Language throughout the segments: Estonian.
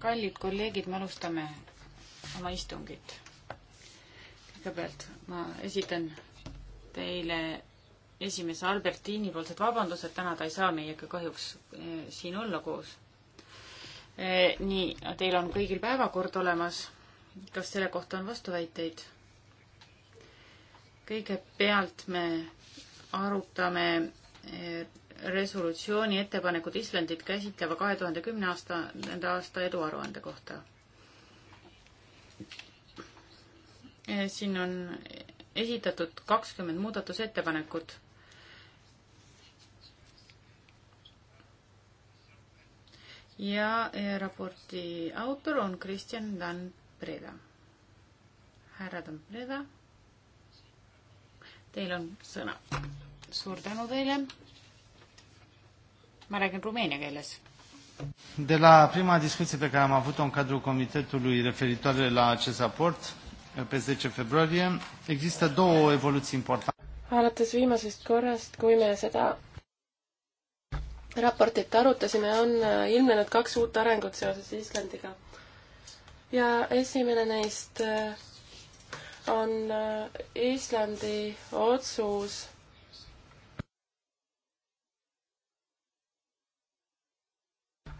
kallid kolleegid, me alustame oma istungit. kõigepealt ma esitan teile esimese Albertini poolsed vabandused, täna ta ei saa meiega kahjuks eh, siin olla koos. Eh, nii, teil on kõigil päevakord olemas. kas selle kohta on vastuväiteid? kõigepealt me arutame eh, resolutsiooni ettepanekud Islandit käsitleva kahe tuhande kümne aasta, nende aasta eduaruande kohta. Eh, siin on esitatud kakskümmend muudatusettepanekut. ja eh, raporti autor on Kristjan Dan Preda. härra Dan Preda, teil on sõna. suur tänu teile Ma räägin rumeenia keeles. De la prima discuție pe care am avut-o în cadrul comitetului referitoare la acest raport, pe 10 februarie, există două evoluții importante. Alates viimasest korrast, kui me seda raportit arutasime, on äh, ilmnenud kaks uut arengut seoses Islandiga. ja esimene neist äh, on äh, Islandi otsus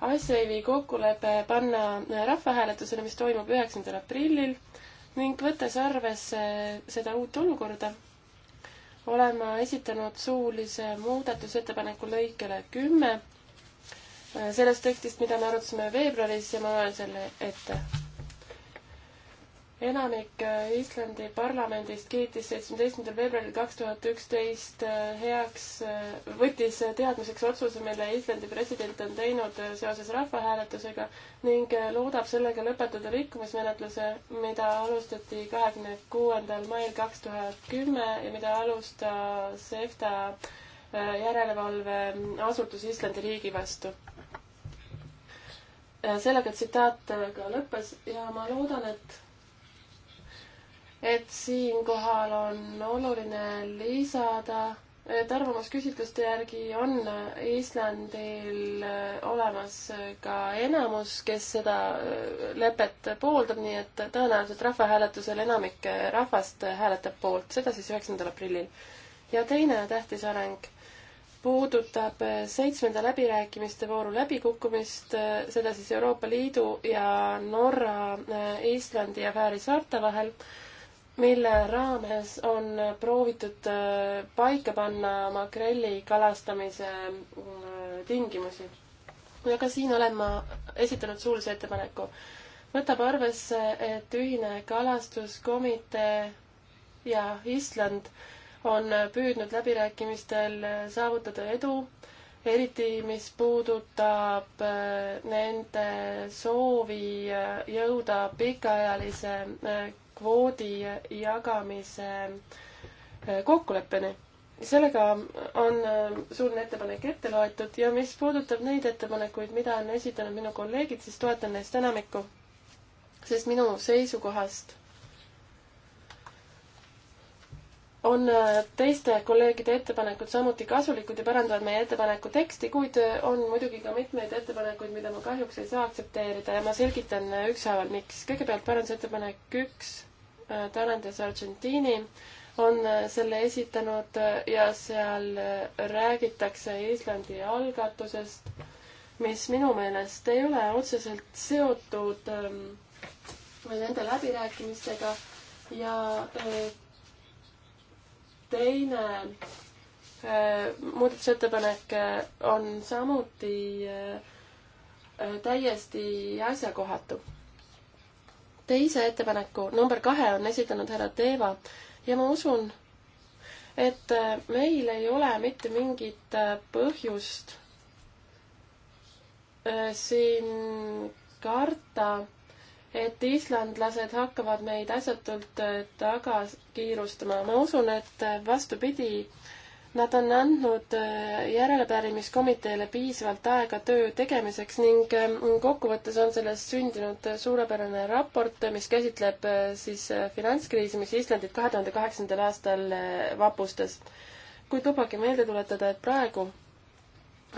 asja oli kokkulepe panna rahvahääletusele, mis toimub üheksandal aprillil ning võttes arvesse seda uut olukorda, olen ma esitanud suulise muudatusettepaneku lõikele kümme äh, sellest tekstist, mida me arutasime veebruaris ja ma loen selle ette elanik äh, Islandi parlamendist kiitis seitsmeteistkümnendal veebruaril kaks tuhat üksteist äh, heaks, äh, võttis teadmiseks otsuse, mille Islandi president on teinud seoses rahvahääletusega ning loodab sellega lõpetada rikkumismenetluse, mida alustati kahekümne kuuendal mail kaks tuhat kümme ja mida alustas EFTA järelevalveasutus Islandi riigi vastu sellega tsitaat ka lõppes ja ma loodan, et et siinkohal on oluline lisada, et arvamusküsitluste järgi on Islandil äh, olemas äh, ka enamus, kes seda äh, lepet pooldab, nii et tõenäoliselt rahvahääletusel enamik rahvast hääletab poolt, seda siis üheksandal aprillil. ja teine tähtis areng puudutab seitsmenda läbirääkimiste vooru läbikukkumist, seda siis Euroopa Liidu ja Norra, Islandi ja Fääri saarte vahel mille raames on proovitud äh, paika panna makrelli kalastamise äh, tingimusi. ja ka siin olen ma esitanud suulise ettepaneku. võtab arvesse, et ühine kalastuskomitee ja Island on püüdnud läbirääkimistel saavutada edu, eriti mis puudutab äh, nende soovi jõuda pikaajalise kvoodi jagamise eh, kokkuleppeni. sellega on eh, suuline ettepanek ette loetud ja mis puudutab neid ettepanekuid, mida on esitanud minu kolleegid, siis toetan neist enamikku. sest minu seisukohast on eh, teiste kolleegide ettepanekud samuti kasulikud ja parandavad meie ettepaneku teksti, kuid on muidugi ka mitmeid ettepanekuid, mida ma kahjuks ei saa aktsepteerida ja ma selgitan ükshaaval, miks. kõigepealt parandusettepanek üks Äh, Tarand ja Sargentini on äh, selle esitanud äh, ja seal räägitakse Islandi algatusest, mis minu meelest ei ole otseselt seotud ähm, nende läbirääkimistega ja teine muudatusettepanek on samuti täiesti asjakohatu teise ettepaneku, number kahe, on esitanud härra Teeva ja ma usun, et äh, meil ei ole mitte mingit äh, põhjust äh, siin karta, et islandlased hakkavad meid asjatult taga kiirustama. ma usun, et vastupidi, Nad on andnud äh, järelepärimiskomiteele piisavalt aega töö tegemiseks ning ähm, kokkuvõttes on sellest sündinud äh, suurepärane raport, mis käsitleb äh, siis finantskriisi, mis Islandit kahe tuhande kaheksandal aastal vapustas. kuid lubage meelde tuletada, et praegu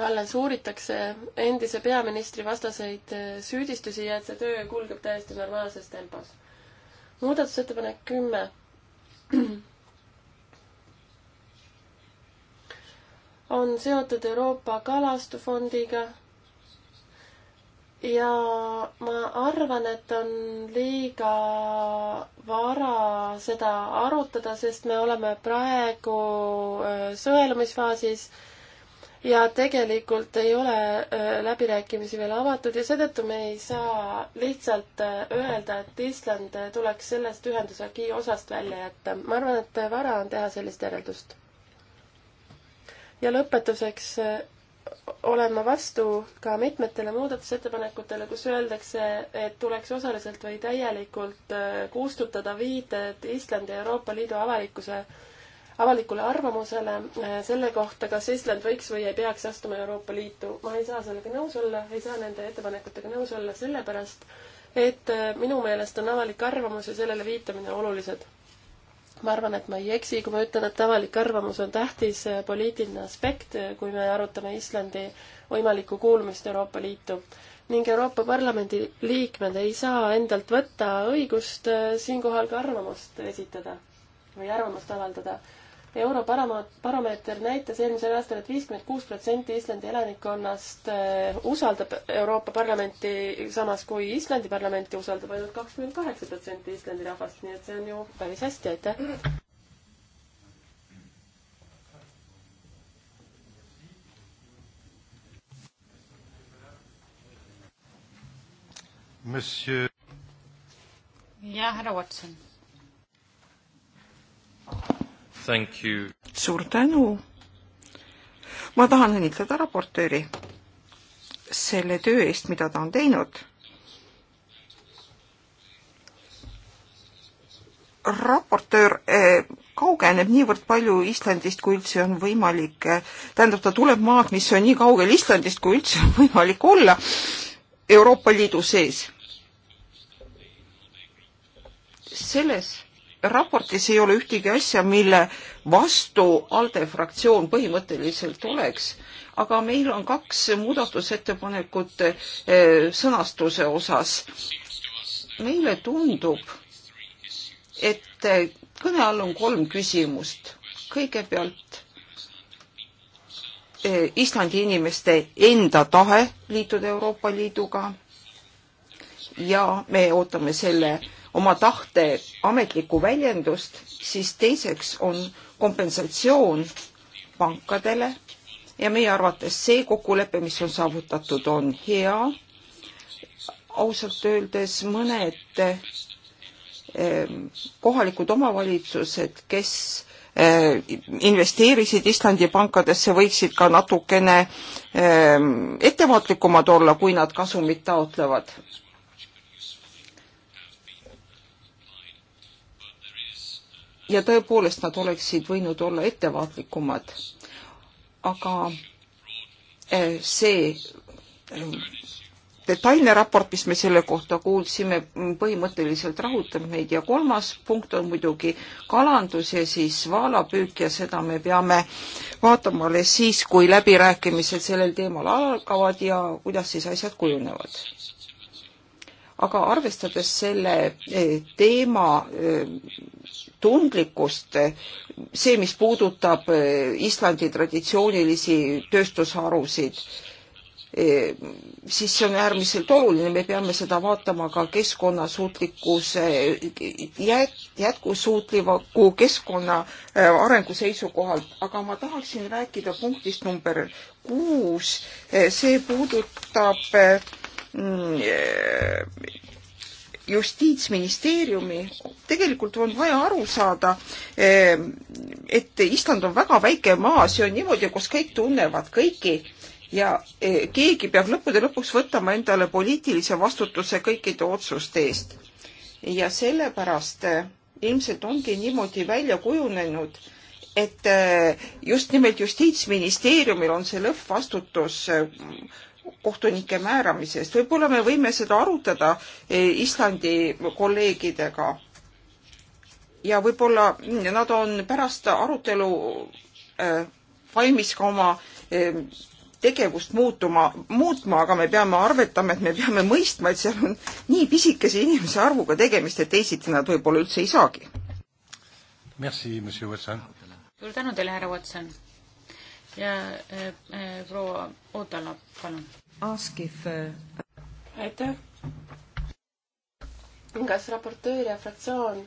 alles uuritakse endise peaministri vastaseid süüdistusi ja et see töö kulgeb täiesti normaalses tempos. muudatusettepanek kümme on seotud Euroopa Kalastufondiga ja ma arvan, et on liiga vara seda arutada, sest me oleme praegu sõelumisfaasis ja tegelikult ei ole läbirääkimisi veel avatud ja seetõttu me ei saa lihtsalt öelda, et Island tuleks sellest ühenduse osast välja jätta. ma arvan, et vara on teha sellist järeldust ja lõpetuseks eh, olen ma vastu ka mitmetele muudatusettepanekutele, kus öeldakse, et tuleks osaliselt või täielikult eh, kustutada viited Islandi ja Euroopa Liidu avalikkuse, avalikule arvamusele eh, selle kohta, kas Island võiks või ei peaks astuma Euroopa Liitu. ma ei saa sellega nõus olla, ei saa nende ettepanekutega nõus olla, sellepärast et minu meelest on avalik arvamus ja sellele viitamine olulised ma arvan, et ma ei eksi, kui ma ütlen, et avalik arvamus on tähtis eh, poliitiline aspekt, eh, kui me arutame Islandi võimalikku kuulumist Euroopa Liitu. ning Euroopa Parlamendi liikmed ei saa endalt võtta õigust eh, siinkohal ka arvamust esitada või arvamust avaldada. Eurobaromeeter näitas eelmisel aastal et, et viiskümmend kuus protsenti Islandi elanikkonnast eh, usaldab Euroopa Parlamenti, samas kui Islandi parlamenti usaldab ainult kakskümmend kaheksa protsenti Islandi rahvast, nii et see on ju päris hästi, aitäh! Monsieur. jah, härra Watson suur tänu. ma tahan õnnitleda raportööri selle töö eest, mida ta on teinud. raportöör eh, kaugeneb niivõrd palju Islandist, kui üldse on võimalik, eh, tähendab, ta tuleb maad, mis on nii kaugel Islandist, kui üldse on võimalik olla Euroopa Liidu sees. selles raportis ei ole ühtegi asja, mille vastu ALDE fraktsioon põhimõtteliselt oleks, aga meil on kaks muudatusettepanekut eh, sõnastuse osas. meile tundub, et eh, kõne all on kolm küsimust. kõigepealt eh, Islandi inimeste enda tahe liituda Euroopa Liiduga ja me ootame selle oma tahte ametlikku väljendust, siis teiseks on kompensatsioon pankadele ja meie arvates see kokkulepe, mis on saavutatud, on hea. ausalt öeldes mõned ehm, kohalikud omavalitsused, kes ehm, investeerisid Islandi pankadesse, võiksid ka natukene ehm, ettevaatlikumad olla, kui nad kasumit taotlevad ja tõepoolest nad oleksid võinud olla ettevaatlikumad. aga eh, see eh, detailne raport, mis me selle kohta kuulsime, põhimõtteliselt rahutab meid ja kolmas punkt on muidugi kalandus ja siis vaalapüük ja seda me peame vaatama alles siis, kui läbirääkimised sellel teemal algavad ja kuidas siis asjad kujunevad aga arvestades selle eh, teema eh, tundlikkust, eh, see, mis puudutab Islandi traditsioonilisi tööstusharusid, siis see on äärmiselt oluline, me peame seda vaatama ka keskkonnasuutlikkuse, jätkusuutliku keskkonna arengu seisukohalt, aga ma tahaksin rääkida punktist number kuus, see puudutab Mm, eh, justiitsministeeriumi, tegelikult on vaja aru saada, eh, et Island on väga väike maa, see on niimoodi, kus kõik tunnevad kõiki ja eh, keegi peab lõppude lõpuks võtama endale poliitilise vastutuse kõikide otsuste eest. ja sellepärast ilmselt ongi niimoodi välja kujunenud, et just nimelt Justiitsministeeriumil on see lõppvastutus kohtunike määramisest. võib-olla me võime seda arutada eh, Islandi kolleegidega. ja võib-olla mm, nad on pärast arutelu eh, valmis ka oma eh, tegevust muutuma, muutma, aga me peame arvetama, et me peame mõistma, et seal on nii pisikese inimese arvuga tegemist, et teisiti nad võib-olla üldse ei saagi. suur tänu teile, härra Watson! ja eh, eh, proua Ootala, palun. Eh, aitäh. kas raportöör ja fraktsioon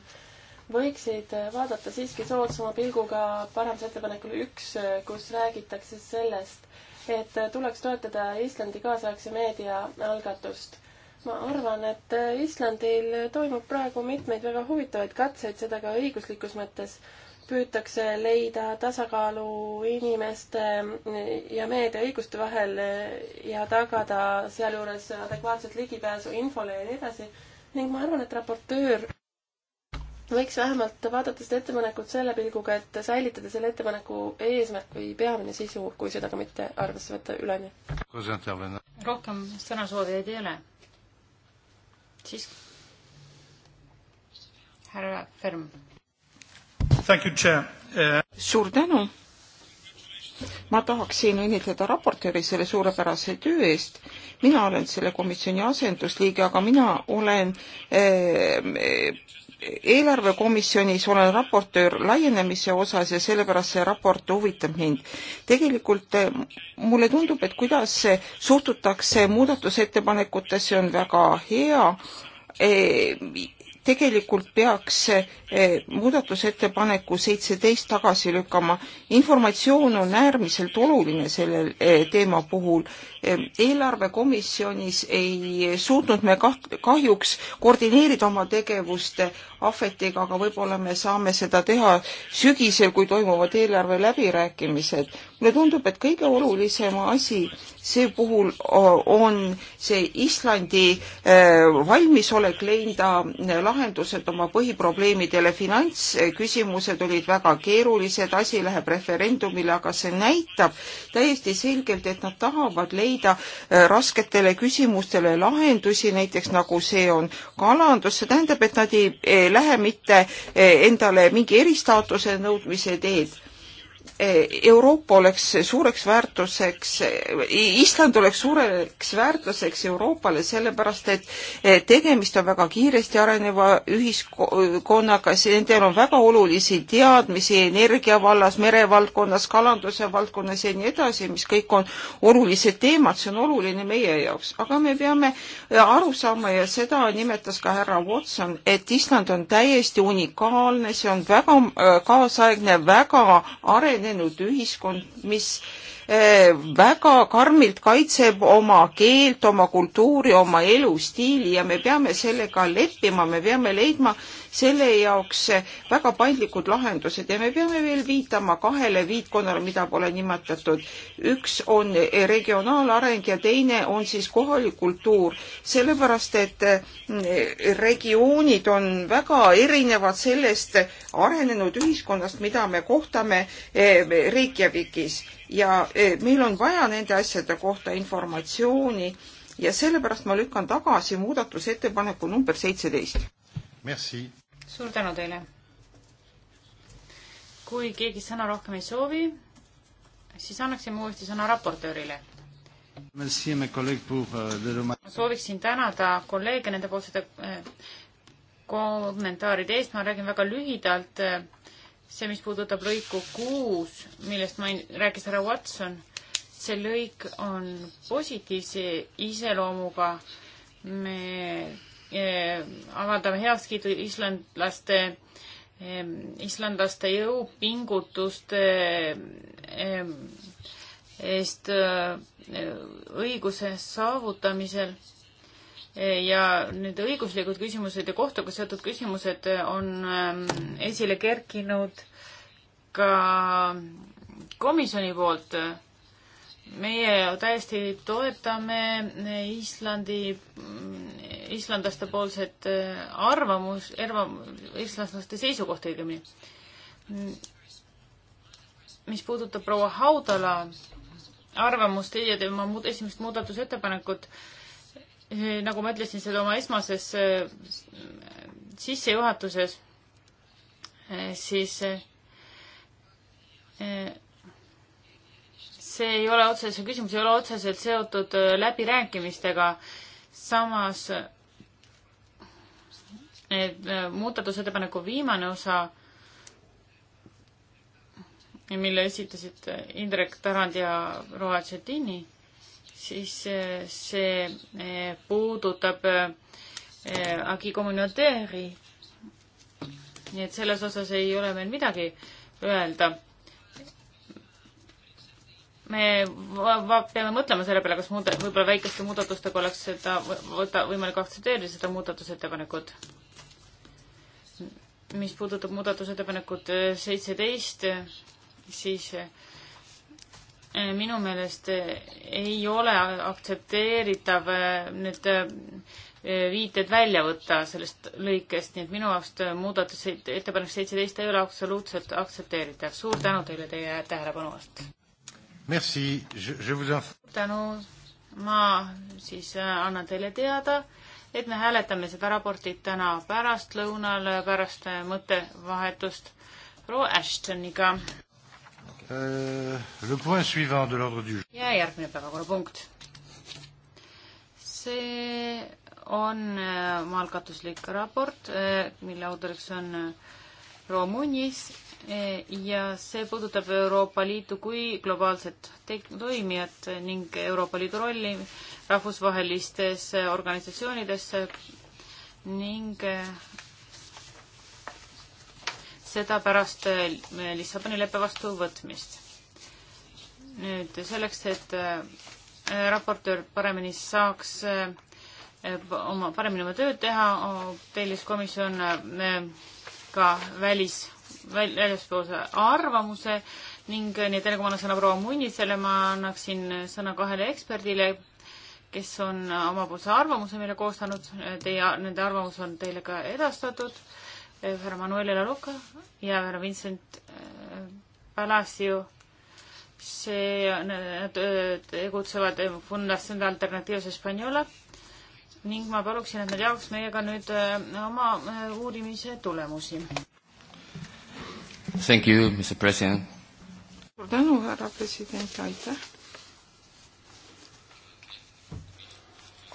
võiksid vaadata siiski soodsama pilguga parandusettepanekule üks, kus räägitakse sellest, et tuleks toetada Islandi kaasaegse meedia algatust. ma arvan, et Islandil toimub praegu mitmeid väga huvitavaid katseid, seda ka õiguslikus mõttes püütakse leida tasakaalu inimeste ja meedia õiguste vahel ja tagada sealjuures adekvaatset ligipääsu infole ja nii edasi. ning ma arvan, et raportöör võiks vähemalt vaadata seda ettepanekut selle pilguga, et säilitada selle ettepaneku eesmärk või peamine sisu, kui seda ka mitte arvesse võtta üleni. rohkem sõnasoovijaid ei ole? siis härra Ferm Uh, suur tänu. ma tahaksin õnnitleda raportööri selle suurepärase töö eest. mina olen selle komisjoni asendusliige, aga mina olen äh, eelarvekomisjonis olen raportöör laienemise osas ja sellepärast see raport huvitab mind. tegelikult eh, mulle tundub, et kuidas suhtutakse muudatusettepanekutesse, on väga hea eh, tegelikult peaks eh, muudatusettepaneku seitseteist tagasi lükkama. informatsioon on äärmiselt oluline selle eh, teema puhul. Eh, eelarvekomisjonis ei suutnud me kahjuks koordineerida oma tegevust ahvetiga, aga võib-olla me saame seda teha sügisel, kui toimuvad eelarve läbirääkimised. mulle tundub, et kõige olulisem asi see puhul on see Islandi eh, valmisolek leida eh, lahendused oma põhiprobleemidele. finantsküsimused olid väga keerulised, asi läheb referendumile, aga see näitab täiesti selgelt, et nad tahavad leida eh, rasketele küsimustele lahendusi, näiteks nagu see on kalandus, see tähendab, et nad ei lähe mitte eh, endale mingi eristaatuse nõudmise teed Eh, Euroopa oleks suureks väärtuseks, Island oleks suureks väärtuseks Euroopale, sellepärast et eh, tegemist on väga kiiresti areneva ühiskonnaga, nendel on väga olulisi teadmisi energia vallas, merevaldkonnas, kalanduse valdkonnas ja nii edasi, mis kõik on olulised teemad, see on oluline meie jaoks. aga me peame eh, aru saama ja seda nimetas ka härra Watson, et Island on täiesti unikaalne, see on väga kaasaegne, väga arenev arenenud ühiskond, mis eh, väga karmilt kaitseb oma keelt, oma kultuuri, oma elustiili ja me peame sellega leppima, me peame leidma selle jaoks väga paindlikud lahendused ja me peame veel viitama kahele viitkonnale, mida pole nimetatud. üks on regionaalareng ja teine on siis kohalik kultuur, sellepärast et mm, regioonid on väga erinevad sellest arenenud ühiskonnast, mida me kohtame eh, Reykjavikis ja eh, meil on vaja nende asjade kohta informatsiooni ja sellepärast ma lükkan tagasi muudatusettepaneku number seitseteist suur tänu teile. kui keegi sõna rohkem ei soovi, siis annaksime uuesti sõna raportöörile. Euh, ma sooviksin tänada kolleege nendepoolsete äh, kommentaaride eest, ma räägin väga lühidalt. Äh, see, mis puudutab lõiku kuus, millest main-, rääkis härra Watson, see lõik on positiivse iseloomuga. me Eh, avaldame heakskiidu islandlaste, eh, islandlaste jõupingutuste eh, eest õiguse saavutamisel. ja need õiguslikud küsimused ja kohtuga seotud küsimused on esile kerkinud ka komisjoni poolt meie täiesti toetame Islandi, islandlaste poolset äh, arvamus, islandlaste seisukohta õigemini. mis puudutab proua Haudala arvamust ja tema muud, esimest muudatusettepanekut, eh, nagu ma ütlesin seda oma esmases eh, sissejuhatuses, eh, siis see ei ole otseselt, see küsimus ei ole otseselt seotud äh, läbirääkimistega, samas et äh, muudatusettepaneku viimane osa, mille esitasid äh, Indrek Tarand ja Roa Tšetini, siis see puudutab agi communautaire'i. nii et selles osas ei ole meil midagi öelda me peame mõtlema selle peale, kas muuda-, võib-olla väikeste muudatustega oleks seda, võta-, võimalik aktsepteerida seda muudatusettepanekut. mis puudutab muudatusettepanekut äh, seitseteist, siis äh, minu meelest äh, ei ole aktsepteeritav need viited välja võtta sellest lõikest, nii et minu jaoks muudatus, ettepanek seitseteist ei ole absoluutselt aktsepteeritav. suur tänu teile teie tähelepanu eest! Merci, je, je vous inf-. tänu, ma siis äh, annan teile teada, et me hääletame seda raportit täna pärastlõunal pärast äh, mõttevahetust proua Ashtoniga euh,. Le point suivant de l'ordre du ja järgmine päevakorrapunkt. see on äh, maalkatuslik raport, mille autoriks on proua Munnis Eh, ja see puudutab Euroopa Liitu kui globaalset toimijat ning Euroopa Liidu rolli rahvusvahelistes organisatsioonides ning eh, seda pärast eh, Lissaboni leppe vastuvõtmist. nüüd selleks, et raportöör paremini saaks oma, paremini oma tööd teha, tellis komisjon ka välis väljaspoolse arvamuse ning nii teile, kui ma annan sõna proua Munnisele, ma annaksin sõna kahele eksperdile, kes on omapoolse arvamuse meile koostanud. Teie, nende arvamus on teile ka edastatud. härra Manuel Elaluka ja härra Vincent äh, Palacio. see, nad äh, tegutsevad Fundación de Alternativos Española ning ma paluksin, et nad jaoks meiega nüüd äh, oma uurimise tulemusi. Thank you, Mr President. suur tänu, härra president, aitäh.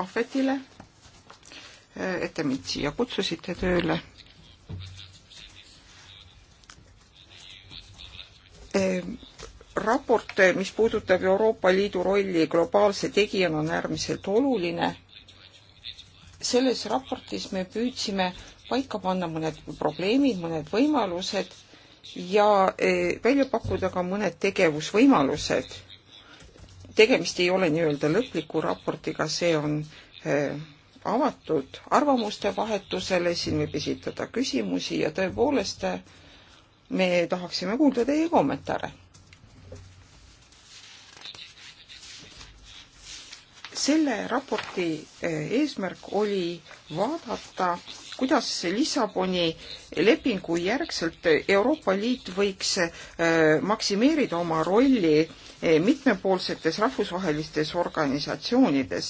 ahvetile, eh, et te mind siia kutsusite tööle. Eh, raport, eh, mis puudutab Euroopa Liidu rolli globaalse tegijana, on äärmiselt oluline. selles raportis me püüdsime paika panna mõned probleemid, mõned võimalused ja eh, välja pakkuda ka mõned tegevusvõimalused. tegemist ei ole nii-öelda lõpliku raportiga, see on eh, avatud arvamuste vahetusele, siin võib esitada küsimusi ja tõepoolest eh, me tahaksime kuulda teie kommentaare selle raporti eh, eesmärk oli vaadata, kuidas Lissaboni lepingu järgselt Euroopa Liit võiks eh, maksimeerida oma rolli eh, mitmepoolsetes rahvusvahelistes organisatsioonides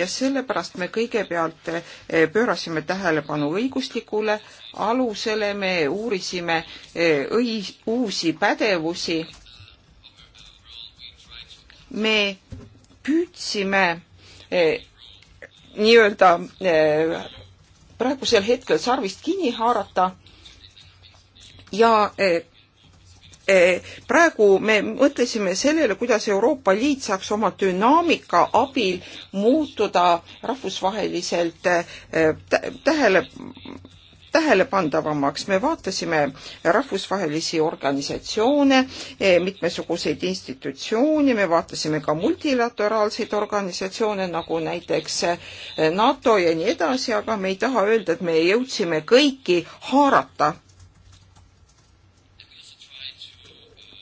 ja sellepärast me kõigepealt pöörasime tähelepanu õiguslikule alusele, me uurisime õi-, uusi pädevusi. me püüdsime eh, nii-öelda eh, praegusel hetkel sarvist kinni haarata ja eh, eh, praegu me mõtlesime sellele, kuidas Euroopa Liit saaks oma dünaamika abil muutuda rahvusvaheliselt eh, tähele, tähelepandavamaks. me vaatasime rahvusvahelisi organisatsioone, eh, mitmesuguseid institutsioone, me vaatasime ka multilateraalseid organisatsioone nagu näiteks eh, NATO ja nii edasi, aga me ei taha öelda, et me jõudsime kõiki haarata.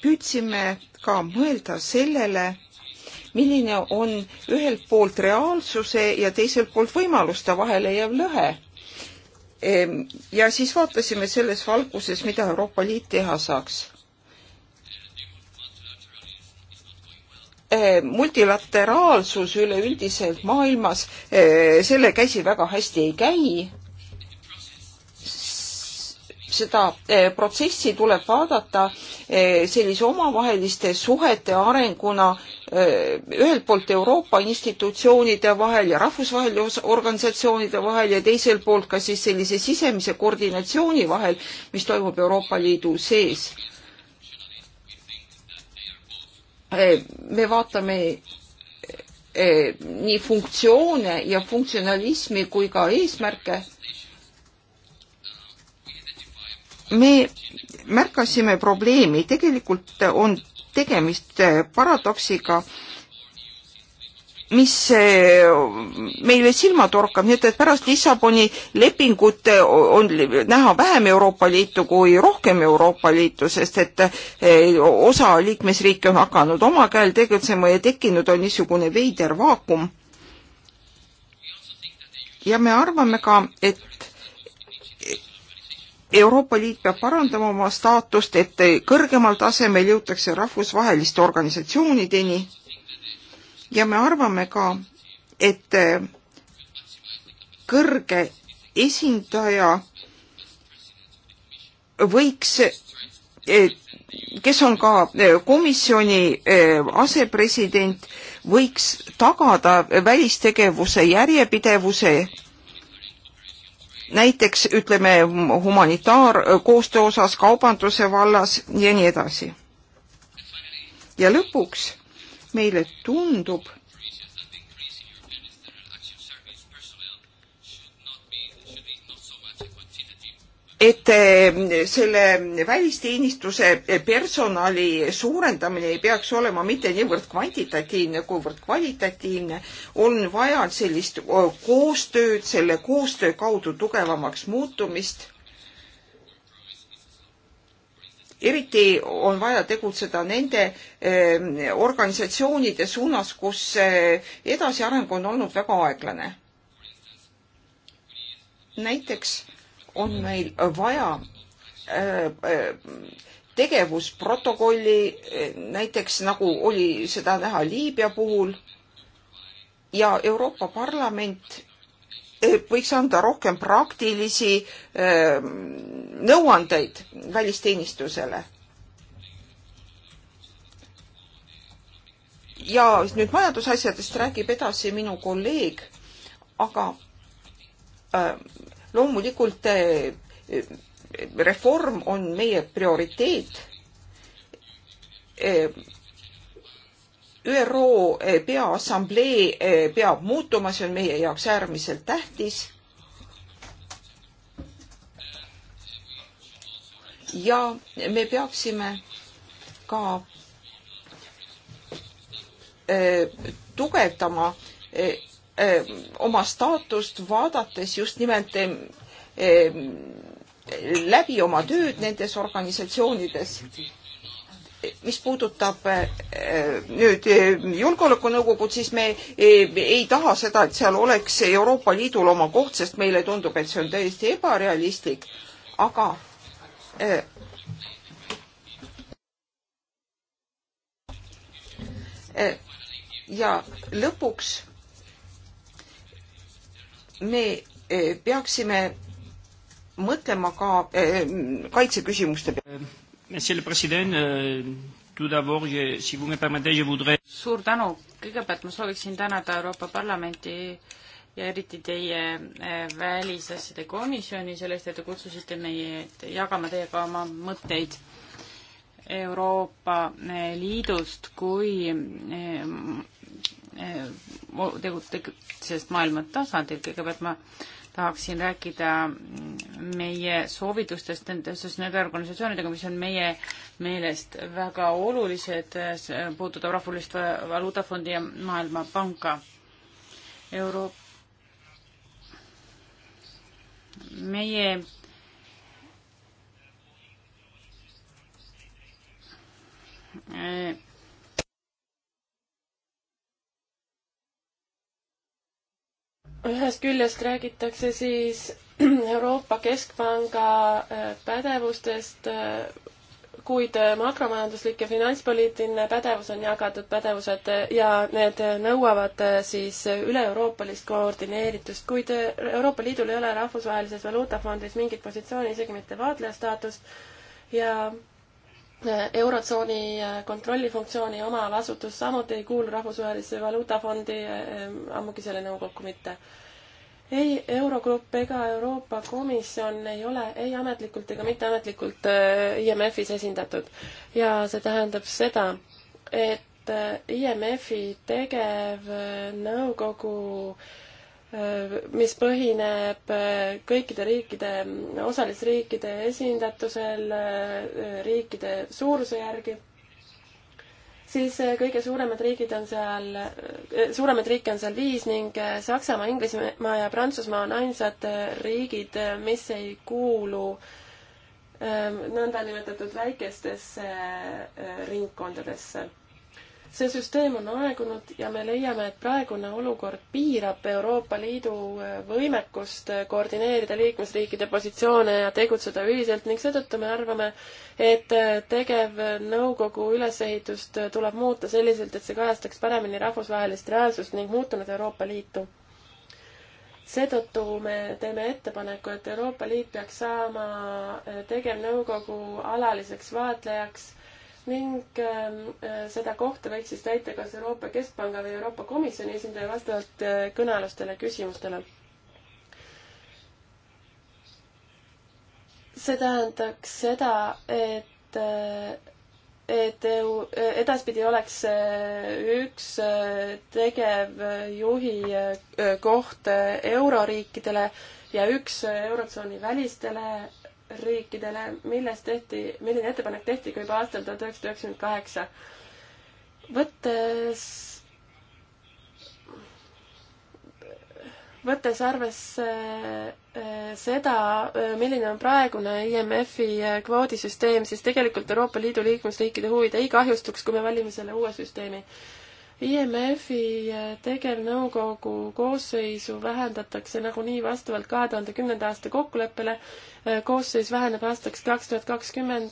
püüdsime ka mõelda sellele, milline on ühelt poolt reaalsuse ja teiselt poolt võimaluste vahele jääv lõhe ja siis vaatasime selles valguses, mida Euroopa Liit teha saaks. multilateraalsus üleüldiselt maailmas, eh, selle käsi väga hästi ei käi seda eh, protsessi tuleb vaadata eh, sellise omavaheliste suhete arenguna eh, ühelt poolt Euroopa institutsioonide vahel ja rahvusvaheliste organisatsioonide vahel ja teiselt poolt ka siis sellise sisemise koordinatsiooni vahel, mis toimub Euroopa Liidu sees. me vaatame nii funktsioone ja funktsionalismi kui ka eesmärke me märkasime probleemi, tegelikult on tegemist paradoksiga, mis eh, meile silma torkab, nii et, et pärast Lissaboni lepingut eh, on näha vähem Euroopa Liitu kui rohkem Euroopa Liitu, sest et eh, osa liikmesriike on hakanud oma käel tegutsema ja tekkinud on niisugune veider vaakum. ja me arvame ka, et Euroopa Liit peab parandama oma staatust, et kõrgemal tasemel jõutakse rahvusvaheliste organisatsioonideni ja me arvame ka, et kõrge esindaja võiks, kes on ka komisjoni asepresident, võiks tagada välistegevuse järjepidevuse näiteks ütleme humanitaarkoostöö osas, kaubanduse vallas ja nii edasi. ja lõpuks meile tundub, et eh, selle välisteenistuse personali suurendamine ei peaks olema mitte niivõrd kvantitatiivne, kuivõrd kvalitatiivne, on vaja sellist eh, koostööd, selle koostöö kaudu tugevamaks muutumist. eriti on vaja tegutseda nende eh, organisatsioonide suunas, kus edasiareng on olnud väga aeglane. näiteks on meil vaja äh, äh, tegevusprotokolli, äh, näiteks nagu oli seda näha Liibüa puhul ja Euroopa Parlament võiks anda rohkem praktilisi nõuandeid välisteenistusele. ja nüüd majandusasjadest räägib edasi minu kolleeg, aga loomulikult eh, reform on meie prioriteet. Eh, ÜRO eh, Peaassamblee peab muutuma, see on meie jaoks äärmiselt tähtis. ja me peaksime ka tugevdama Äh, oma staatust vaadates just nimelt äh, läbi oma tööd nendes organisatsioonides. mis puudutab äh, nüüd Julgeolekunõukogud, siis me ei taha seda, et seal oleks Euroopa Liidul oma koht, sest meile tundub, et see on täiesti ebarealistlik, aga ja lõpuks me eh, peaksime mõtlema ka eh, kaitseküsimuste peale. Monsieur le Président, euh, tout d'abord, si vous me permettez, je voudrais suur tänu, kõigepealt ma sooviksin tänada Euroopa Parlamenti ja eriti teie eh, välisasjade komisjoni selle eest, et te kutsusite meie, jagama teiega oma mõtteid Euroopa Liidust kui Eh, tegutsemisest maailma tasandil, kõigepealt ma tahaksin rääkida mm, meie soovitustest nendest, nende organisatsioonidega, mis on meie meelest väga olulised, eh, puudutab Rahvusvahelist Valuutafondi ja Maailmapanka. Euro-, meie äh, ühest küljest räägitakse siis Euroopa Keskpanga äh, pädevustest, äh, kuid äh, makromajanduslik ja finantspoliitiline pädevus on jagatud pädevused ja need nõuavad siis üle-euroopalist koordineeritust, kuid Euroopa Liidul ei ole Rahvusvahelises Valuutafondis mingit positsiooni, isegi mitte vaatleja staatust ja Eurotsooni äh, kontrollifunktsiooni omav asutus samuti ei kuulu Rahvusvahelisse Valuutafondi, ähm, ammugi selle nõukokku mitte. ei Eurogrupp ega Euroopa Komisjon ei ole ei ametlikult ega mitteametlikult äh, IMF-is esindatud. ja see tähendab seda, et IMF-i tegevnõukogu äh, mis põhineb kõikide riikide, osalisriikide esindatusel riikide suuruse järgi, siis kõige suuremad riigid on seal, suuremaid riike on seal viis ning Saksamaa, Inglismaa ja Prantsusmaa on ainsad riigid, mis ei kuulu ehm, nõndanimetatud väikestesse ehm, ringkondadesse see süsteem on aegunud ja me leiame, et praegune olukord piirab Euroopa Liidu äh, võimekust äh, koordineerida liikmesriikide positsioone ja tegutseda ühiselt ning seetõttu me arvame, et äh, tegevnõukogu ülesehitust tuleb muuta selliselt, et see kajastaks paremini rahvusvahelist reaalsust ning muutunud Euroopa Liitu seetõttu me teeme ettepaneku, et Euroopa Liit peaks saama tegevnõukogu alaliseks vaatlejaks ning ähm, äh, seda kohta võiks siis täita kas Euroopa Keskpanga või Euroopa Komisjoni esindaja vastavalt äh, kõnealustele küsimustele. see tähendaks seda, et, äh, et EU, edaspidi oleks üks tegevjuhi koht euroriikidele ja üks eurotsooni välistele riikidele, milles tehti, milline ettepanek tehti ka juba aastal tuhat üheksasada üheksakümmend kaheksa. võttes, võttes arvesse eh, seda, eh, milline on praegune IMF-i eh, kvoodisüsteem, siis tegelikult Euroopa Liidu liikmesriikide huvid ei kahjustuks, kui me valime selle uue süsteemi IMF-i äh, tegevnõukogu koosseisu vähendatakse nagunii vastavalt kahe tuhande kümnenda aasta kokkuleppele. Äh, koosseis väheneb aastaks kaks tuhat kakskümmend.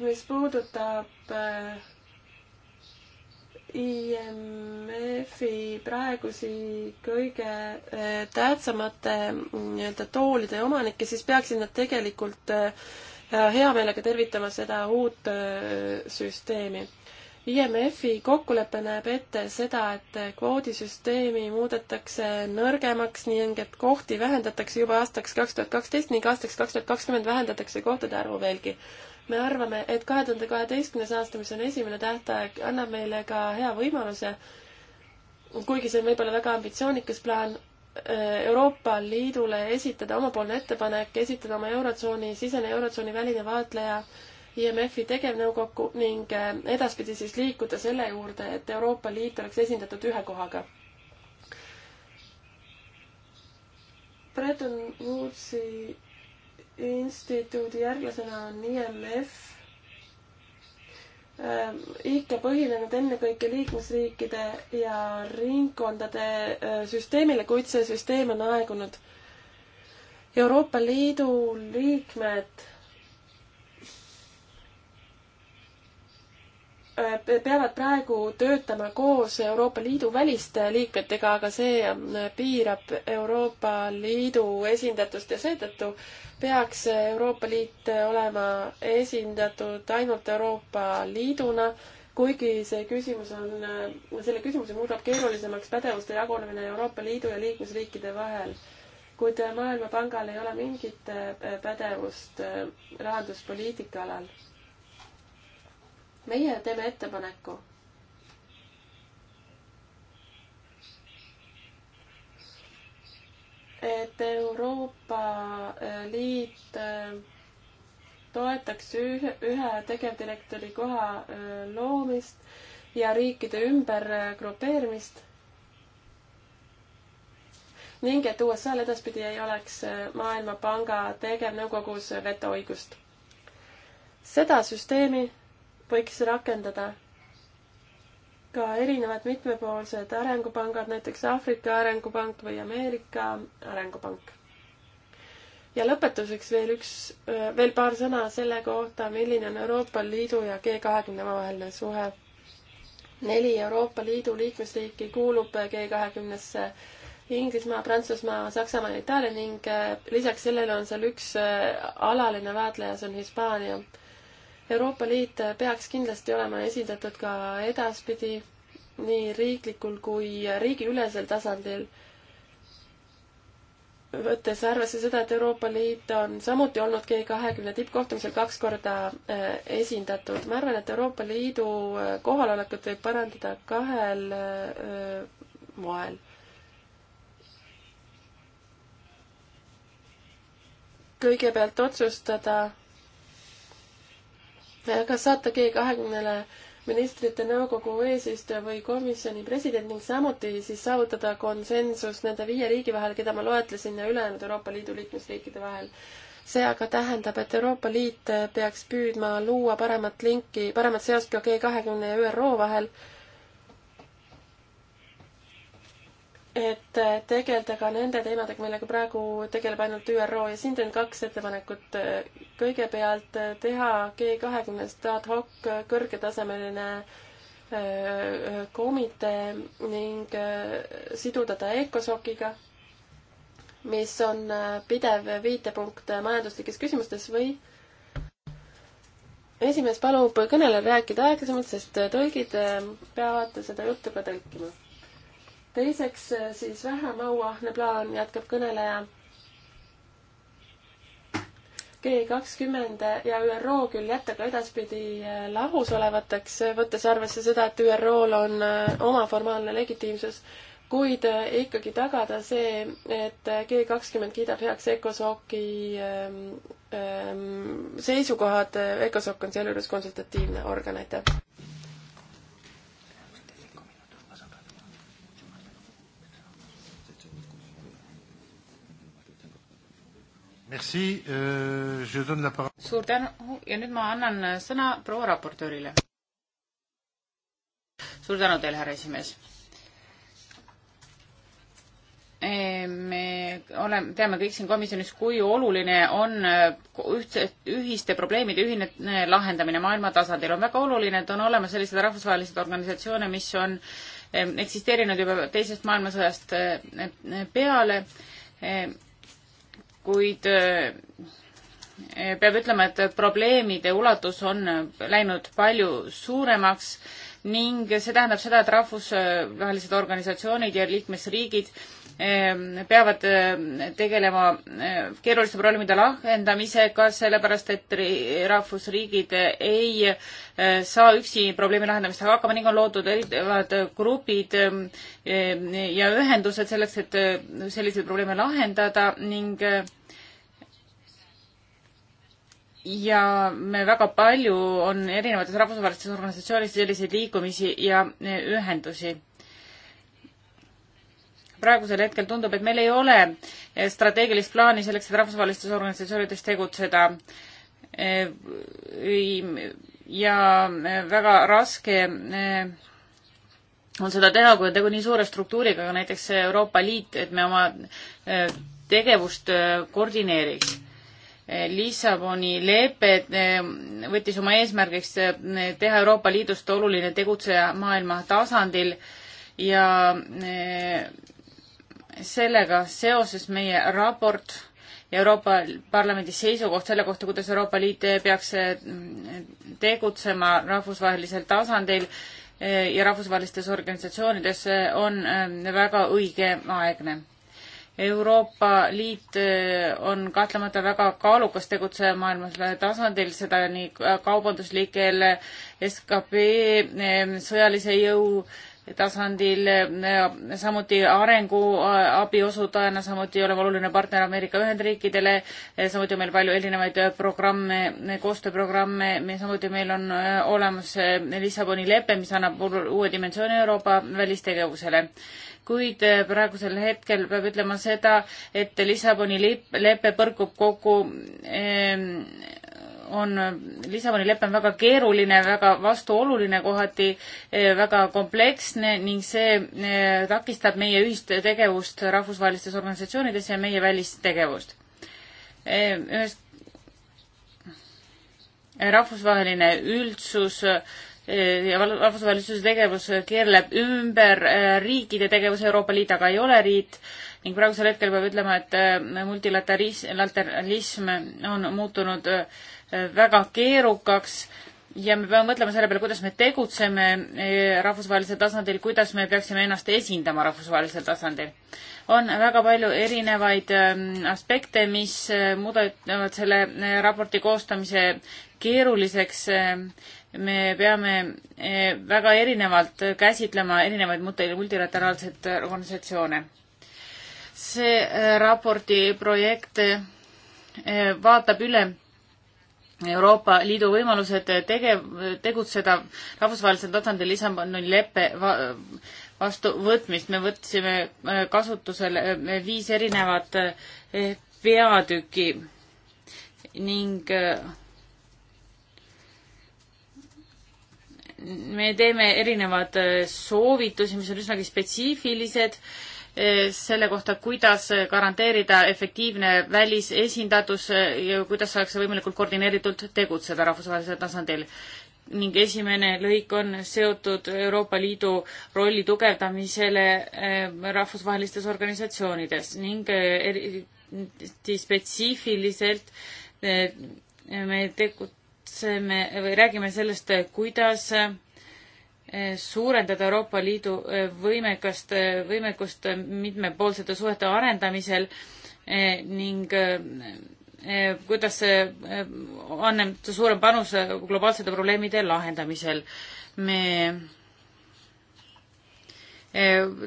mis puudutab äh, IMF-i praegusi kõige tähtsamate mm, nii-öelda toolide omanikke, siis peaksid nad tegelikult äh, Äh, hea meelega tervitama seda uut äh, süsteemi. IMF-i kokkulepe näeb ette seda, et kvoodisüsteemi muudetakse nõrgemaks ning et kohti vähendatakse juba aastaks kaks tuhat kaksteist ning aastaks kaks tuhat kakskümmend vähendatakse kohtade arvu veelgi. me arvame, et kahe tuhande kaheteistkümnes aasta, mis on esimene tähtaeg, annab meile ka hea võimaluse kuigi see on võib-olla väga ambitsioonikas plaan, Äh, Euroopa Liidule esitada omapoolne ettepanek, esitada oma Eurotsooni sisene, Eurotsooni väline vaatleja IMF-i tegevnõukokku ning äh, edaspidi siis liikuda selle juurde, et Euroopa Liit oleks esindatud ühe kohaga. Bretton Woodsi instituudi järglasena on IMF Äh, ikka põhinenud ennekõike liikmesriikide ja ringkondade äh, süsteemile, kuid see süsteem on aegunud. Euroopa Liidu liikmed peavad praegu töötama koos Euroopa Liidu väliste liikmetega, aga see äh, piirab Euroopa Liidu esindatust ja seetõttu peaks Euroopa Liit äh, olema esindatud ainult Euroopa Liiduna, kuigi see küsimus on, äh, selle küsimuse muudab keerulisemaks pädevuste jagunemine Euroopa Liidu ja liikmesriikide vahel kuid Maailmapangal ei ole mingit pädevust rahanduspoliitika alal meie teeme ettepaneku. et Euroopa äh, Liit äh, toetaks ühe, ühe tegevdirektori koha äh, loomist ja riikide ümbergrupeerimist ning et USA-l edaspidi ei oleks Maailmapanga tegevnõukogus vetoõigust. seda süsteemi võiks rakendada ka erinevad mitmepoolsed arengupangad, näiteks Aafrika Arengupank või Ameerika Arengupank. ja lõpetuseks veel üks, äh, veel paar sõna selle kohta, milline on Euroopa Liidu ja G kahekümne omavaheline suhe. neli Euroopa Liidu liikmesriiki kuulub G kahekümnesse Inglismaa, Prantsusmaa, Saksamaa ja Itaalia ning äh, lisaks sellele on seal üks äh, alaline vaatleja, see on Hispaania Euroopa Liit peaks kindlasti olema esindatud ka edaspidi nii riiklikul kui riigiülesel tasandil, võttes arvesse seda, et Euroopa Liit on samuti olnud G kahekümne tippkohtumisel kaks korda äh, esindatud. ma arvan, et Euroopa Liidu äh, kohalolekut võib parandada kahel äh, moel kõigepealt otsustada kas saata G20-le ministrite nõukogu eesistuja või komisjoni president ning samuti siis saavutada konsensus nende viie riigi vahel, keda ma loetlesin, ja ülejäänud Euroopa Liidu liikmesriikide vahel. see aga tähendab, et Euroopa Liit peaks püüdma luua paremat linki, paremat seost ka G20 ja ÜRO vahel et tegeleda ka nende teemadega, millega praegu tegeleb ainult ÜRO ja siin teen kaks ettepanekut. kõigepealt teha G kahekümnest ad hoc kõrgetasemeline äh, komitee ning äh, siduda ta ECOSOC-iga, mis on äh, pidev viitepunkt majanduslikes küsimustes või esimees palub kõnelejal rääkida aeglasemalt, sest tõlgid peavad seda juttu ka tõlkima teiseks eh, siis vähem auahne plaan, jätkab kõneleja. G kakskümmend ja ÜRO küll jätta ka edaspidi eh, lahus olevateks, eh, võttes arvesse seda, et ÜRO-l on oma formaalne legitiimsus, kuid ikkagi tagada see, et G kakskümmend kiidab heaks ECOSOC-i ehm, ehm, seisukohad, ECOSOC on sealjuures konsultatiivne organ, aitäh! Merci, euh, je donne la parole. suur tänu ja nüüd ma annan sõna proua raportöörile. suur tänu teile, härra esimees. E, me oleme, teame kõik siin komisjonis, kui oluline on ühtse, ühiste probleemide ühine e, lahendamine maailma tasandil. on väga oluline, et on olemas selliseid rahvusvahelised organisatsioone, mis on e, eksisteerinud juba teisest maailmasõjast peale kuid äh, peab ütlema, et probleemide ulatus on läinud palju suuremaks ning see tähendab seda, et rahvusvahelised organisatsioonid ja liikmesriigid ähm, peavad äh, tegelema äh, keeruliste probleemide lahendamisega, sellepärast et rahvusriigid ei saa üksi probleemi lahendamistega hakkama ning on loodud erinevad grupid ähm, ja ühendused selleks, et selliseid probleeme lahendada ning ja me väga palju on erinevates rahvusvahelistes organisatsioonides selliseid liikumisi ja eh, ühendusi. praegusel hetkel tundub, et meil ei ole eh, strateegilist plaani selleks, et rahvusvahelistes organisatsioonides tegutseda. Eh, ja väga raske on seda teha, kui on tegu nii suure struktuuriga, nagu näiteks Euroopa Liit, et me oma tegevust koordineeriks Lissaboni lepe eh, võttis oma eesmärgiks eh, teha Euroopa Liidust oluline tegutseja maailma tasandil ja eh, sellega seoses meie raport ja Euroopa Parlamendi seisukoht selle kohta, kuidas Euroopa Liit peaks tegutsema rahvusvahelisel tasandil ja rahvusvahelistes organisatsioonides on väga õigeaegne Euroopa Liit eh, on kahtlemata väga kaalukas tegutseja maailmas tasandil, seda nii kaubanduslikel, skp, eh, sõjalise jõu äh, tasandil, äh, samuti arenguabi äh, osutajana, samuti oleme oluline partner Ameerika Ühendriikidele, äh, samuti on meil palju erinevaid programme, koostööprogramme, me samuti meil on olemas Lissaboni lepe, mis annab uue dimensiooni Euroopa välistegevusele kuid praegusel hetkel peab ütlema seda, et Lissaboni lepe põrkub kokku eh, on Lissaboni lepe on väga keeruline, väga vastuoluline kohati, eh, väga kompleksne ning see eh, takistab meie ühist tegevust rahvusvahelistes organisatsioonides ja meie välistegevust. Eh, ühest rahvusvaheline üldsus ja rahvusvahelistuse tegevus keerleb ümber riikide tegevuse, Euroopa Liit aga ei ole riit ning praegusel hetkel peab ütlema, et multilateralism on muutunud väga keerukaks ja me peame mõtlema selle peale, kuidas me tegutseme eh, rahvusvahelisel tasandil, kuidas me peaksime ennast esindama rahvusvahelisel tasandil. on väga palju erinevaid ehm, aspekte, mis eh, muudavad selle eh, raporti koostamise keeruliseks. Ehm, me peame väga erinevalt käsitlema erinevaid multilateraalseid organisatsioone. see raporti projekt vaatab üle Euroopa Liidu võimalused tegev, tegutseda rahvusvahelisel tasandil Lissaboni leppe vastuvõtmist. me võtsime äh, kasutusele äh, viis erinevat äh, peatüki ning me teeme erinevad soovitusi, mis on üsnagi spetsiifilised Eh, selle kohta, kuidas garanteerida efektiivne välisesindatus eh, ja kuidas saaks võimalikult koordineeritult tegutseda rahvusvahelisel tasandil. ning esimene lõik on seotud Euroopa Liidu rolli tugevdamisele eh, rahvusvahelistes organisatsioonides ning eriti spetsiifiliselt me tegutseme või räägime sellest, kuidas suurendada Euroopa Liidu äh, võimekast, äh, võimekust äh, mitmepoolsete suhete arendamisel ning kuidas see annab suurem panus globaalsete probleemide lahendamisel. me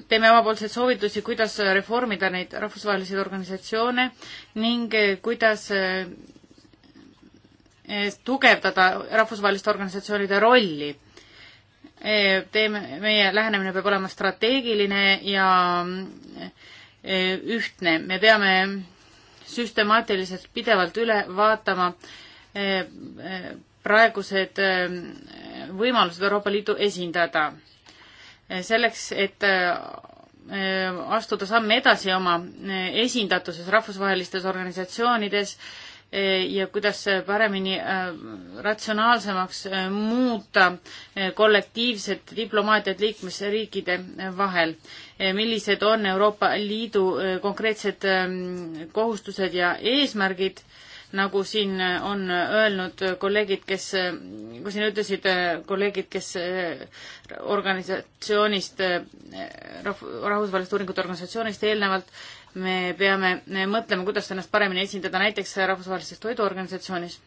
teeme omapoolseid soovitusi, kuidas reformida neid rahvusvahelisi organisatsioone ning kuidas tugevdada rahvusvaheliste organisatsioonide rolli Eh, teeme, meie lähenemine peab olema strateegiline ja eh, ühtne. me peame süstemaatiliselt pidevalt üle vaatama eh, praegused võimalused Euroopa Liidu esindada. selleks, et astuda samme edasi oma esindatuses rahvusvahelistes organisatsioonides, ja kuidas paremini äh, ratsionaalsemaks äh, muuta äh, kollektiivset diplomaatiat liikmesriikide vahel. millised on Euroopa Liidu konkreetsed ähm, kohustused ja eesmärgid, nagu siin on öelnud kolleegid, kes, kui nagu siin ütlesid kolleegid, kes organisatsioonist, rahvusvahelisest uuringute organisatsioonist eelnevalt me peame mõtlema, kuidas ennast paremini esindada näiteks rahvusvahelises toiduorganisatsioonis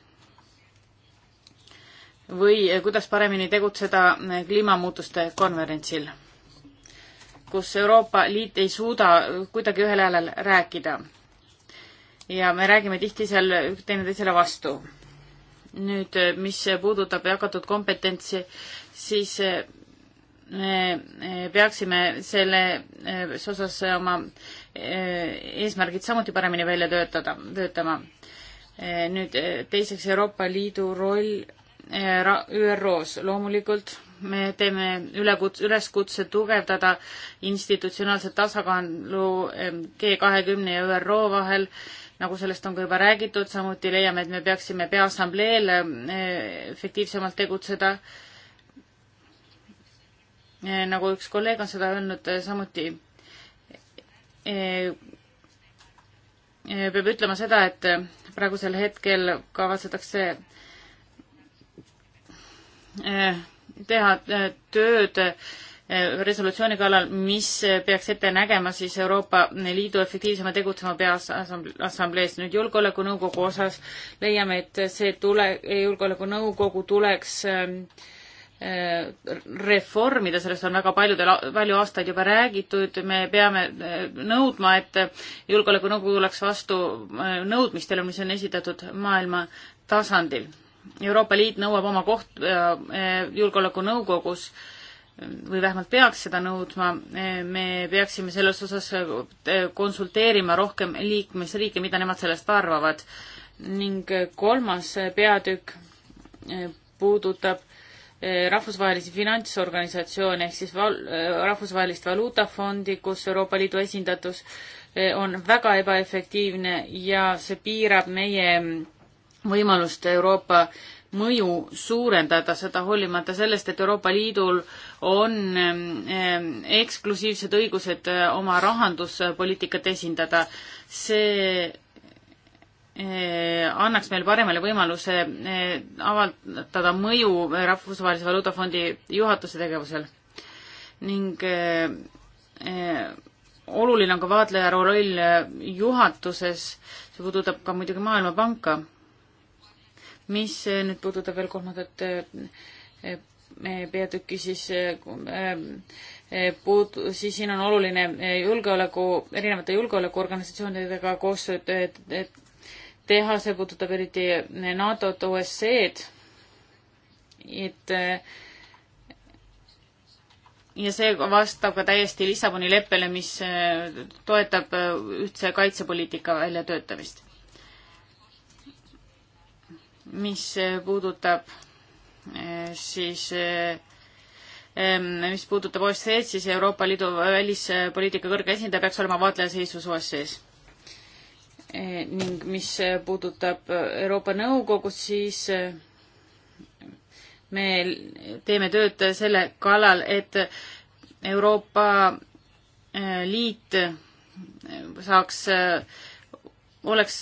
või kuidas paremini tegutseda kliimamuutuste konverentsil, kus Euroopa Liit ei suuda kuidagi ühel häälel rääkida. ja me räägime tihti seal teineteisele vastu. nüüd, mis puudutab jagatud kompetentsi, siis eh, me peaksime selles eh, osas oma eh, eesmärgid samuti paremini välja töötada, töötama. Eh, nüüd teiseks Euroopa Liidu roll ÜRO-s loomulikult me teeme ülekutse, üleskutse tugevdada institutsionaalset tasakaalu G kahekümne ja ÜRO vahel nagu sellest on ka juba räägitud, samuti leiame, et me peaksime Peaassambleel efektiivsemalt tegutseda äh, Eh, nagu üks kolleeg on seda öelnud eh, samuti, eh, peab ütlema seda, et praegusel hetkel kavatsetakse teha tööd resolutsiooni kallal, mis peaks ette nägema siis Euroopa Liidu efektiivsema tegutsema peaassamblees. nüüd Julgeolekunõukogu osas leiame, et see tule, Julgeolekunõukogu tuleks äh, Äh, reformida, sellest on väga paljudel, palju aastaid juba räägitud, me peame äh, nõudma, et Julgeolekunõukogu tuleks vastu äh, nõudmistele, mis on esitatud maailma tasandil. Euroopa Liit nõuab oma koht Julgeolekunõukogus või vähemalt peaks seda nõudma, me peaksime selles osas konsulteerima rohkem liikmesriike, mida nemad sellest arvavad. ning kolmas peatükk puudutab Eh, rahvusvahelisi finantsorganisatsioone ehk siis val, eh, rahvusvahelist valuutafondi, kus Euroopa Liidu esindatus eh, on väga ebaefektiivne ja see piirab meie võimalust Euroopa mõju suurendada, seda hoolimata sellest, et Euroopa Liidul on eksklusiivsed õigused oma rahanduspoliitikat esindada. see Eh, annaks meile paremale võimaluse eh, avaldada mõju Rahvusvahelise Valuutafondi juhatuse tegevusel ning eh, oluline on ka vaatleja roll juhatuses, see puudutab ka muidugi Maailmapanka. mis nüüd puudutab veel kolmandat peatükki, siis puud-, siis siin on oluline julgeoleku, erinevate julgeolekuorganisatsioonidega koostööd teha, see puudutab eriti NATO-t, OSCE-d, et eh, ja see vastab ka täiesti Lissaboni leppele, mis eh, toetab eh, ühtse kaitsepoliitika väljatöötamist. mis puudutab siis mis puudutab OSCE-d, siis Euroopa Liidu välispoliitika kõrge esindaja peaks olema vaatleja seisus OSCE-s. Eh, ning mis eh, puudutab eh, Euroopa Nõukogu, siis me teeme tööd selle kallal, et Euroopa Liit saaks, oleks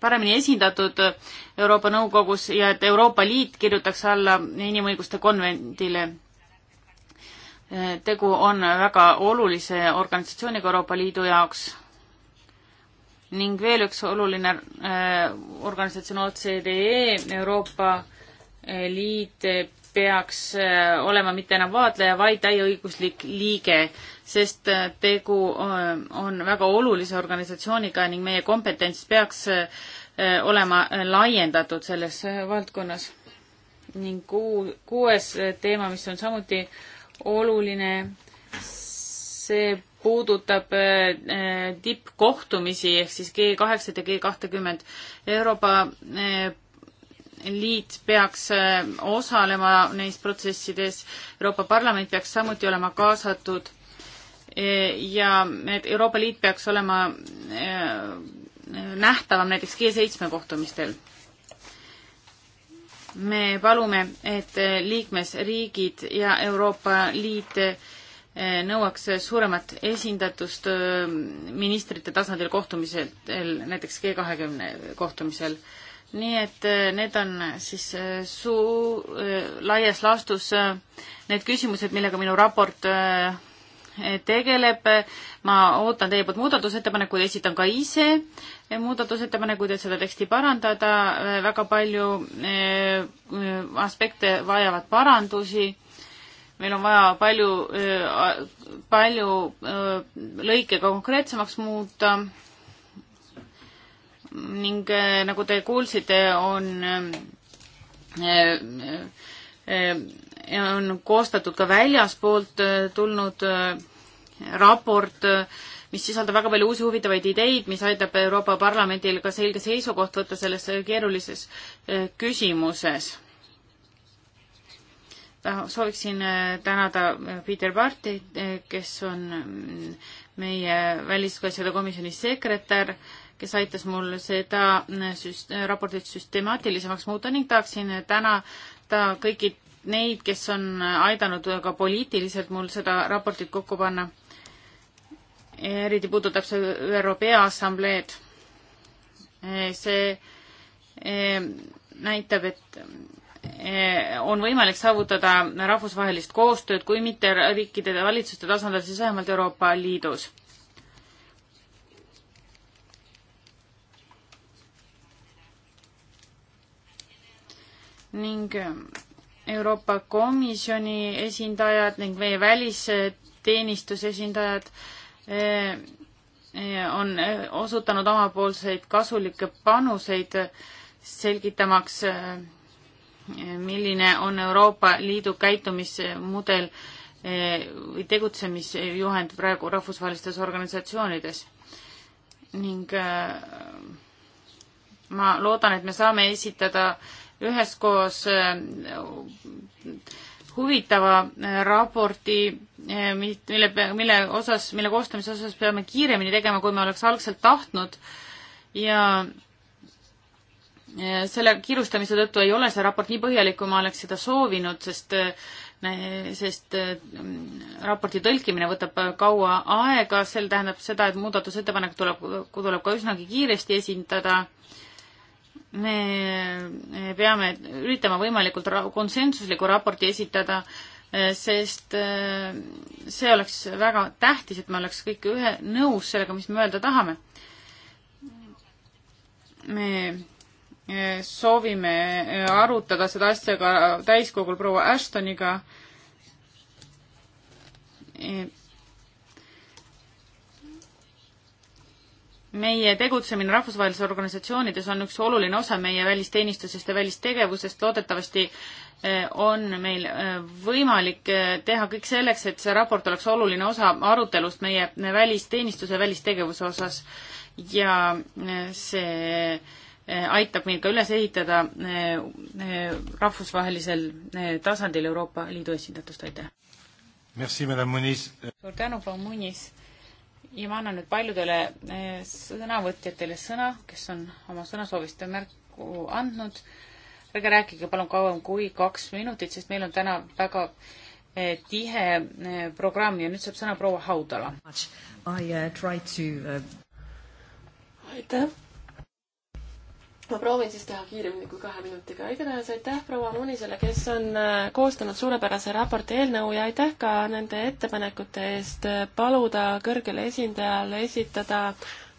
paremini esindatud Euroopa Nõukogus ja et Euroopa Liit kirjutaks alla inimõiguste konvendile. tegu on väga olulise organisatsiooniga Euroopa Liidu jaoks ning veel üks oluline äh, organisatsioon OCDE, Euroopa äh, Liit peaks äh, olema mitte enam vaatleja, vaid täieõiguslik liige, sest äh, tegu on, äh, on väga olulise organisatsiooniga ning meie kompetents peaks äh, olema äh, laiendatud selles valdkonnas. ning kuu, kuues teema, mis on samuti oluline, see puudutab äh, äh, tippkohtumisi ehk siis G kaheksat ja G kahtekümmend. Euroopa äh, Liit peaks osalema neis protsessides, Euroopa Parlament peaks samuti olema kaasatud ja need Euroopa Liit peaks olema nähtavam näiteks G seitsme kohtumistel me palume, et liikmesriigid ja Euroopa Liit nõuaks suuremat esindatust äh, ministrite tasandil kohtumisel, näiteks G kahekümne kohtumisel. nii et äh, need on siis äh, suu-, laias laastus need küsimused, millega minu raport tegeleb, ma ootan teie poolt muudatusettepanekuid, esitan ka ise muudatusettepanekuid, et seda teksti parandada, väga palju aspekte vajavad parandusi meil on vaja palju, äh, palju äh, lõike ka konkreetsemaks muuta. ning äh, nagu te kuulsite, on, on koostatud ka väljaspoolt tulnud raport, mis sisaldab väga palju uusi huvitavaid ideid, mis aitab Euroopa Parlamendil ka selge seisukoht võtta selles keerulises küsimuses Ah, sooviksin äh, tänada äh, Peter Barti, äh, kes on mm, meie väliskaitsjate komisjoni sekretär, kes aitas mul seda süst-, raportit süstemaatilisemaks muuta ning tahaksin tänada kõiki neid, kes on aidanud ka poliitiliselt mul seda raportit kokku panna. eriti puudutab see ÜRO Peaassambleed. see näitab, et Eh, on võimalik saavutada rahvusvahelist koostööd, kui mitte riikide valitsuste tasandil, siis vähemalt Euroopa Liidus. ning eh, Euroopa Komisjoni esindajad ning meie välisteenistuse esindajad eh, on osutanud omapoolseid kasulikke panuseid selgitamaks milline on Euroopa Liidu käitumismudel eh, või tegutsemisjuhend praegu rahvusvahelistes organisatsioonides. ning eh, ma loodan, et me saame esitada üheskoos eh, huvitava raporti, mille, mille osas, mille koostamise osas peame kiiremini tegema, kui me oleks algselt tahtnud ja Eh, selle kiirustamise tõttu ei ole see raport nii põhjalik, kui ma oleks seda soovinud, sest eh, sest eh, raporti tõlkimine võtab kaua aega, see tähendab seda, et muudatusettepanek tuleb, tuleb ka üsnagi kiiresti esindada. me peame üritama võimalikult konsensusliku raporti esitada, sest see oleks väga tähtis, et me oleks kõik ühe nõus sellega, mis me öelda tahame. me soovime äh, arutada seda asja ka täiskogul proua Ashtoniga. meie tegutsemine rahvusvahelises organisatsioonides on üks oluline osa meie välisteenistusest ja välistegevusest. loodetavasti äh, on meil äh, võimalik teha kõik selleks, et see raport oleks oluline osa arutelust meie välisteenistuse välistegevuse osas ja see Eh, aitab meil ka üles ehitada eh, eh, rahvusvahelisel tasandil Euroopa Liidu esindatust, aitäh! suur tänu, proua Munis! ja ma annan nüüd paljudele sõnavõtjatele sõna, kes on oma sõnasoovist märku andnud. ärge rääkige palun kauem kui kaks minutit, sest meil on täna väga tihe programm ja nüüd saab sõna proua Haudala. Uh, uh, aitäh! ma proovin siis teha kiiremini kui kahe minutiga. igatahes aitäh proua Munisele, kes on äh, koostanud suurepärase raporti eelnõu ja aitäh ka nende ettepanekute eest äh, paluda kõrgele esindajale esitada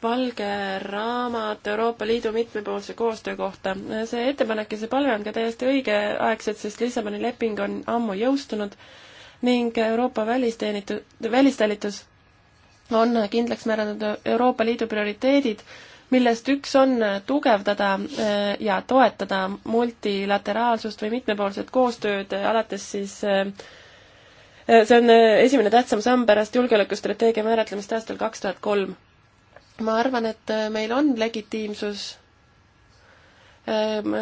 valge raamat Euroopa Liidu mitmepoolse koostöö kohta. Äh, see ettepanek ja see palve on ka täiesti õigeaegsed, sest Lissaboni leping on ammu jõustunud ning Euroopa välisteenitu-, välistalitus on kindlaks määranud Euroopa Liidu prioriteedid millest üks on tugevdada äh, ja toetada multilateraalsust või mitmepoolset koostööd, äh, alates siis äh, see on esimene tähtsam samm pärast julgeolekustrateegia määratlemist aastal kaks tuhat kolm. ma arvan, et meil on legitiimsus ähm,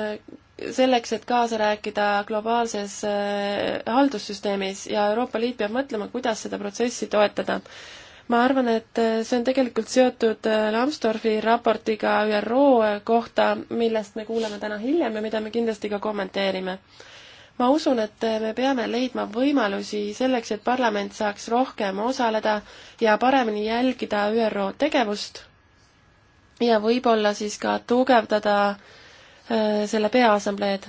selleks, et kaasa rääkida globaalses haldussüsteemis ja Euroopa Liit peab mõtlema, kuidas seda protsessi toetada ma arvan, et äh, see on tegelikult seotud äh, Lambsdorfi raportiga ÜRO äh, kohta, millest me kuuleme täna hiljem ja mida me kindlasti ka kommenteerime. ma usun, et me peame leidma võimalusi selleks, et parlament saaks rohkem osaleda ja paremini jälgida ÜRO tegevust ja võib-olla siis ka tugevdada selle peaassambleed.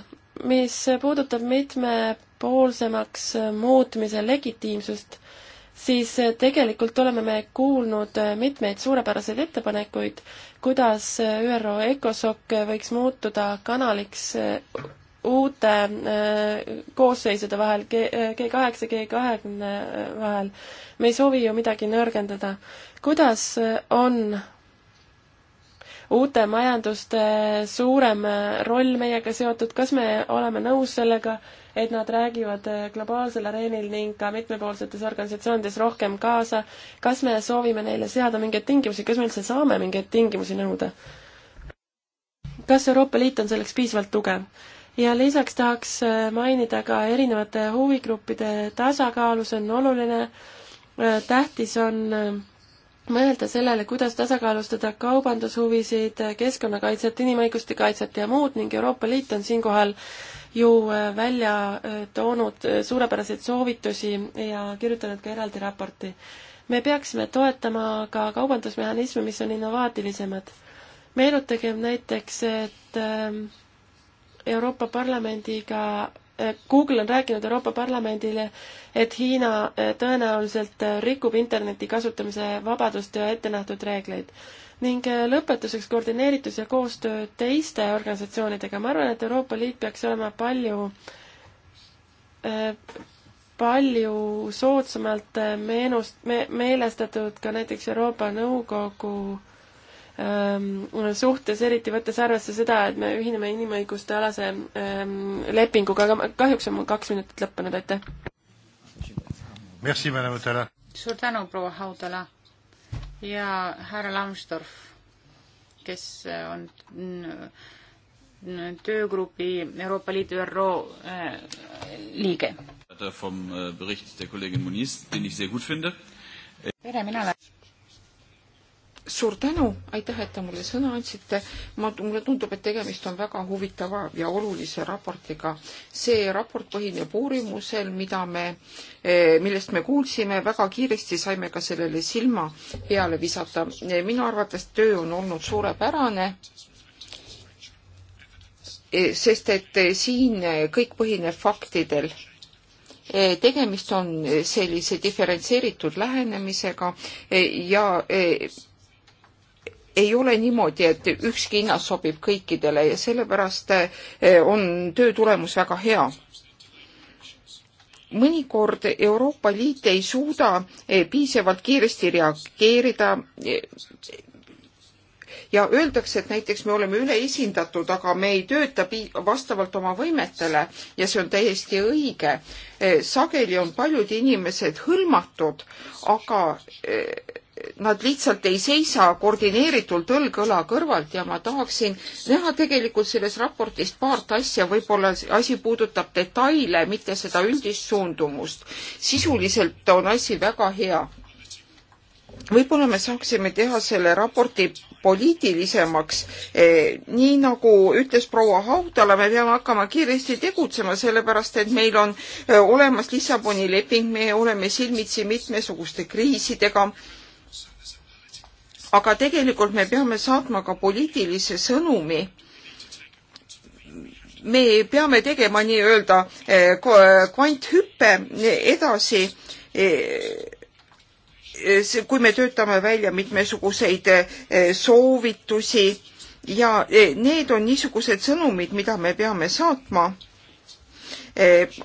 mis puudutab mitmepoolsemaks muutmise legitiimsust, siis eh, tegelikult oleme me kuulnud eh, mitmeid suurepäraseid ettepanekuid, kuidas eh, ÜRO ECOSOC võiks muutuda kanaliks uute koosseisude vahel, G kaheksa, G kahekümne vahel. me ei soovi ju midagi nõrgendada. kuidas on uute majanduste suurem roll meiega seotud, kas me oleme nõus sellega, et nad räägivad äh, globaalsel areenil ning ka mitmepoolsetes organisatsioonides rohkem kaasa. kas me soovime neile seada mingeid tingimusi, kas me üldse saame mingeid tingimusi nõuda? kas Euroopa Liit on selleks piisavalt tugev? ja lisaks tahaks äh, mainida ka erinevate huvigruppide tasakaalu, see on oluline, äh, tähtis on mõelda sellele, kuidas tasakaalustada kaubandushuvisid, keskkonnakaitset, inimõiguste kaitset ja muud ning Euroopa Liit on siinkohal ju äh, välja äh, toonud äh, suurepäraseid soovitusi ja kirjutanud ka eraldi raporti. me peaksime toetama ka kaubandusmehhanisme, mis on innovaatilisemad. meenutagem näiteks, et ähm, Euroopa Parlamendiga Google on rääkinud Euroopa Parlamendile, et Hiina eh, tõenäoliselt eh, rikub interneti kasutamise vabadust ja ettenähtud reegleid. ning eh, lõpetuseks koordineeritus ja koostöö teiste organisatsioonidega. ma arvan, et Euroopa Liit peaks olema palju palju soodsamalt meenust me,, meelestatud ka näiteks Euroopa Nõukogu äh, Ähm, suhtes, eriti võttes arvesse seda, et me ühineme inimõiguste alase ähm, lepinguga, aga kahjuks on mul kaks minutit lõppenud, aitäh! suur tänu, proua Haudala ja härra Lambsdorff, kes äh, on töögrupi Euroopa Liidu ÜRO äh, liige. Äh, tere, mina olen suur tänu, aitäh, et te mulle sõna andsite. ma, mulle tundub, et tegemist on väga huvitava ja olulise raportiga. see raport põhineb uurimusel, mida me, eh, millest me kuulsime, väga kiiresti saime ka sellele silma peale visata. Eh, minu arvates töö on olnud suurepärane eh, sest et siin kõik põhineb faktidel. tegemist on sellise diferentseeritud lähenemisega ja ei ole niimoodi, et ükski hinnas sobib kõikidele ja sellepärast eh, on töö tulemus väga hea. mõnikord Euroopa Liit ei suuda eh, piisavalt kiiresti reageerida eh, ja öeldakse, et näiteks me oleme üleesindatud, aga me ei tööta vastavalt oma võimetele ja see on täiesti õige. sageli on paljud inimesed hõlmatud, aga nad lihtsalt ei seisa koordineeritult õlg õla kõrvalt ja ma tahaksin näha tegelikult selles raportis paart asja, võib-olla asi puudutab detaile, mitte seda üldist suundumust. sisuliselt on asi väga hea. võib-olla me saaksime teha selle raporti poliitilisemaks. E, nii nagu ütles proua Haudala, me peame hakkama kiiresti tegutsema, sellepärast et meil on e, olemas Lissaboni leping, me oleme silmitsi mitmesuguste kriisidega aga tegelikult me peame saatma ka poliitilise sõnumi. me peame tegema nii-öelda eh, kvanthüppe edasi eh, kui me töötame välja mitmesuguseid eh, soovitusi ja need on niisugused sõnumid, mida me peame saatma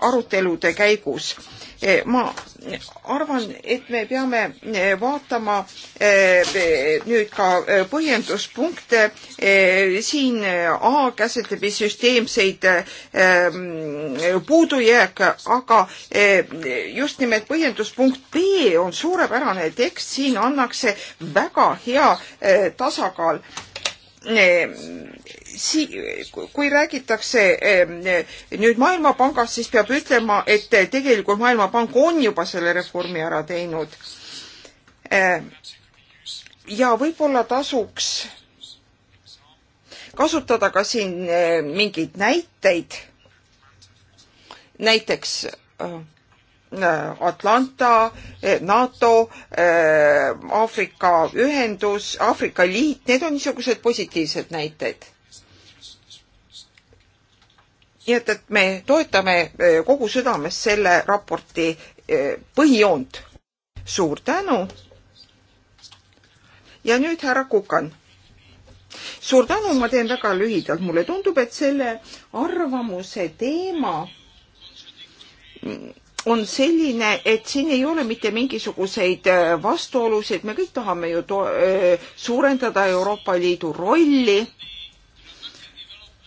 arutelude käigus. Eh, ma arvan, et me peame eh, vaatama eh, nüüd ka põhjenduspunkte. siin A käsitleb süsteemseid mm, puudujääke, aga just nimelt põhjenduspunkt B on suurepärane tekst, siin annakse väga hea tasakaal si-, kui räägitakse nüüd Maailmapangast, siis peab ütlema, et tegelikult Maailmapank on juba selle reformi ära teinud. ja võib-olla tasuks kasutada ka siin mingeid näiteid, näiteks Atlanta, NATO, Aafrika Ühendus, Aafrika Liit, need on niisugused positiivsed näited nii et, et me toetame e, kogu südamest selle raporti e, põhijoont. suur tänu. ja nüüd härra Kukan. suur tänu, ma teen väga lühidalt, mulle tundub, et selle arvamuse teema on selline, et siin ei ole mitte mingisuguseid e, vastuolusid, me kõik tahame ju to-, suurendada Euroopa Liidu rolli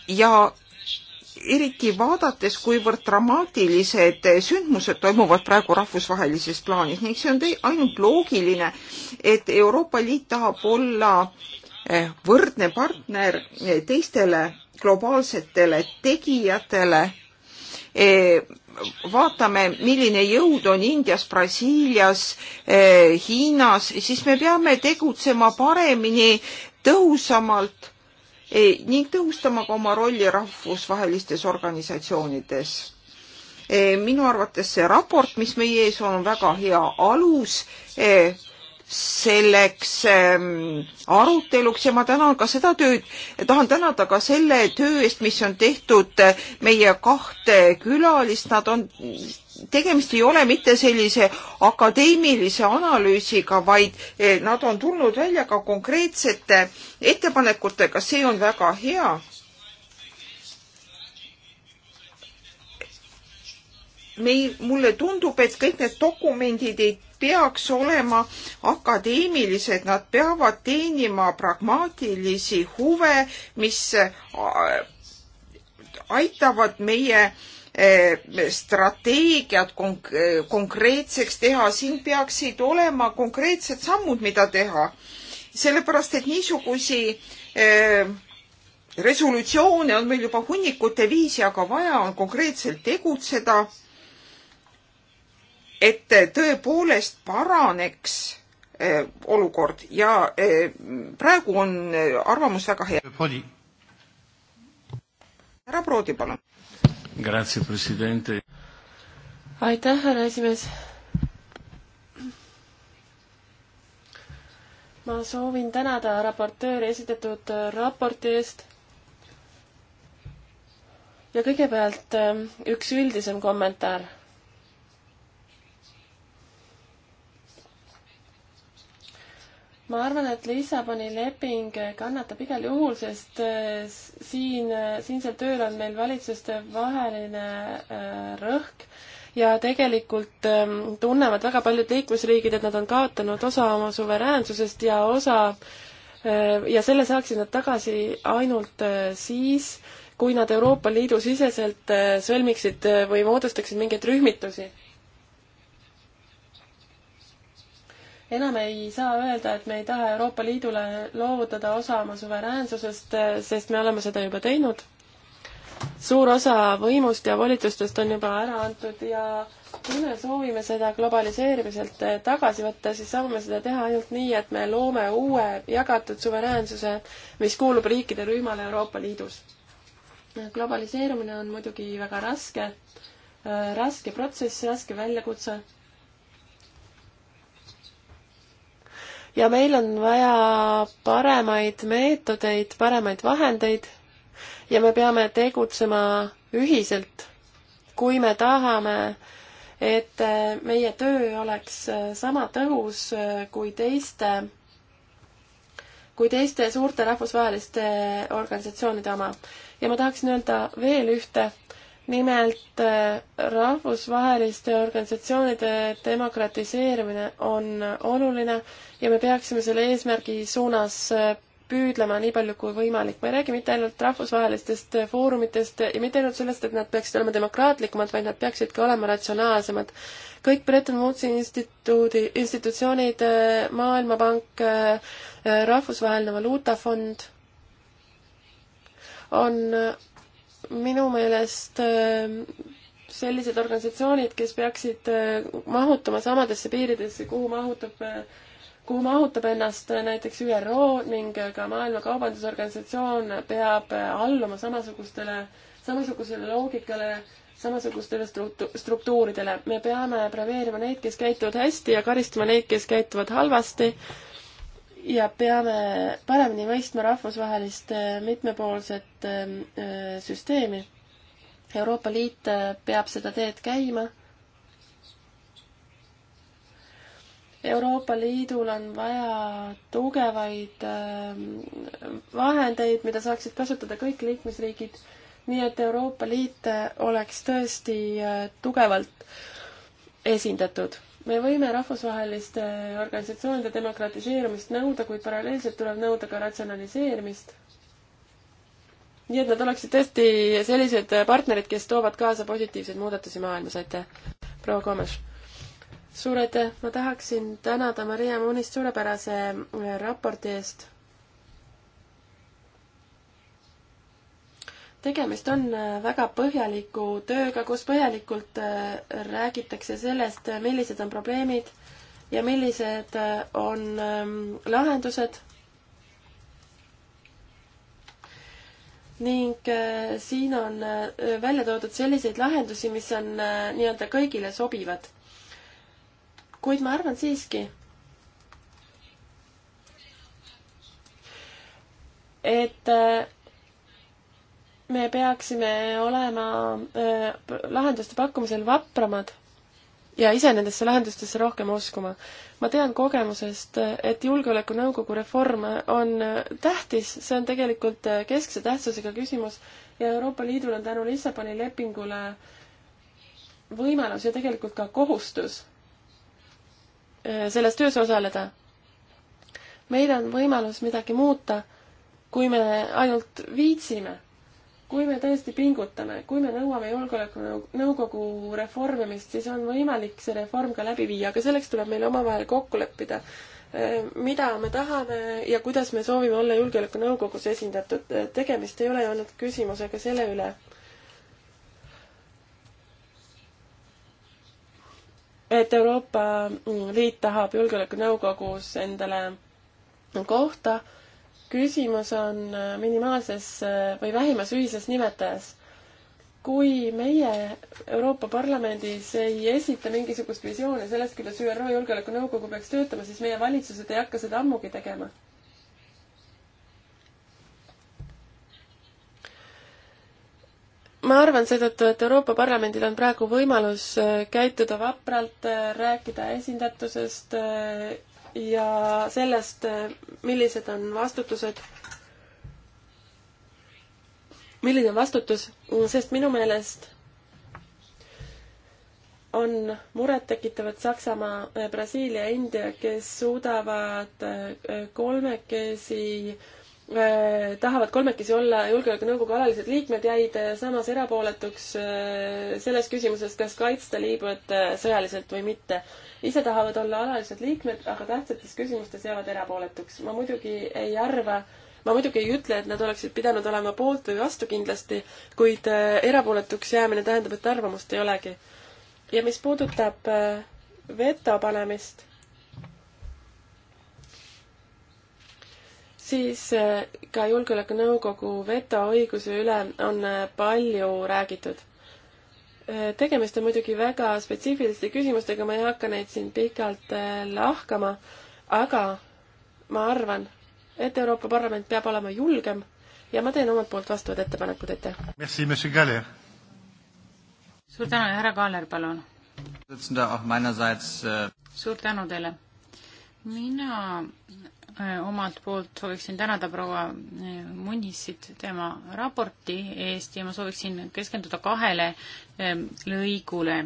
ja eriti vaadates, kuivõrd dramaatilised sündmused toimuvad praegu rahvusvahelises plaanis ning see on ainult loogiline, et Euroopa Liit tahab olla eh, võrdne partner eh, teistele globaalsetele tegijatele. Eh, vaatame, milline jõud on Indias, Brasiilias, Hiinas, siis me peame tegutsema paremini, tõhusamalt ning tõhustama ka oma rolli rahvusvahelistes organisatsioonides. minu arvates see raport, mis meie ees on, on väga hea alus eh, selleks ähm, aruteluks ja ma tänan ka seda tööd, tahan tänada ka selle töö eest, mis on tehtud äh, meie kahte külalist, nad on, tegemist ei ole mitte sellise akadeemilise analüüsiga, vaid äh, nad on tulnud välja ka konkreetsete ettepanekutega, see on väga hea. meil, mulle tundub, et kõik need dokumendid ei peaks olema akadeemilised, nad peavad teenima pragmaatilisi huve, mis äh, aitavad meie äh, strateegiat konk-, konkreetseks teha, siin peaksid olema konkreetsed sammud, mida teha. sellepärast, et niisugusi äh, resolutsioone on meil juba hunnikute viisi, aga vaja on konkreetselt tegutseda et tõepoolest paraneks eh, olukord ja eh, praegu on eh, arvamus väga hea. härra Proodi, palun. aitäh, härra esimees. ma soovin tänada raportööri esitatud raporti eest. ja kõigepealt üks üldisem kommentaar ma arvan, et Lissaboni leping kannatab igal juhul, sest äh, siin, äh, siinsel tööl on meil valitsuste vaheline äh, rõhk ja tegelikult ähm, tunnevad väga paljud liikmesriigid, et nad on kaotanud osa oma suveräänsusest ja osa ja selle saaksid nad tagasi ainult siis, kui nad Euroopa Liidu siseselt sõlmiksid või moodustaksid mingeid rühmitusi enam ei saa öelda, et me ei taha Euroopa Liidule loovutada osa oma suveräänsusest, sest me oleme seda juba teinud. suur osa võimust ja volitustest on juba ära antud ja kui me soovime seda globaliseerimiselt tagasi võtta, siis saame seda teha ainult nii, et me loome uue jagatud suveräänsuse, mis kuulub riikide rühmale Euroopa Liidus. globaliseerumine on muidugi väga raske, raske protsess, raske väljakutse ja meil on vaja paremaid meetodeid, paremaid vahendeid ja me peame tegutsema ühiselt, kui me tahame, et eh, meie töö oleks eh, sama tõhus eh, kui teiste, kui teiste suurte rahvusvaheliste organisatsioonide oma. ja ma tahaksin öelda veel ühte nimelt äh, rahvusvaheliste organisatsioonide demokratiseerimine on oluline ja me peaksime selle eesmärgi suunas äh, püüdlema nii palju kui võimalik. ma ei räägi mitte ainult rahvusvahelistest äh, foorumitest ja mitte ainult sellest, et nad peaksid olema demokraatlikumad, vaid nad peaksid ka olema ratsionaalsemad. kõik Bretton Woodsi instituudi, institutsioonid, Maailmapank, Rahvusvaheline Valuutafond on minu meelest ähm, sellised organisatsioonid, kes peaksid äh, mahutama samadesse piiridesse, kuhu mahutab, äh, kuhu mahutab ennast äh, näiteks ÜRO ning ka Maailma Kaubandusorganisatsioon, peab alluma samasugustele, samasugusele loogikale, samasugustele struktu-, struktuuridele. me peame premeerima neid, kes käituvad hästi ja karistama neid, kes käituvad halvasti ja peame paremini mõistma rahvusvahelist äh, mitmepoolset ähm, äh, süsteemi. Euroopa Liit äh, peab seda teed käima. Euroopa Liidul on vaja tugevaid ähm, vahendeid, mida saaksid kasutada kõik liikmesriigid, nii et Euroopa Liit oleks tõesti tugevalt esindatud me võime rahvusvaheliste organisatsioonide demokratiseerumist nõuda, kuid paralleelselt tuleb nõuda ka ratsionaliseerimist. nii et nad oleksid tõesti sellised partnerid, kes toovad kaasa positiivseid muudatusi maailmas, aitäh. proua Komes. suur aitäh, ma tahaksin tänada Maria Munist suurepärase raporti eest tegemist on äh, väga põhjaliku tööga, kus põhjalikult äh, räägitakse sellest, äh, millised on probleemid ja millised on ähm, lahendused. ning siin on välja toodud selliseid lahendusi, mis on nii-öelda kõigile sobivad. kuid ma arvan siiski, et me peaksime olema lahenduste pakkumisel vapramad ja ise nendesse lahendustesse rohkem uskuma. ma tean kogemusest, et Julgeolekunõukogu reform on tähtis, see on tegelikult keskse tähtsusega küsimus ja Euroopa Liidul on tänu Lissaboni lepingule võimalus ja tegelikult ka kohustus selles töös osaleda. meil on võimalus midagi muuta, kui me ainult viitsime kui me tõesti pingutame, kui me nõuame Julgeolekunõukogu reformimist, siis on võimalik see reform ka läbi viia, aga selleks tuleb meil omavahel kokku leppida, eh, mida me tahame ja kuidas me soovime olla Julgeolekunõukogus esindatud. Eh, tegemist ei ole ju ainult küsimusega selle üle, et Euroopa Liit tahab Julgeolekunõukogus endale kohta küsimus on äh, minimaalses äh, või vähimas ühises nimetajas. kui meie Euroopa Parlamendis ei esita mingisugust visiooni sellest, kuidas ÜRO Julgeolekunõukogu peaks töötama, siis meie valitsused ei hakka seda ammugi tegema ma arvan seetõttu, et Euroopa Parlamendil on praegu võimalus äh, käituda vapralt, rääkida esindatusest, ja sellest, millised on vastutused, milline on vastutus, sest minu meelest on murettekitavad Saksamaa, Brasiilia, India, kes suudavad kolmekesi äh, Äh, tahavad kolmekesi olla Julgeolekunõukogu alalised liikmed, jäid äh, samas erapooletuks äh, selles küsimuses, kas kaitsta Liibüat sõjaliselt või mitte. ise tahavad olla alalised liikmed, aga tähtsates küsimustes jäävad erapooletuks. ma muidugi ei arva, ma muidugi ei ütle, et nad oleksid pidanud olema poolt või vastu kindlasti, kuid erapooletuks jäämine tähendab, et arvamust ei olegi. ja mis puudutab veto panemist siis eh, ka Julgeolekunõukogu vetoõiguse üle on eh, palju räägitud. Eh, tegemist on muidugi väga spetsiifiliste küsimustega, ma ei hakka neid siin pikalt lahkama, aga ma arvan, et Euroopa Parlament peab olema julgem ja ma teen omalt poolt vastavad ettepanekud, aitäh! suur tänu ja härra Kaaler, palun! Äh, suur tänu teile! mina Äh, omalt poolt sooviksin tänada proua äh, Munnissit tema raporti eest ja ma sooviksin keskenduda kahele ähm, lõigule,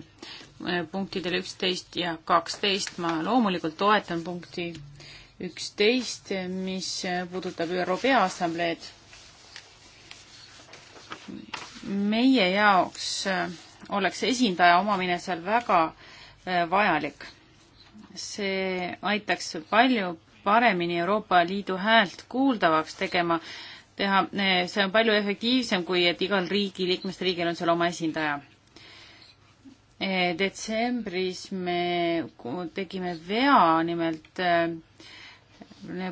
äh, punktidele üksteist ja kaksteist. ma loomulikult toetan punkti üksteist, mis puudutab ÜRO Peaassambleed. meie jaoks oleks esindaja omamine seal väga vajalik. see aitaks palju paremini Euroopa Liidu häält kuuldavaks tegema, teha, see on palju efektiivsem, kui et igal riigi, liikmesriigil on seal oma esindaja. detsembris me tegime vea nimelt äh,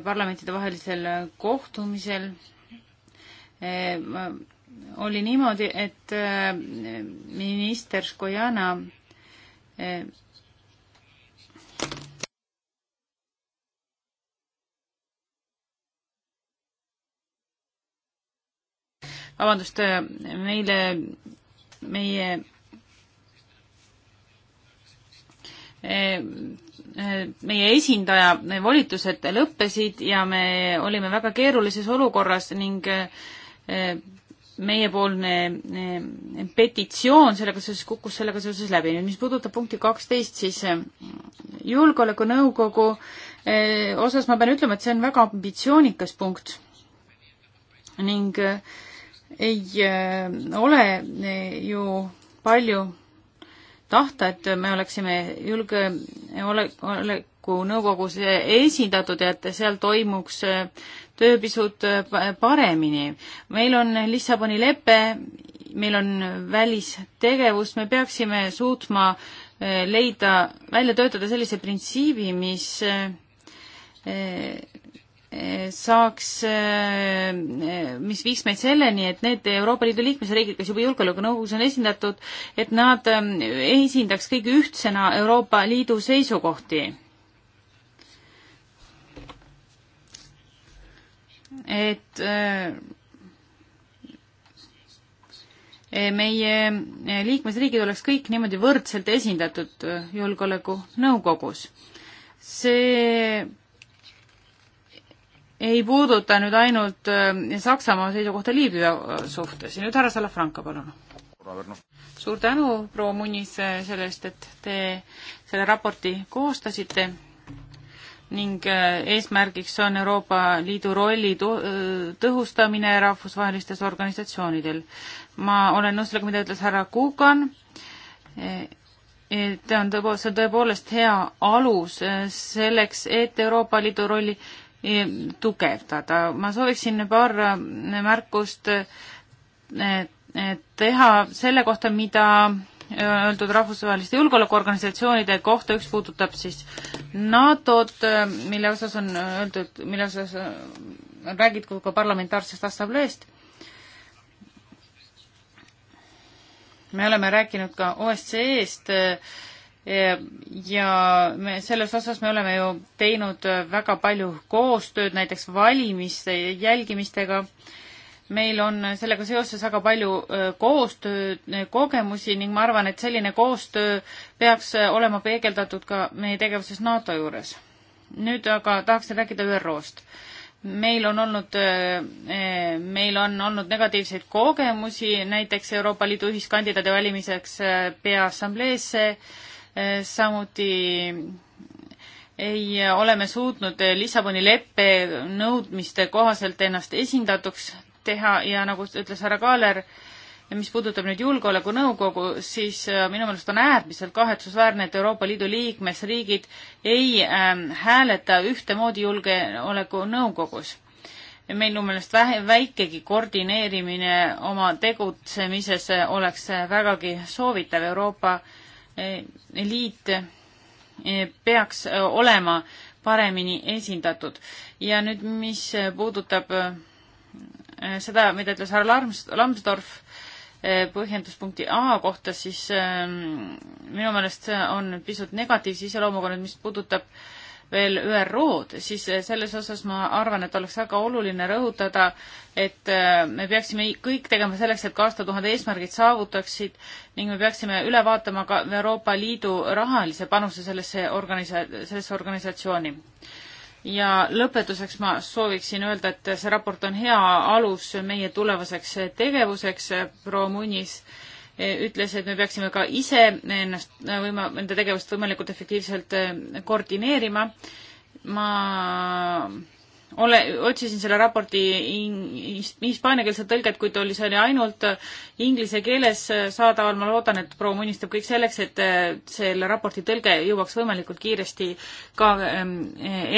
parlamentide vahelisel kohtumisel oli niimoodi, et äh, minister Skojana äh, vabandust, äh, meile, meie äh, äh, meie esindaja volitused lõppesid ja me olime väga keerulises olukorras ning meiepoolne petitsioon sellega seoses kukkus sellega seoses läbi. nüüd mis puudutab punkti kaksteist, siis julgeolekunõukogu osas ma pean ütlema, et see on väga ambitsioonikas punkt ning ei äh, ole äh, ju palju tahta, et me oleksime julgeoleku nõukogus äh, esindatud ja et seal toimuks töö pisut paremini. meil on Lissaboni lepe, meil on välistegevus, me peaksime suutma leida, välja töötada sellise printsiibi, mis saaks, mis viiks meid selleni, et need Euroopa Liidu liikmesriigid, kes juba Julgeolekunõukogus on esindatud, et nad ähm, esindaks kõige ühtsena Euroopa Liidu seisukohti. et äh, meie liikmesriigid oleks kõik niimoodi võrdselt esindatud Julgeolekunõukogus. see ei puuduta nüüd ainult äh, Saksamaa seisukohta Liibüa äh, suhtes ja nüüd härra Salafranca, palun. suur tänu, proua Munnis, äh, selle eest, et te selle raporti koostasite ning eesmärgiks on Euroopa Liidu rolli tõhustamine rahvusvahelistes organisatsioonidel. ma olen nõus sellega, mida ütles härra Kukan, e-, et on tõepoolest, see on tõepoolest hea alus selleks, et Euroopa Liidu rolli tugevdada. ma sooviksin paar märkust teha selle kohta, mida öeldud rahvusvaheliste julgeolekuorganisatsioonide kohta, üks puudutab siis NATO-t, mille osas on öeldud, mille osas on räägitud ka parlamentaarsest assambleest. me oleme rääkinud ka OSCE-st äh, Ehm, ja me selles osas me oleme ju teinud äh, väga palju koostööd näiteks valimiste jälgimistega. meil on äh, sellega seoses väga palju äh, koostööd, kogemusi ning ma arvan, et selline koostöö peaks olema peegeldatud ka meie tegevuses NATO juures. nüüd aga tahaksin rääkida ÜRO-st meil on olnud, meil on olnud negatiivseid kogemusi näiteks Euroopa Liidu ühiskandidaadi valimiseks Peaassambleesse Eh, samuti ei eh, ole me suutnud eh, Lissaboni leppe nõudmiste kohaselt ennast esindatuks teha ja nagu ütles härra Kaaler, mis puudutab nüüd Julgeolekunõukogu, siis minu meelest on äärmiselt kahetsusväärne, et Euroopa Liidu liikmesriigid ei ähm, hääleta ühtemoodi Julgeolekunõukogus. meil minu meelest vähe, väikegi koordineerimine oma tegutsemises oleks vägagi soovitav Euroopa äh, Eh, liit eh, peaks eh, olema paremini esindatud. ja nüüd, mis puudutab seda, mida ütles härra Lams-, Lambsdorff põhjenduspunkti A kohta, siis minu meelest see on pisut negatiivse iseloomuga nüüd, mis puudutab äh, veel ÜRO-d, siis eh, selles osas ma arvan, et oleks väga oluline rõhutada, et eh, me peaksime kõik tegema selleks, et ka aastatuhande eesmärgid saavutaksid ning me peaksime üle vaatama ka Euroopa Liidu rahalise panuse sellesse organisa-, sellesse organisatsiooni. ja lõpetuseks ma sooviksin öelda, et see raport on hea alus meie tulevaseks tegevuseks eh, Pro Munis äh, Eh, ütles, et me peaksime ka ise ennast eh, võima-, enda tegevust võimalikult efektiivselt eh, koordineerima. ma ole, otsisin selle raporti hispaaniakeelset tõlget, kuid oli, see oli ainult äh, inglise keeles äh, saadaval, ma loodan, et proua Mõnistab kõik selleks, et äh, selle raporti tõlge jõuaks võimalikult kiiresti ka ähm,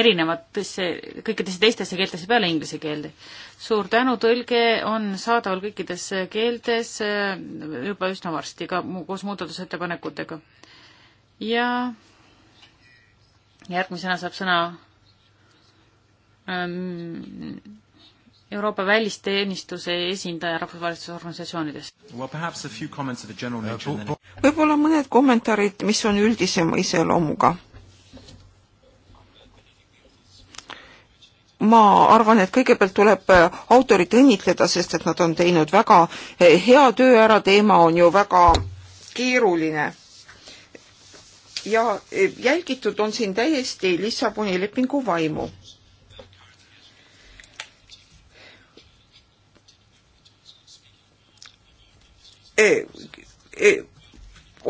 erinevatesse, kõikidesse teistesse keeltesse peale inglise keelde. suur tänu, tõlge on saadaval kõikides keeltes juba üsna varsti, ka koos muudatusettepanekutega. ja järgmisena saab sõna Ähm, Euroopa välisteenistuse esindaja rahvusvahelistes organisatsioonides well,. Äh, võib-olla mõned kommentaarid, mis on üldisema iseloomuga. ma arvan, et kõigepealt tuleb äh, autorit õnnitleda, sest et nad on teinud väga äh, hea töö ära, teema on ju väga keeruline. ja jälgitud on siin täiesti Lissaboni lepingu vaimu Eh, eh,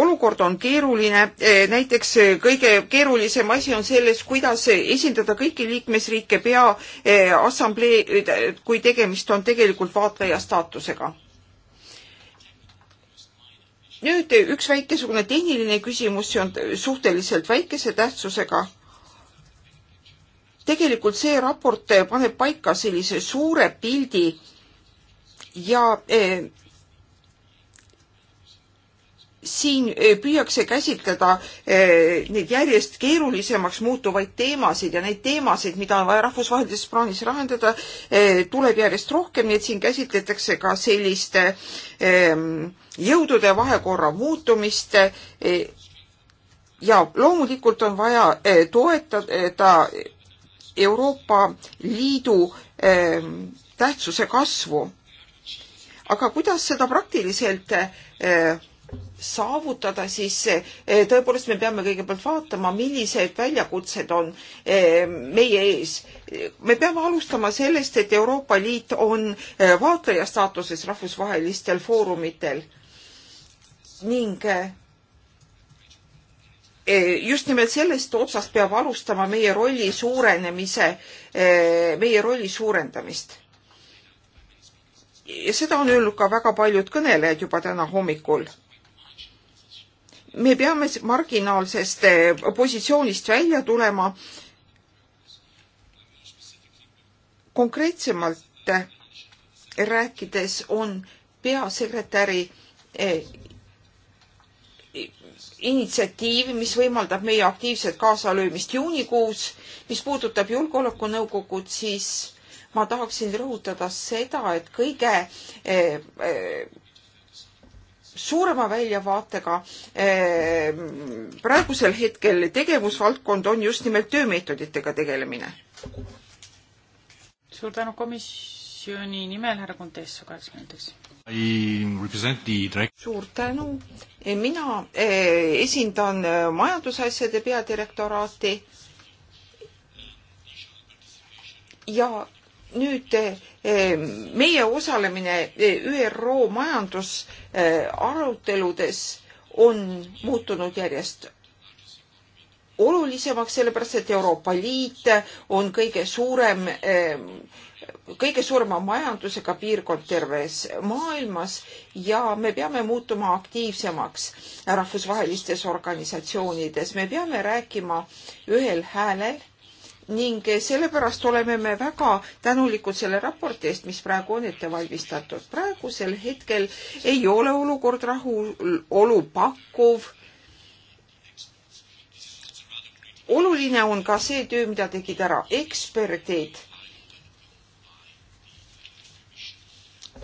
olukord on keeruline, eh, näiteks kõige keerulisem asi on selles, kuidas esindada kõiki liikmesriike peaassamblee, kui tegemist on tegelikult vaatleja staatusega. nüüd üks väikesugune tehniline küsimus, see on suhteliselt väikese tähtsusega. tegelikult see raport paneb paika sellise suure pildi ja siin eh, püüakse käsitleda eh, neid järjest keerulisemaks muutuvaid teemasid ja neid teemasid, mida on vaja rahvusvahelises plaanis lahendada, eh, tuleb järjest rohkem, nii et siin käsitletakse ka sellist ehm, jõudude vahekorra muutumist. ja loomulikult on vaja toetada Euroopa Liidu ehm, tähtsuse kasvu. aga kuidas seda praktiliselt saavutada, siis eh, tõepoolest me peame kõigepealt vaatama, millised väljakutsed on eh, meie ees. me peame alustama sellest, et Euroopa Liit on eh, vaatleja staatuses rahvusvahelistel foorumitel ning just nimelt sellest otsast peab alustama meie rolli suurenemise, meie rolli suurendamist ja seda on öelnud ka väga paljud kõnelejad juba täna hommikul me peame marginaalsest eh, positsioonist välja tulema konkreetsemalt eh, rääkides on peasekretäri eh, initsiatiiv, mis võimaldab meie aktiivset kaasalöömist juunikuus. mis puudutab Julgeolekunõukogud, siis ma tahaksin rõhutada seda, et kõige suurema väljavaatega. Ehm, praegusel hetkel tegevusvaldkond on just nimelt töömeetoditega tegelemine. suur tänu komisjoni nimel, härra Kontess, kaheksa minutiks. suur tänu. E, mina e, esindan e, majandusasjade peadirektoraati ja nüüd eh, meie osalemine eh, ÜRO majandusaruteludes on muutunud järjest olulisemaks, sellepärast et Euroopa Liit on kõige suurem, eh, kõige suurema majandusega piirkond terves maailmas ja me peame muutuma aktiivsemaks rahvusvahelistes organisatsioonides. me peame rääkima ühel häälel ning sellepärast oleme me väga tänulikud selle raporti eest, mis praegu on ette valmistatud. praegusel hetkel ei ole olukord rahulolu pakkuv. oluline on ka see töö, mida tegid ära eksperdid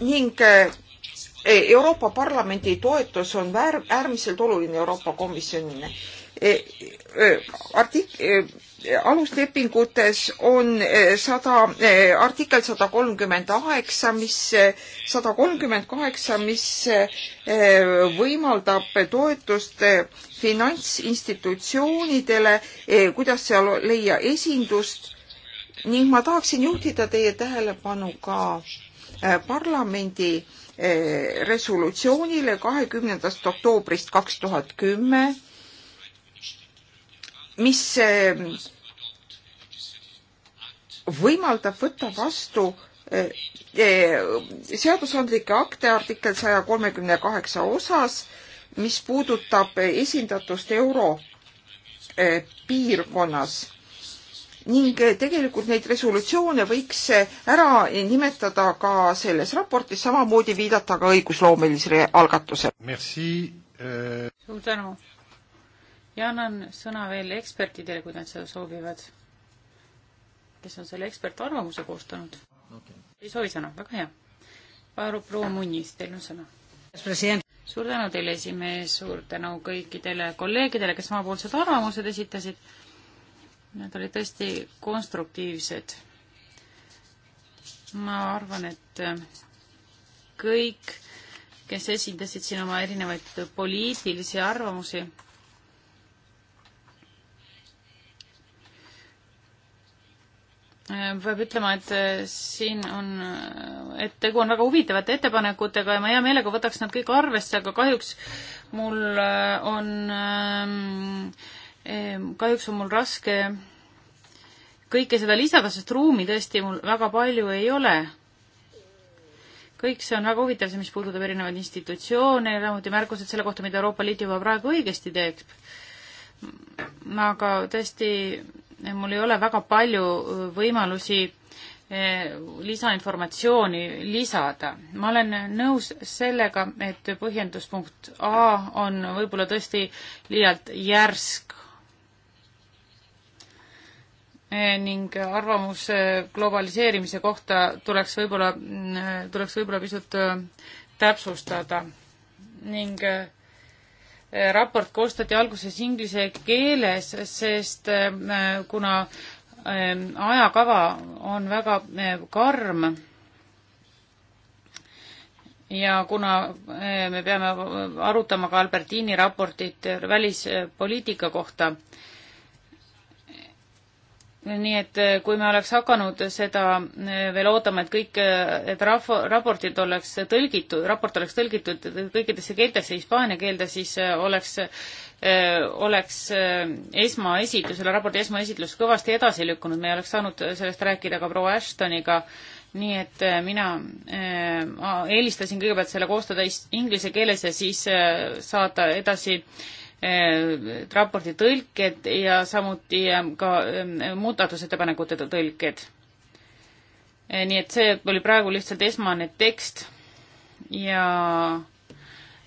ning eh, Euroopa Parlamendi toetus on väär, äärmiselt oluline Euroopa Komisjonile. Eh, eh, artik-, aluslepingutes on eh, sada, eh, artikkel sada kolmkümmend kaheksa, mis, eh, sada kolmkümmend kaheksa, mis võimaldab toetust finantsinstitutsioonidele, kuidas seal leia esindust ning ma tahaksin juhtida teie tähelepanu ka parlamendi resolutsioonile kahekümnendast oktoobrist kaks tuhat kümme mis ehm, võimaldab võtta vastu eh, eh, seadusandlike akte artikkel saja kolmekümne kaheksa osas, mis puudutab esindatust euro eh, piirkonnas ning tegelikult neid resolutsioone võiks ära nimetada ka selles raportis, samamoodi viidata ka õigusloomelisele algatusele. Euh- suur tänu ja annan sõna veel ekspertidele, kui nad seda soovivad. kes on selle ekspertarvamuse koostanud okay.? ei soovi sõna, väga hea. Paaro proua Munnis, teil on sõna. suur tänu teile, esimees, suur tänu kõikidele kolleegidele, kes omapoolsed arvamused esitasid. Nad olid tõesti konstruktiivsed. ma arvan, et kõik, kes esindasid siin oma erinevaid poliitilisi arvamusi, Äh, peab ütlema, et äh, siin on, äh, et tegu on väga huvitavate ettepanekutega ja ma hea meelega võtaks nad kõik arvesse, aga kahjuks mul on, ähm, ähm, kahjuks on mul raske kõike seda lisada, sest ruumi tõesti mul väga palju ei ole. kõik see on väga huvitav, see, mis puudutab erinevaid institutsioone, samuti märkused selle kohta, mida Euroopa Liit juba praegu õigesti teeb. aga tõesti mul ei ole väga palju äh, võimalusi äh, lisainformatsiooni lisada. ma olen nõus sellega, et põhjenduspunkt A on võib-olla tõesti liialt järsk äh, ning arvamus globaliseerimise kohta tuleks võib-olla, mm, tuleks võib-olla pisut täpsustada ning äh, Äh, raport koostati alguses inglise keeles, sest äh, kuna äh, ajakava on väga karm ja kuna me peame arutama ka Albertini raportit välispoliitika kohta, nii et eh, kui me oleks hakanud seda eh, veel ootama, et kõik, eh, et rahva, raportid oleks tõlgitud, raport oleks tõlgitud kõikidesse keeltesse, hispaania keelde, siis oleks, oleks esmaesitlus, selle raporti esmaesitlus kõvasti edasi lükkunud, me ei oleks saanud sellest rääkida ka proua Ashtoniga, nii et mina eelistasin kõigepealt selle koostada inglise keeles ja siis saata edasi äh, Äh, raporti tõlked ja samuti ähm, ka ähm, muudatusettepanekute tõlked. Äh, nii et see oli praegu lihtsalt esmane tekst ja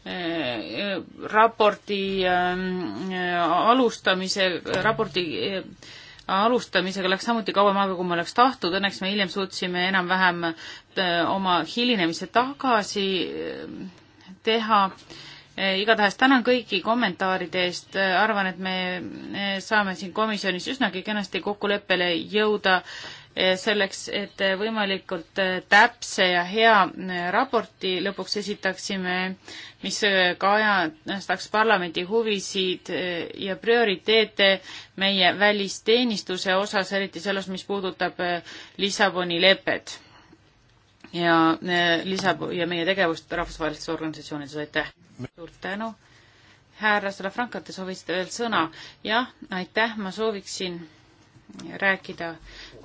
äh, raporti ähm, alustamise, raporti alustamisega läks samuti kauem aega, kui ma oleks tahtnud, õnneks me hiljem suutsime enam-vähem oma hilinemise tagasi teha Eh, igatahes tänan kõiki kommentaaride eest, eh, arvan, et me eh, saame siin komisjonis üsnagi kenasti kokkuleppele jõuda selleks, et võimalikult täpse ja hea raporti lõpuks esitaksime, mis kajastaks parlamendi huvisid ja prioriteete meie välisteenistuse osas, eriti selles, mis puudutab Lissaboni lepet ja lisab ja meie tegevust rahvusvahelistes organisatsioonides, aitäh! suur tänu. härra Salafranca, te soovisite veel sõna? jah, aitäh, ma sooviksin rääkida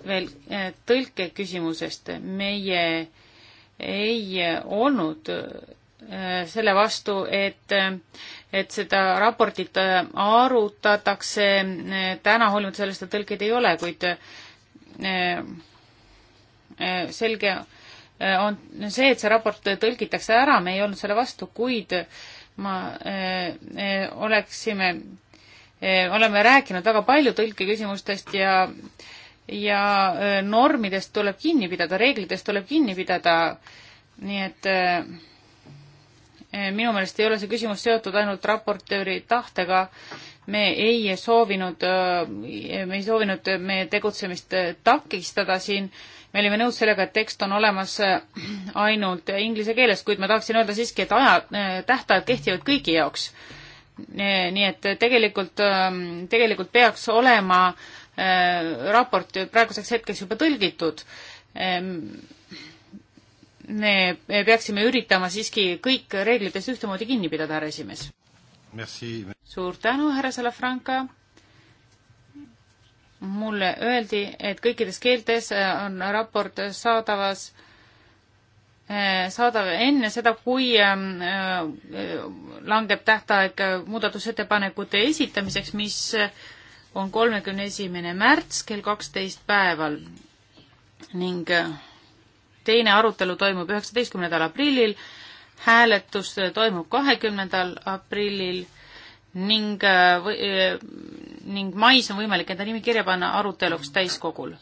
veel eh, tõlke küsimusest. meie ei olnud eh, selle vastu, et, eh, et seda raportit arutatakse täna, hoolimata sellest, et tõlkeid ei ole, kuid selge Äh, on see, et see raport tõlgitakse ära, me ei olnud selle vastu, kuid ma äh, äh, oleksime äh,, oleme rääkinud väga palju tõlkeküsimustest ja ja äh, normidest tuleb kinni pidada, reeglitest tuleb kinni pidada, nii et äh, äh minu meelest ei ole see küsimus seotud ainult raportööri tahtega, me ei soovinud, äh, me ei soovinud meie tegutsemist takistada siin äh, me olime nõus sellega, et tekst on olemas äh, ainult inglise keeles, kuid ma tahaksin öelda siiski, et aja, äh, tähtajad kehtivad kõigi jaoks. nii et tegelikult, ähm, tegelikult peaks olema äh, raport praeguseks hetkeks juba tõlgitud. me peaksime üritama siiski kõik reeglitest ühtemoodi kinni pidada, härra esimees. suur tänu, härra Salafranca mulle öeldi, et kõikides keeltes äh, on raport saadavas, äh, saadav enne seda, kui ähm, äh, langeb tähtaeg muudatusettepanekute esitamiseks, mis on kolmekümne esimene märts kell kaksteist päeval ning teine arutelu toimub üheksateistkümnendal aprillil, hääletus toimub kahekümnendal aprillil ning ning mais on võimalik enda nimi kirja panna aruteluks täiskogul.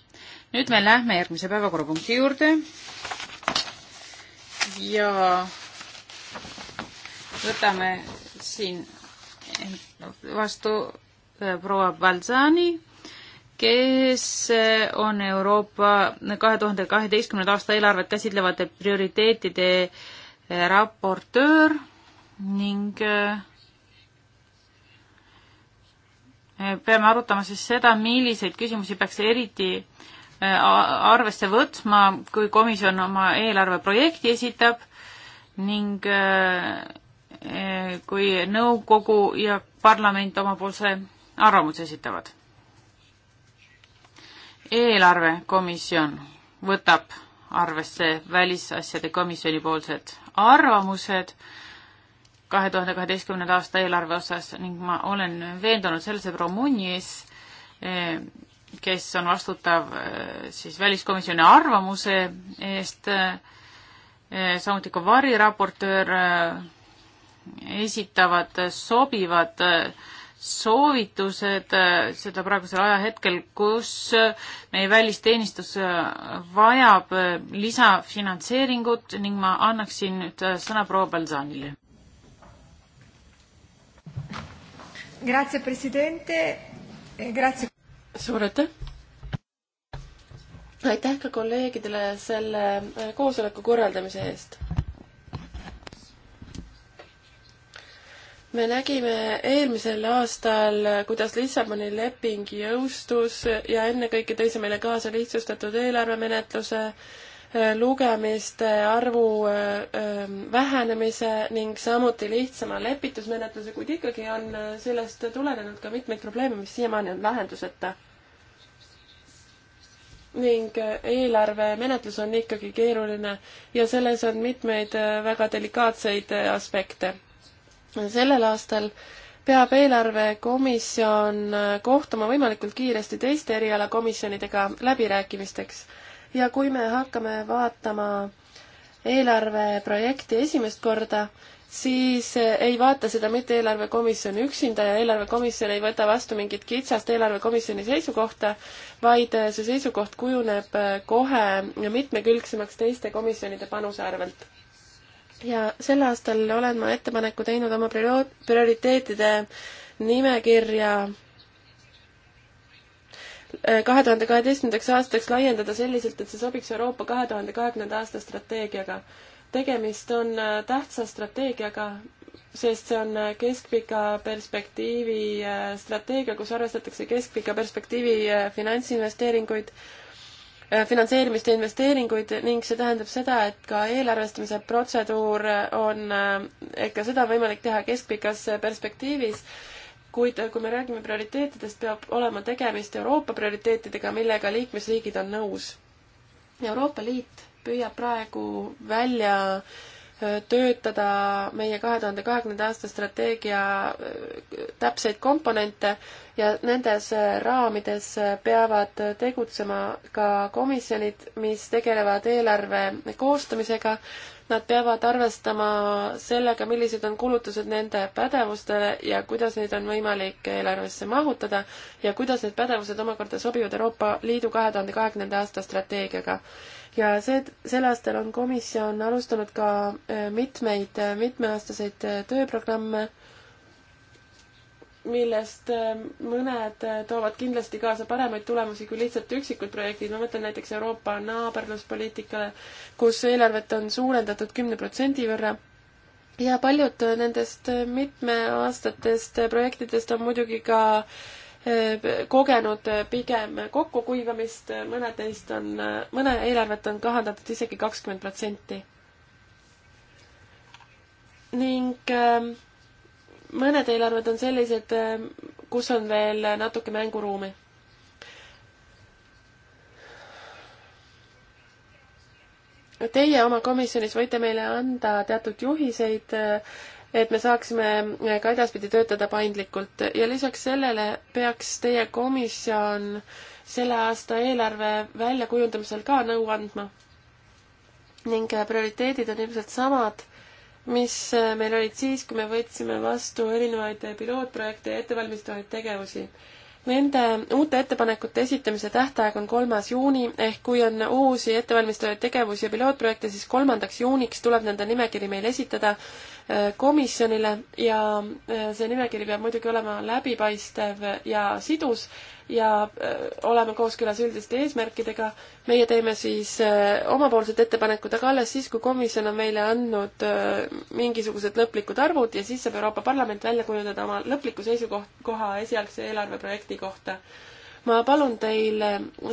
nüüd me lähme järgmise päevakorrapunkti juurde ja võtame siin vastu äh, proua Balzani, kes äh, on Euroopa kahe tuhande kaheteistkümnenda aasta eelarvet käsitlevate prioriteetide äh, raportöör ning äh, peame arutama siis seda, milliseid küsimusi peaks eriti äh, arvesse võtma, kui komisjon oma eelarveprojekti esitab ning äh, äh, kui nõukogu ja parlament omapoolse arvamuse esitavad. eelarvekomisjon võtab arvesse välisasjade komisjoni poolsed arvamused äh, kahe tuhande kaheteistkümnenda aasta eelarve osas ning ma olen veendunud selles, et Romunis, eh, kes on vastutav eh, siis väliskomisjoni arvamuse eest, eh, samuti ka variraportöör, esitavad sobivad soovitused seda praegusel ajahetkel, kus meie välisteenistus vajab lisafinantseeringut ning ma annaksin nüüd sõna proua Belzanile Grazie, president. E grazie. suur aitäh. aitäh ka kolleegidele selle äh, koosoleku korraldamise eest. me nägime eelmisel aastal, äh, kuidas Lissaboni leping jõustus ja ennekõike tõi see meile kaasa lihtsustatud eelarvemenetluse lugemiste arvu äh, ähm, vähenemise ning samuti lihtsama lepitusmenetluse, kuid ikkagi on äh, sellest tulenenud ka mitmeid probleeme, mis siiamaani on lahenduseta. ning äh, eelarvemenetlus on ikkagi keeruline ja selles on mitmeid väga delikaatseid aspekte. sellel aastal peab eelarvekomisjon kohtuma võimalikult kiiresti teiste erialakomisjonidega läbirääkimisteks ja kui me hakkame vaatama eelarveprojekti esimest korda, siis eh, ei vaata seda mitte eelarvekomisjon üksinda ja eelarvekomisjon ei võta vastu mingit kitsast eelarvekomisjoni seisukohta, vaid eh, see seisukoht kujuneb eh, kohe mitmekülgsemaks teiste komisjonide panuse arvelt. ja sel aastal olen ma ettepaneku teinud oma prioriteetide nimekirja kahe tuhande kaheteistkümnendaks aastaks laiendada selliselt, et see sobiks Euroopa kahe tuhande kahekümnenda aasta strateegiaga. tegemist on äh, tähtsa strateegiaga, sest see on äh, keskpika perspektiivi äh, strateegia, kus arvestatakse keskpika perspektiivi finantsinvesteeringuid, finantseerimiste investeeringuid ning see tähendab seda, et ka eelarvestamise protseduur on, et ka seda on võimalik teha keskpikas perspektiivis kuid kui me räägime prioriteetidest, peab olema tegemist Euroopa prioriteetidega, millega liikmesriigid on nõus. Euroopa Liit püüab praegu välja äh, töötada meie kahe tuhande kahekümnenda aasta strateegia äh, täpseid komponente ja nendes äh, raamides peavad tegutsema ka komisjonid, mis tegelevad eelarve koostamisega Nad peavad arvestama sellega, millised on kulutused nende pädevustele ja kuidas neid on võimalik eelarvesse mahutada ja kuidas need pädevused omakorda sobivad Euroopa Liidu kahe tuhande kahekümnenda aasta strateegiaga. ja see, sel aastal on komisjon alustanud ka eh, mitmeid eh, mitmeaastaseid eh, tööprogramme millest äh, mõned äh, toovad kindlasti kaasa paremaid tulemusi kui lihtsalt üksikud projektid, ma mõtlen näiteks Euroopa naaberluspoliitikale, kus eelarvet on suurendatud kümne protsendi võrra ja paljud nendest äh, mitmeaastatest projektidest on muidugi ka kogenud pigem kokkukuivamist, mõned neist on, mõne eelarvet on kahandatud isegi kakskümmend protsenti. ning äh, mõned eelarved on sellised, kus on veel natuke mänguruumi. Teie oma komisjonis võite meile anda teatud juhiseid, et me saaksime ka edaspidi töötada paindlikult ja lisaks sellele peaks teie komisjon selle aasta eelarve väljakujundamisel ka nõu andma. ning prioriteedid on ilmselt samad mis äh, meil olid siis, kui me võtsime vastu erinevaid äh, pilootprojekte ja ettevalmistavaid tegevusi. Nende uute ettepanekute esitamise tähtaeg on kolmas juuni, ehk kui on uusi ettevalmistavaid tegevusi ja pilootprojekte, siis kolmandaks juuniks tuleb nende nimekiri meil esitada komisjonile ja äh, see nimekiri peab muidugi olema läbipaistev ja sidus ja äh, olema kooskõlas üldiste eesmärkidega. meie teeme siis äh, omapoolsed ettepanekud, aga alles siis, kui komisjon on meile andnud mingisugused lõplikud arvud ja siis saab Euroopa Parlament välja kujundada oma lõpliku seisukoha esialgse eelarveprojekti kohta ma palun teil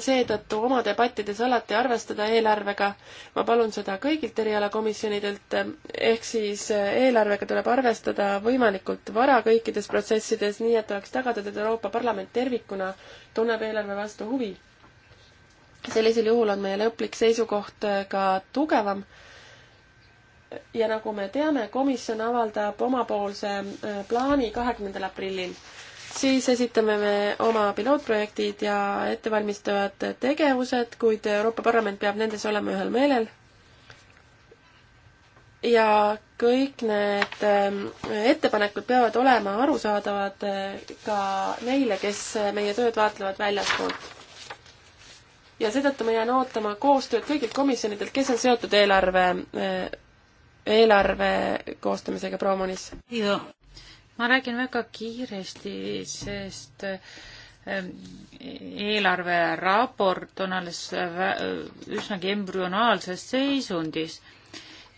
seetõttu oma debattides alati arvestada eelarvega. ma palun seda kõigilt erialakomisjonidelt, ehk siis eelarvega tuleb arvestada võimalikult vara kõikides protsessides, nii et oleks tagatud, et Euroopa Parlament tervikuna tunneb eelarve vastu huvi. sellisel juhul on meie lõplik seisukoht ka tugevam ja nagu me teame, komisjon avaldab omapoolse plaani kahekümnendal aprillil siis esitame me oma pilootprojektid ja ettevalmistavad tegevused, kuid Euroopa Parlament peab nendes olema ühel meelel. ja kõik need ähm, ettepanekud peavad olema arusaadavad äh, ka neile, kes äh, meie tööd vaatlevad väljaspoolt. ja seetõttu ma jään ootama koostööd kõigilt komisjonidelt, kes on seotud eelarve, äh, eelarve koostamisega Promonis ma räägin väga kiiresti, sest ähm, eelarveraport on alles üsnagi embrüonaalses seisundis.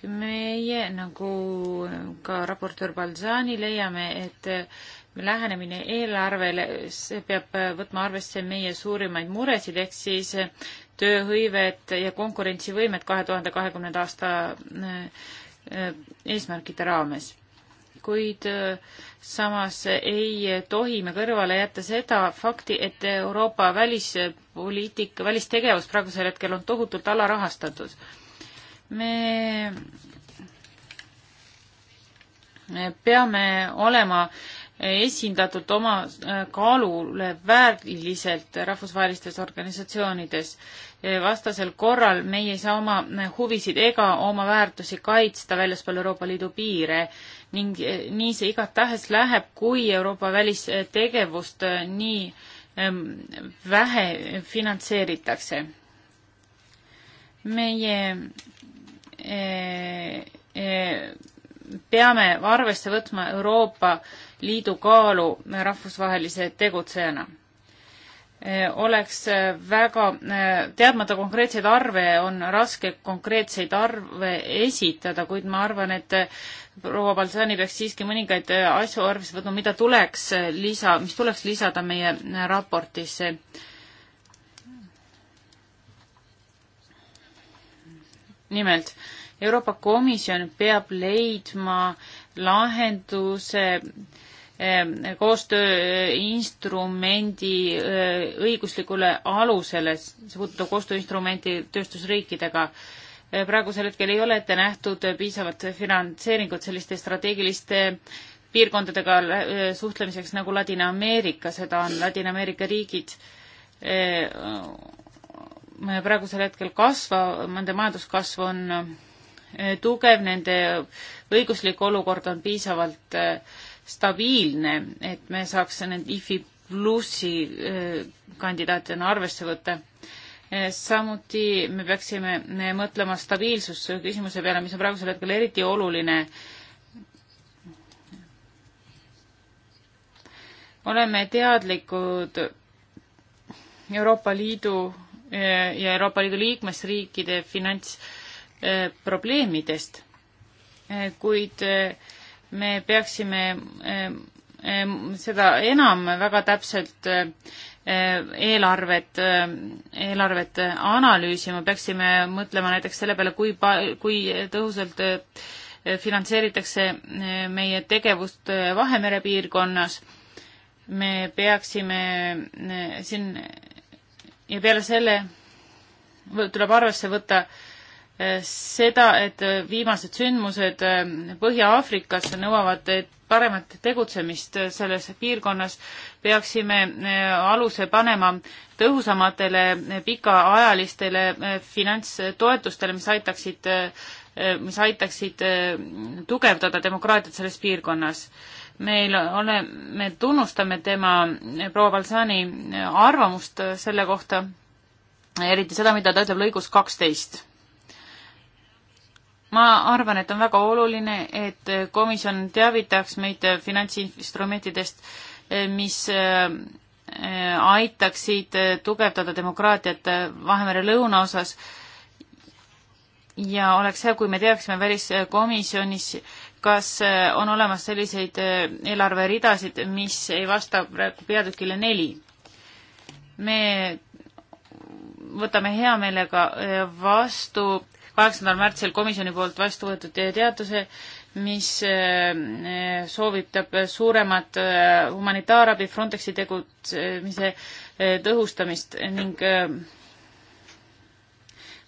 meie nagu ka raportöör Balzani leiame, et äh, lähenemine eelarvele, see peab äh, võtma arvesse meie suurimaid muresid, ehk siis äh, tööhõivet ja konkurentsivõimet kahe tuhande kahekümnenda aasta eesmärkide raames. kuid äh, samas ei tohi me kõrvale jätta seda fakti, et Euroopa välispoliitika, välistegevus praegusel hetkel on tohutult alarahastatud. me peame olema äh, esindatult oma äh, kaalule vääriliselt rahvusvahelistes organisatsioonides. Äh, vastasel korral meie ei saa oma äh, huvisid ega oma väärtusi kaitsta väljaspool Euroopa Liidu piire ning nii see igatahes läheb, kui Euroopa välistegevust nii ähm, vähe finantseeritakse. meie e, e, peame arvesse võtma Euroopa Liidu kaalu rahvusvahelise tegutsejana. Eh, oleks eh, väga, eh, teadmata konkreetseid arve, on raske konkreetseid arve esitada, kuid ma arvan, et proua Balsani peaks siiski mõningaid asju arvesse võtma, mida tuleks lisa, mis tuleks lisada meie raportisse nimelt Euroopa Komisjon peab leidma lahenduse Ähm, koostööinstrumendi äh, õiguslikule alusele, see puudutab koostööinstrumenti tööstusriikidega. Äh, praegusel hetkel ei ole ette nähtud piisavat finantseeringut selliste strateegiliste piirkondadega äh, suhtlemiseks nagu Ladina-Ameerika, seda on Ladina-Ameerika riigid praegusel hetkel kasva, nende majanduskasv on tugev, nende õiguslik olukord on piisavalt äh, stabiilne, et me saaks need IFI plussi äh, kandidaatidena arvesse võtta. Äh, samuti me peaksime äh, mõtlema stabiilsuse küsimuse peale, mis on praegusel hetkel eriti oluline. oleme teadlikud Euroopa Liidu ja Euroopa Liidu liikmesriikide finantsprobleemidest, kuid äh, me peaksime eh, eh, seda enam väga täpselt eh, eelarvet, eelarvet analüüsima, peaksime mõtlema näiteks selle peale, kui pa-, kui tõhusalt finantseeritakse meie tegevust Vahemere piirkonnas. me peaksime siin ja peale selle tuleb arvesse võtta äh, seda, et viimased sündmused ähm, Põhja-Aafrikas nõuavad paremat tegutsemist selles piirkonnas, peaksime äh, aluse panema tõhusamatele äh, pikaajalistele äh, finantstoetustele, mis aitaksid, mis aitaksid tugevdada demokraatiat selles piirkonnas. meil ole, me tunnustame tema, proua Balsani arvamust selle kohta, eriti seda, mida ta ütleb lõigus kaksteist ma arvan, et on väga oluline, et komisjon teavitaks meid finantsinstrumentidest, eh, mis eh, aitaksid tugevdada demokraatiat Vahemere lõunaosas ja oleks hea, kui me teaksime väliskomisjonis, kas eh, on olemas selliseid eelarveridasid, mis ei vasta praegu peatükile neli. me võtame hea meelega vastu kaheksandal märtsil komisjoni poolt vastu võetud teatuse, mis äh, soovitab suuremat äh, humanitaarabi Frontexi tegutsemise äh, tõhustamist ning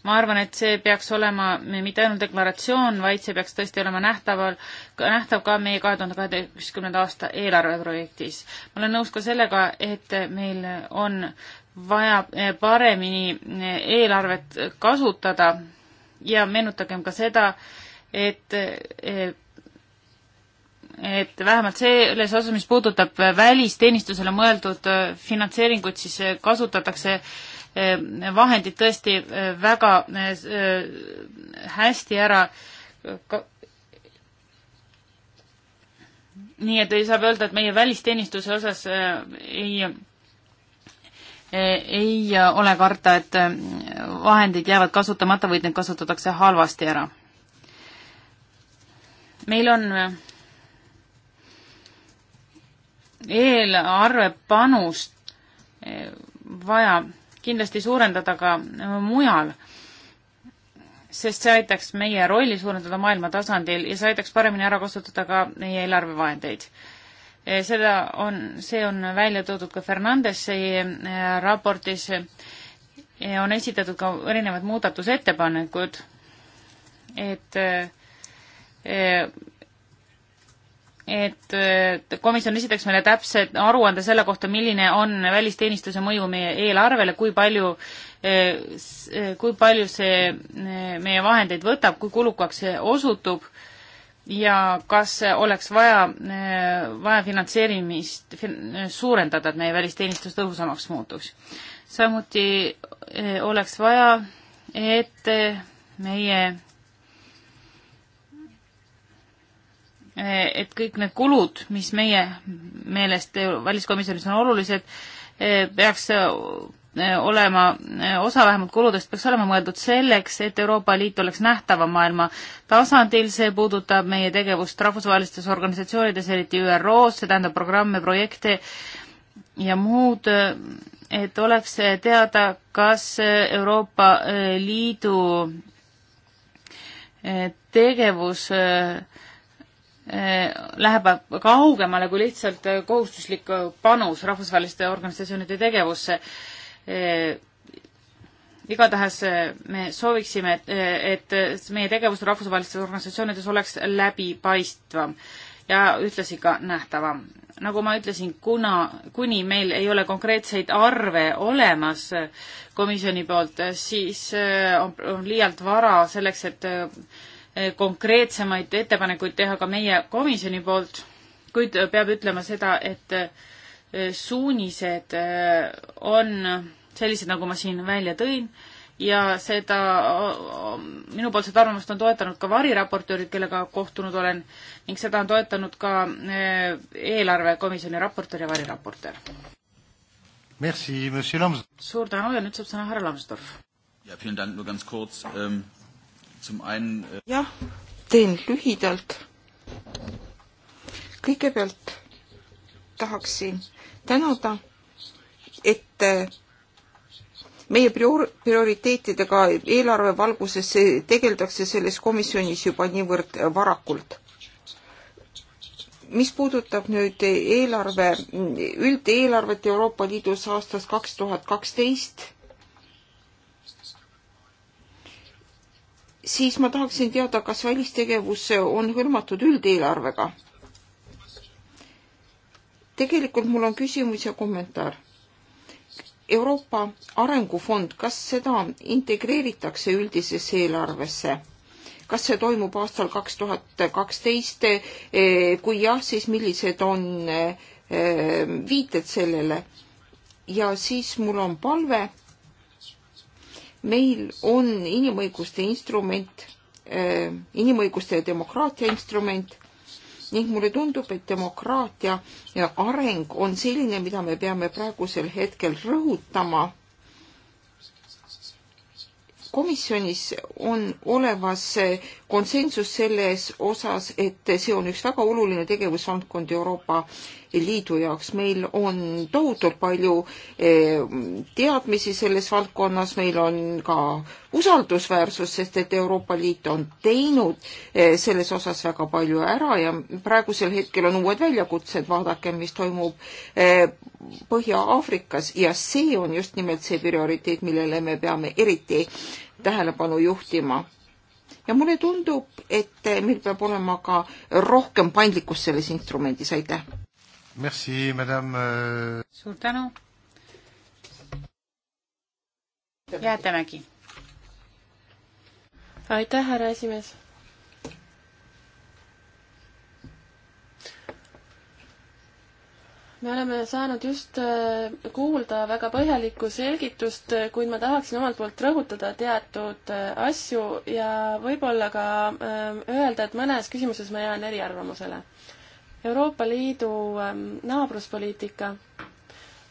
ma arvan, et see peaks olema mitte ainult deklaratsioon, vaid see peaks tõesti olema nähtaval, nähtav ka meie kahe tuhande kaheteistkümnenda aasta eelarveprojektis. ma olen nõus ka sellega, et meil on vaja paremini eelarvet kasutada ja meenutagem ka seda, et et vähemalt selles osas, mis puudutab välisteenistusele mõeldud finantseeringut, siis kasutatakse eh, vahendid tõesti eh, väga eh, hästi ära. nii et ei saa öelda, et meie välisteenistuse osas ei ei ole karta, et vahendid jäävad kasutamata, vaid need kasutatakse halvasti ära. meil on eelarve panust eh, vaja kindlasti suurendada ka mujal, sest see aitaks meie rolli suurendada maailma tasandil ja see aitaks paremini ära kasutada ka meie eelarvevahendeid Eh, seda on, see on välja toodud ka Fernandesi eh, raportis, eh, on esitatud ka erinevad muudatusettepanekud, et et komisjon esitaks meile täpse aruande selle kohta, milline on välisteenistuse mõju meie eelarvele, kui palju, kui palju see meie vahendeid võtab, kui kulukaks see osutub ja kas oleks vaja, vaja finantseerimist fin, suurendada, et meie välisteenistus tõhusamaks muutuks. samuti eh, oleks vaja, et meie, eh, et kõik need kulud, mis meie meelest väliskomisjonis on olulised, eh, peaks Äh, olema, äh, osa vähemalt kuludest peaks olema mõeldud selleks, et Euroopa Liit oleks nähtavam maailma tasandil, see puudutab meie tegevust rahvusvahelistes organisatsioonides, eriti ÜRO-s, see tähendab programme, projekte ja muud, et oleks teada, kas Euroopa äh, Liidu tegevus läheb kaugemale kui lihtsalt kohustuslik panus rahvusvaheliste organisatsioonide tegevusse Äh, igatahes äh, me sooviksime, et, äh, et meie tegevus rahvusvahelistes organisatsioonides oleks läbipaistvam ja ühtlasi ka nähtavam. nagu ma ütlesin, kuna, kuni meil ei ole konkreetseid arve olemas komisjoni poolt, siis on, on liialt vara selleks, et konkreetsemaid ettepanekuid teha ka meie komisjoni poolt, kuid peab ütlema seda, et suunised on sellised, nagu ma siin välja tõin ja seda, minupoolset arvamust on toetanud ka variraportöörid, kellega kohtunud olen ning seda on toetanud ka eh, eelarvekomisjoni raportöör ja variraportöör. suur tänu ja nüüd saab sõna härra Lambsdorff. jah, ähm, äh, teen lühidalt. kõigepealt tahaksin tänada, et äh, meie prior-, prioriteetidega eelarve valguses tegeldakse selles komisjonis juba niivõrd varakult mis puudutab nüüd eelarve, üldeelarvet Euroopa Liidus aastast kaks tuhat kaksteist, siis ma tahaksin teada, kas välistegevus on hõlmatud üldeelarvega. tegelikult mul on küsimus ja kommentaar Euroopa Arengufond, kas seda integreeritakse üldisesse eelarvesse? kas see toimub aastal kaks tuhat kaksteist, e, kui jah, siis millised on e, e, viited sellele? ja siis mul on palve, meil on inimõiguste instrument, inimõiguste ja demokraatia instrument ning mulle tundub, et demokraatia areng on selline, mida me peame praegusel hetkel rõhutama. komisjonis on olemas konsensus selles osas, et see on üks väga oluline tegevusvaldkond Euroopa Liidu jaoks. meil on tohutult palju eh, teadmisi selles valdkonnas, meil on ka usaldusväärsus, sest et Euroopa Liit on teinud eh, selles osas väga palju ära ja praegusel hetkel on uued väljakutsed, vaadakem, mis toimub eh, Põhja-Aafrikas ja see on just nimelt see prioriteet, millele me peame eriti tähelepanu juhtima. ja mulle tundub, et meil peab olema ka rohkem paindlikkust selles instrumendis, aitäh! Merci, madame. Euh. suur tänu. Jäätemägi. aitäh, härra esimees. me oleme saanud just äh, kuulda väga põhjalikku selgitust, äh, kuid ma tahaksin omalt poolt rõhutada teatud äh, asju ja võib-olla ka öelda, et mõnes küsimuses ma jään eriarvamusele Euroopa Liidu ähm, naabruspoliitika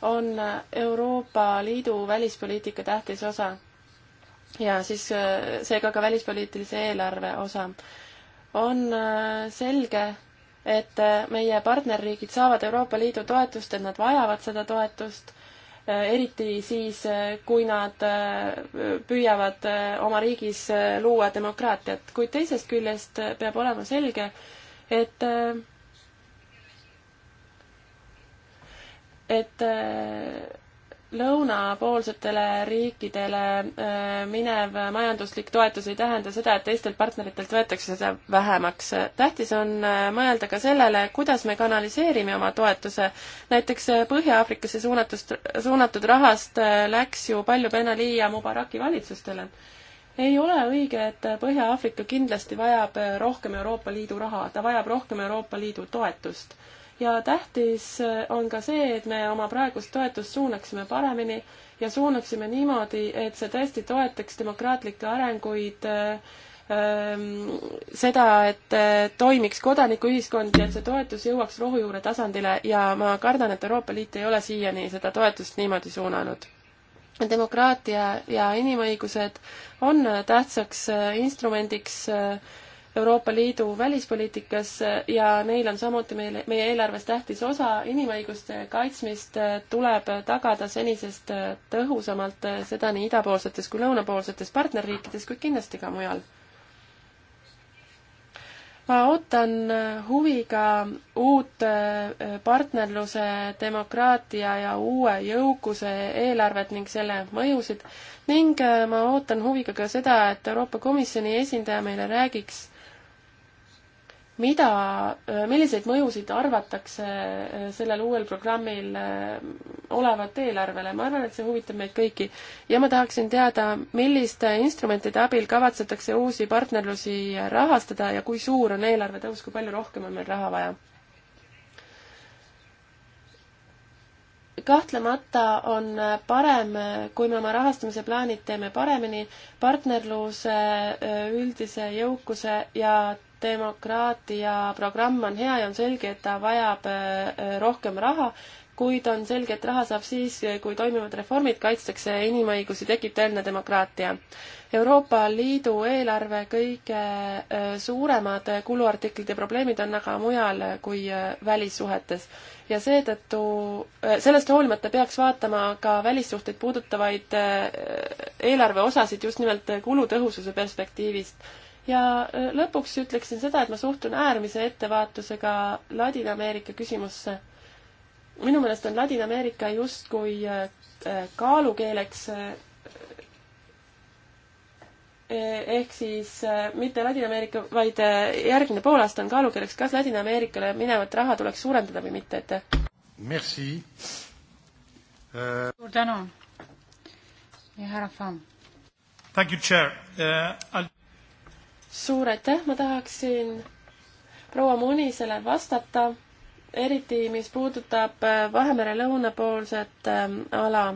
on äh, Euroopa Liidu välispoliitika tähtis osa ja siis äh, seega ka välispoliitilise eelarve osa. on äh, selge, et meie partnerriigid saavad Euroopa Liidu toetust, et nad vajavad seda toetust, eriti siis, kui nad püüavad oma riigis luua demokraatiat, kuid teisest küljest peab olema selge, et et äh, lõunapoolsetele riikidele äh, minev majanduslik toetus ei tähenda seda, et teistelt partneritelt võetakse seda vähemaks. tähtis on äh, mõelda ka sellele, kuidas me kanaliseerime oma toetuse. näiteks Põhja-Aafrikasse suunatust, suunatud rahast läks ju palju Benali ja Mubaraki valitsustele. ei ole õige, et Põhja-Aafrika kindlasti vajab rohkem Euroopa Liidu raha, ta vajab rohkem Euroopa Liidu toetust ja tähtis on ka see, et me oma praegust toetust suunaksime paremini ja suunaksime niimoodi, et see tõesti toetaks demokraatlikke arenguid äh, seda, et äh, toimiks kodanikuühiskond ja et see toetus jõuaks rohujuure tasandile ja ma kardan, et Euroopa Liit ei ole siiani seda toetust niimoodi suunanud. demokraatia ja inimõigused on tähtsaks äh, instrumendiks äh, Euroopa Liidu välispoliitikasse ja neil on samuti meile, meie eelarves tähtis osa. inimõiguste kaitsmist tuleb tagada senisest tõhusamalt, seda nii idapoolsetes kui lõunapoolsetes partnerriikides, kuid kindlasti ka mujal ma ootan huviga uut partnerluse, demokraatia ja uue jõukuse eelarvet ning selle mõjusid ning ma ootan huviga ka seda, et Euroopa Komisjoni esindaja meile räägiks mida, milliseid mõjusid arvatakse äh, sellel uuel programmil äh, olevat eelarvele, ma arvan, et see huvitab meid kõiki. ja ma tahaksin teada, milliste instrumentide abil kavatsetakse uusi partnerlusi rahastada ja kui suur on eelarve tõus, kui palju rohkem on meil raha vaja? kahtlemata on parem, kui me oma rahastamise plaanid teeme paremini, partnerluse äh, üldise jõukuse ja demokraatia programm on hea ja on selge, et ta vajab äh, äh, rohkem raha, kuid on selge, et raha saab siis, äh, kui toimivad reformid, kaitstakse inimõigusi, tekib tõeline demokraatia. Euroopa Liidu eelarve kõige suuremad kuluartiklid ja probleemid on aga mujal kui välissuhetes. ja seetõttu, sellest hoolimata peaks vaatama ka välissuhteid puudutavaid eelarveosasid just nimelt kulutõhususe perspektiivist ja äh, lõpuks ütleksin seda, et ma suhtun äärmise ettevaatusega Ladina-Ameerika küsimusse. minu meelest on Ladina-Ameerika justkui äh, äh, kaalukeeleks ehk siis mitte Ladina-Ameerika, vaid järgmine poolaasta on kaalukeeleks, kas Ladina-Ameerikale minevat raha tuleks suurendada või mitte, et Merci uh.... suur tänu ja härra Fahm. Thank you, chair uh, suur aitäh, ma tahaksin proua Munisele vastata, eriti mis puudutab äh, Vahemere lõunapoolset ähm, ala.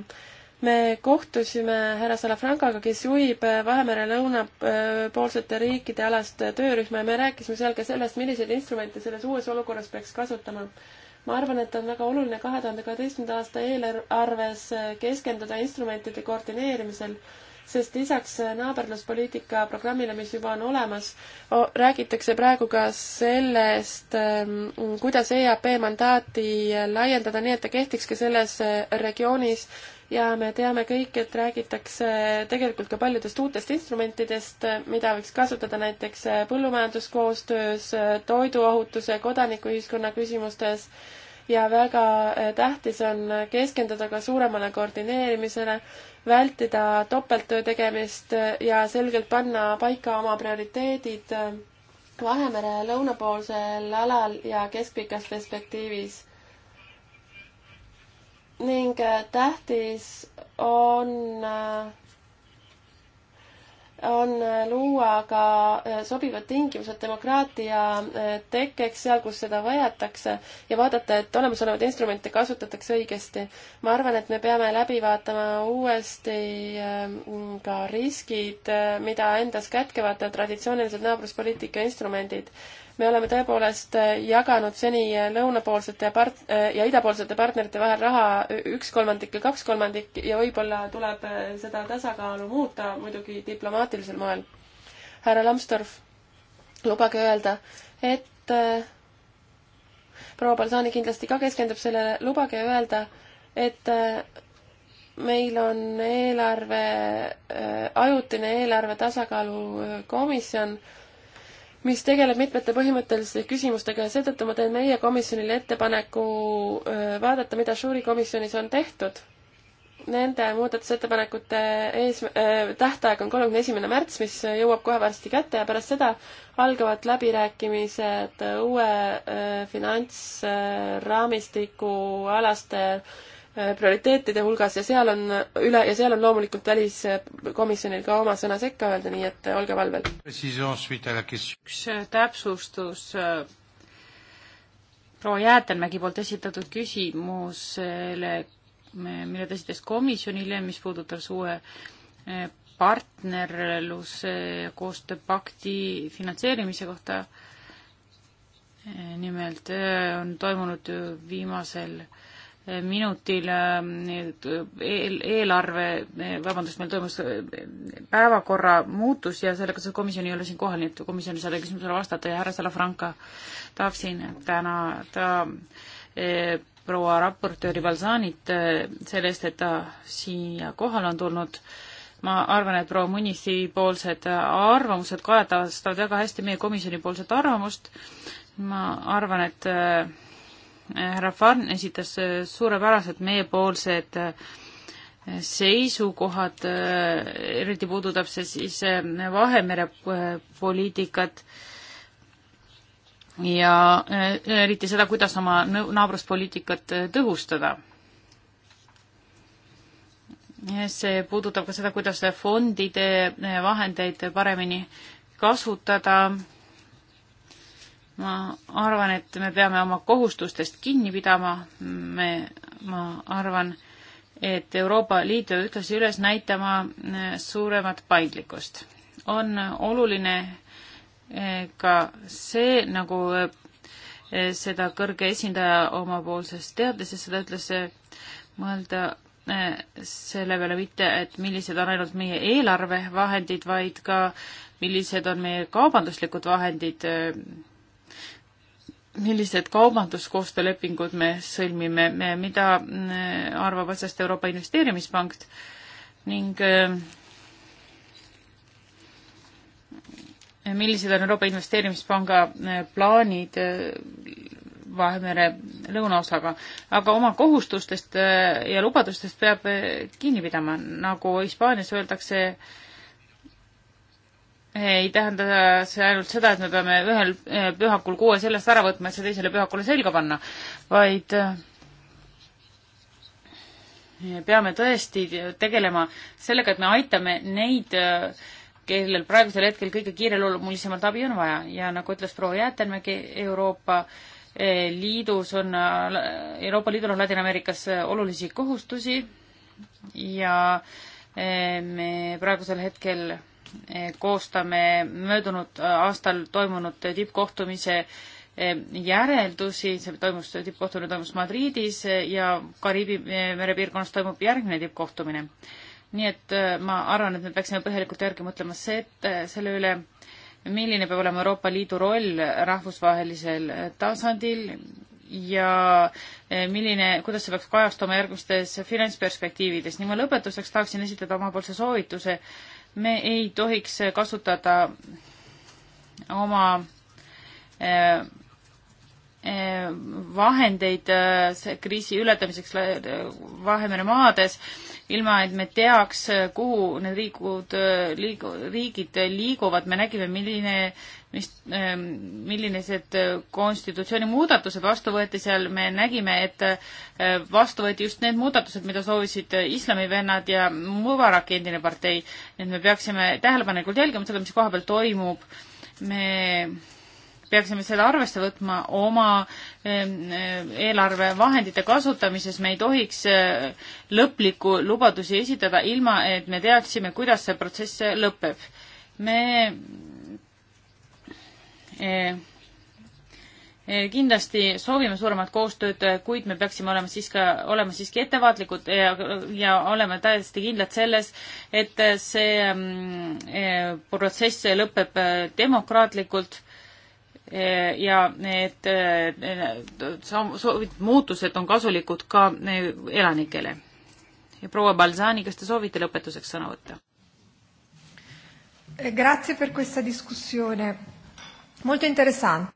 me kohtusime härra Salafrankaga, kes juhib äh, Vahemere lõunapoolsete riikide alast äh, töörühma ja me rääkisime seal ka sellest, milliseid instrumente selles uues olukorras peaks kasutama ma arvan, et on väga oluline kahe tuhande kaheteistkümnenda aasta eelarves keskenduda instrumentide koordineerimisel sest lisaks naaberluspoliitika programmile, mis juba on olemas, räägitakse praegu ka sellest, ähm, kuidas EAP mandaati laiendada nii, et ta kehtiks ka selles äh, regioonis ja me teame kõik, et räägitakse tegelikult ka paljudest uutest instrumentidest, äh, mida võiks kasutada näiteks äh, põllumajanduskoostöös, toiduohutuse, kodanikuühiskonna küsimustes ja väga tähtis on keskenduda ka suuremale koordineerimisele vältida topelttöö tegemist ja selgelt panna paika oma prioriteedid Vahemere lõunapoolsel alal ja keskpikas perspektiivis. ning tähtis on äh, on äh, luua ka äh, sobivad tingimused demokraatia äh, tekkeks seal, kus seda vajatakse ja vaadata, et olemasolevaid instrumente kasutatakse õigesti. ma arvan, et me peame läbi vaatama uuesti ka riskid, mida endas kätkevad traditsioonilised naabruspoliitika instrumendid me oleme tõepoolest äh, jaganud seni äh, lõunapoolsete part- äh, ja idapoolsete partnerite vahel raha üks kolmandik ja kaks kolmandik ja võib-olla tuleb seda tasakaalu muuta muidugi diplomaatilisel moel. härra Lambsdorff, lubage öelda, et proua Balsani kindlasti ka keskendub sellele, lubage öelda, et meil on eelarve, ajutine eelarve tasakaalu komisjon äh, mis tegeleb mitmete põhimõtteliste küsimustega ja seetõttu ma teen meie komisjonile ettepaneku vaadata, mida žürii komisjonis on tehtud. Nende muudatusettepanekute ees- äh,, tähtaeg on kolmekümne esimene märts, mis jõuab kohe varsti kätte ja pärast seda algavad läbirääkimised uue äh, finantsraamistiku äh, alaste äh, Äh, prioriteetide hulgas ja seal on üle, ja seal on loomulikult väliskomisjonil ka oma sõna sekka öelda, nii et äh, olge valvel. üks äh, täpsustus proua Jäätelmägi poolt esitatud küsimusele, mille ta esitas komisjonile, mis puudutas uue partnerluse koostööpakti finantseerimise kohta. nimelt on toimunud viimasel minutil eel, eelarve, vabandust, meil toimus eh, päevakorra muutus ja sellega see komisjon ei ole siin kohal, nii et komisjon ei saa teie küsimusele vastata ja härra Salafranca tahaksin tänada ta, eh, e, proua raportööri Balzanit eh, selle eest, et ta siia kohale on tulnud. ma arvan, et proua Munisi poolsed arvamused kajatavad väga hästi meie komisjoni poolset arvamust. ma arvan, et härra Farn esitas suurepäraselt meiepoolsed äh, seisukohad, äh, eriti puudutab see siis äh, Vahemere poliitikat ja eriti seda, kuidas oma naabruspoliitikat tõhustada. see puudutab ka seda, kuidas fondide vahendeid paremini kasutada ma arvan, et me peame oma kohustustest kinni pidama, me, ma arvan, et Euroopa Liit peab ühtlasi üles näitama eh, suuremat paindlikkust. on oluline eh, ka see, nagu eh, seda kõrge esindaja omapoolses teadlases seda ütles, mõelda selle peale mitte, et millised on ainult meie eelarvevahendid, vaid ka millised on meie kaubanduslikud vahendid millised kaubanduskoostöölepingud me sõlmime, me, mida mm, arvab asjast Euroopa Investeerimispank ning mm, millised on Euroopa Investeerimispanga mm, plaanid Vahemere lõunaosaga, aga oma kohustustest ja lubadustest peab kinni pidama, nagu Hispaanias öeldakse äh, ei tähenda see ainult seda, et me peame ühel eh, pühakul kuue sellest ära võtma, et see teisele pühakule selga panna, vaid eh, peame tõesti tegelema sellega, et me aitame neid, eh, kellel praegusel hetkel kõige kiireloomulisemalt abi on vaja ja nagu ütles proua Jäätenmägi, Euroopa Liidus on, Euroopa Liidul on Ladina-Ameerikas olulisi kohustusi ja me praegusel hetkel koostame möödunud äh, aastal toimunud tippkohtumise äh, järeldusi, see toimus, tippkohtumine toimus Madridis äh, ja Kariibi merepiirkonnas toimub järgmine tippkohtumine. nii et ma arvan, et me peaksime põhjalikult järgi mõtlema see, et selle üle, milline peab olema Euroopa Liidu roll rahvusvahelisel tasandil ja milline, kuidas see peaks kajastuma järgmistes finantsperspektiivides. nii ma lõpetuseks tahaksin esitada omapoolse soovituse äh, me ei tohiks kasutada oma eh, eh, vahendeid eh, kriisi ületamiseks Vahemere maades, ilma et me teaks, kuhu need riigud, liigu-, riigid liiguvad, me nägime, milline mis, ähm, millised äh, konstitutsiooni muudatused vastu võeti seal, me nägime, et äh, vastu võeti just need muudatused, mida soovisid äh, islamivennad ja Mubaraki endine partei. nii et me peaksime tähelepanelikult jälgima seda, mis koha peal toimub. me peaksime selle arvesse võtma oma ähm, eelarvevahendite kasutamises, me ei tohiks lõplikku lubadusi esitada, ilma et me teadsime, kuidas see protsess lõpeb. me Eh, eh, kindlasti soovime suuremat koostööd, kuid me peaksime olema siis ka, olema siiski ettevaatlikud ja, ja olema täiesti kindlad selles, et see mm, eh, protsess lõpeb demokraatlikult ja need soovid, muutused on kasulikud ka elanikele. proua Balzani, kas te soovite lõpetuseks sõna võtta? Grazie per questa discussione Molto interessant.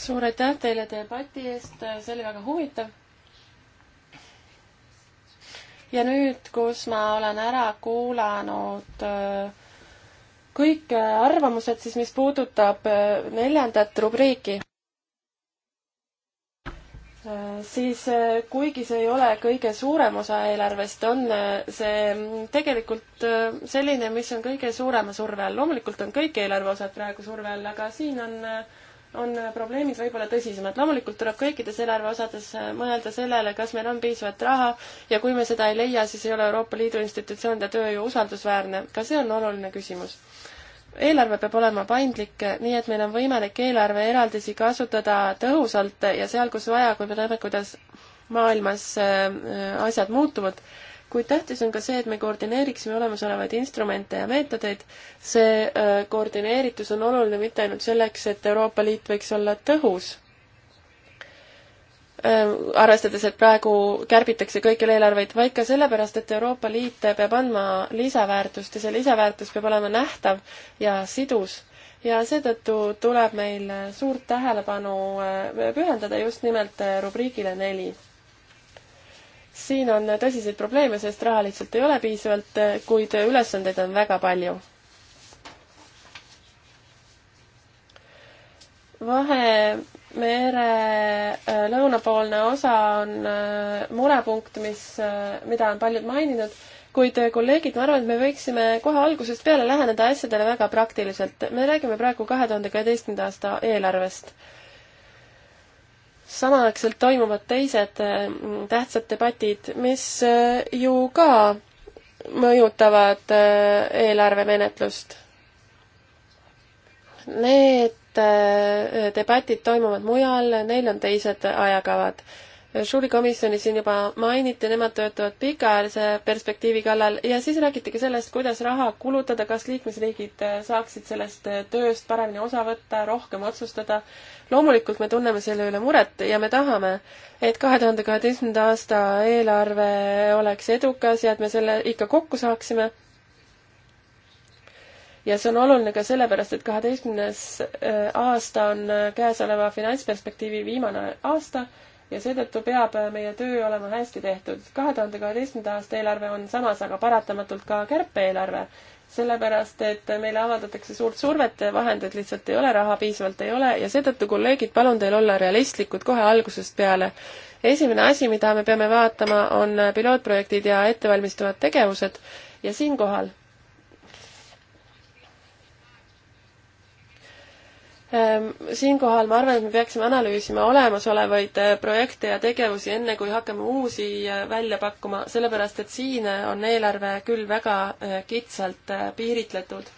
suur aitäh teile debati eest, see oli väga huvitav. ja nüüd, kus ma olen ära kuulanud äh, kõik äh, arvamused siis, mis puudutab äh, neljandat rubriiki siis eh, kuigi see ei ole kõige suurem osa eelarvest, on eh, see tegelikult eh, selline, mis on kõige suurema surve all. loomulikult on kõik eelarveosad praegu surve all, aga siin on, on probleemid võib-olla tõsisemad. loomulikult tuleb kõikides eelarveosades mõelda sellele, kas meil on piisavalt raha ja kui me seda ei leia, siis ei ole Euroopa Liidu institutsioonide töö ju usaldusväärne. ka see on oluline küsimus eelarve peab olema paindlik, nii et meil on võimalik eelarveeraldisi kasutada tõhusalt ja seal, kus vaja, kui me näeme, kuidas maailmas äh, asjad muutuvad, kuid tähtis on ka see, et me koordineeriksime olemasolevaid instrumente ja meetodeid. see äh, koordineeritus on oluline mitte ainult selleks, et Euroopa Liit võiks olla tõhus Äh, arvestades, et praegu kärbitakse kõikjal eelarveid, vaid ka sellepärast, et Euroopa Liit peab andma lisaväärtust ja see lisaväärtus peab olema nähtav ja sidus. ja seetõttu tuleb meil suurt tähelepanu äh, pühendada just nimelt äh, rubriigile neli. siin on tõsiseid probleeme, sest raha lihtsalt ei ole piisavalt, kuid ülesandeid on väga palju vahe mere äh, lõunapoolne osa on äh, murepunkt, mis, äh, mida on paljud maininud, kuid kolleegid, ma arvan, et me võiksime kohe algusest peale läheneda asjadele väga praktiliselt. me räägime praegu kahe tuhande kaheteistkümnenda aasta eelarvest. samaaegselt toimuvad teised tähtsad debatid, mis ju ka mõjutavad eelarvemenetlust Need äh, debatid toimuvad mujal, neil on teised ajakavad. žuuri komisjoni siin juba mainiti, nemad töötavad pikaajalise perspektiivi kallal ja siis räägiti ka sellest, kuidas raha kulutada, kas liikmesriigid äh, saaksid sellest äh, tööst paremini osa võtta, rohkem otsustada. loomulikult me tunneme selle üle muret ja me tahame, et kahe tuhande kaheteistkümnenda aasta eelarve oleks edukas ja et me selle ikka kokku saaksime ja see on oluline ka sellepärast, et kaheteistkümnes äh, aasta on äh, käesoleva finantsperspektiivi viimane aasta ja seetõttu peab äh, meie töö olema hästi tehtud. kahe tuhande kaheteistkümnenda aasta eelarve on samas aga paratamatult ka kärpe-eelarve, sellepärast et meile avaldatakse suurt survet ja vahendeid lihtsalt ei ole, raha piisavalt ei ole ja seetõttu, kolleegid, palun teil olla realistlikud kohe algusest peale. esimene asi, mida me peame vaatama, on pilootprojektid ja ettevalmistavad tegevused ja siinkohal Ehm, siinkohal ma arvan, et me peaksime analüüsima olemasolevaid eh, projekte ja tegevusi, enne kui hakkame uusi eh, välja pakkuma, sellepärast et siin eh, on eelarve küll väga kitsalt piiritletud.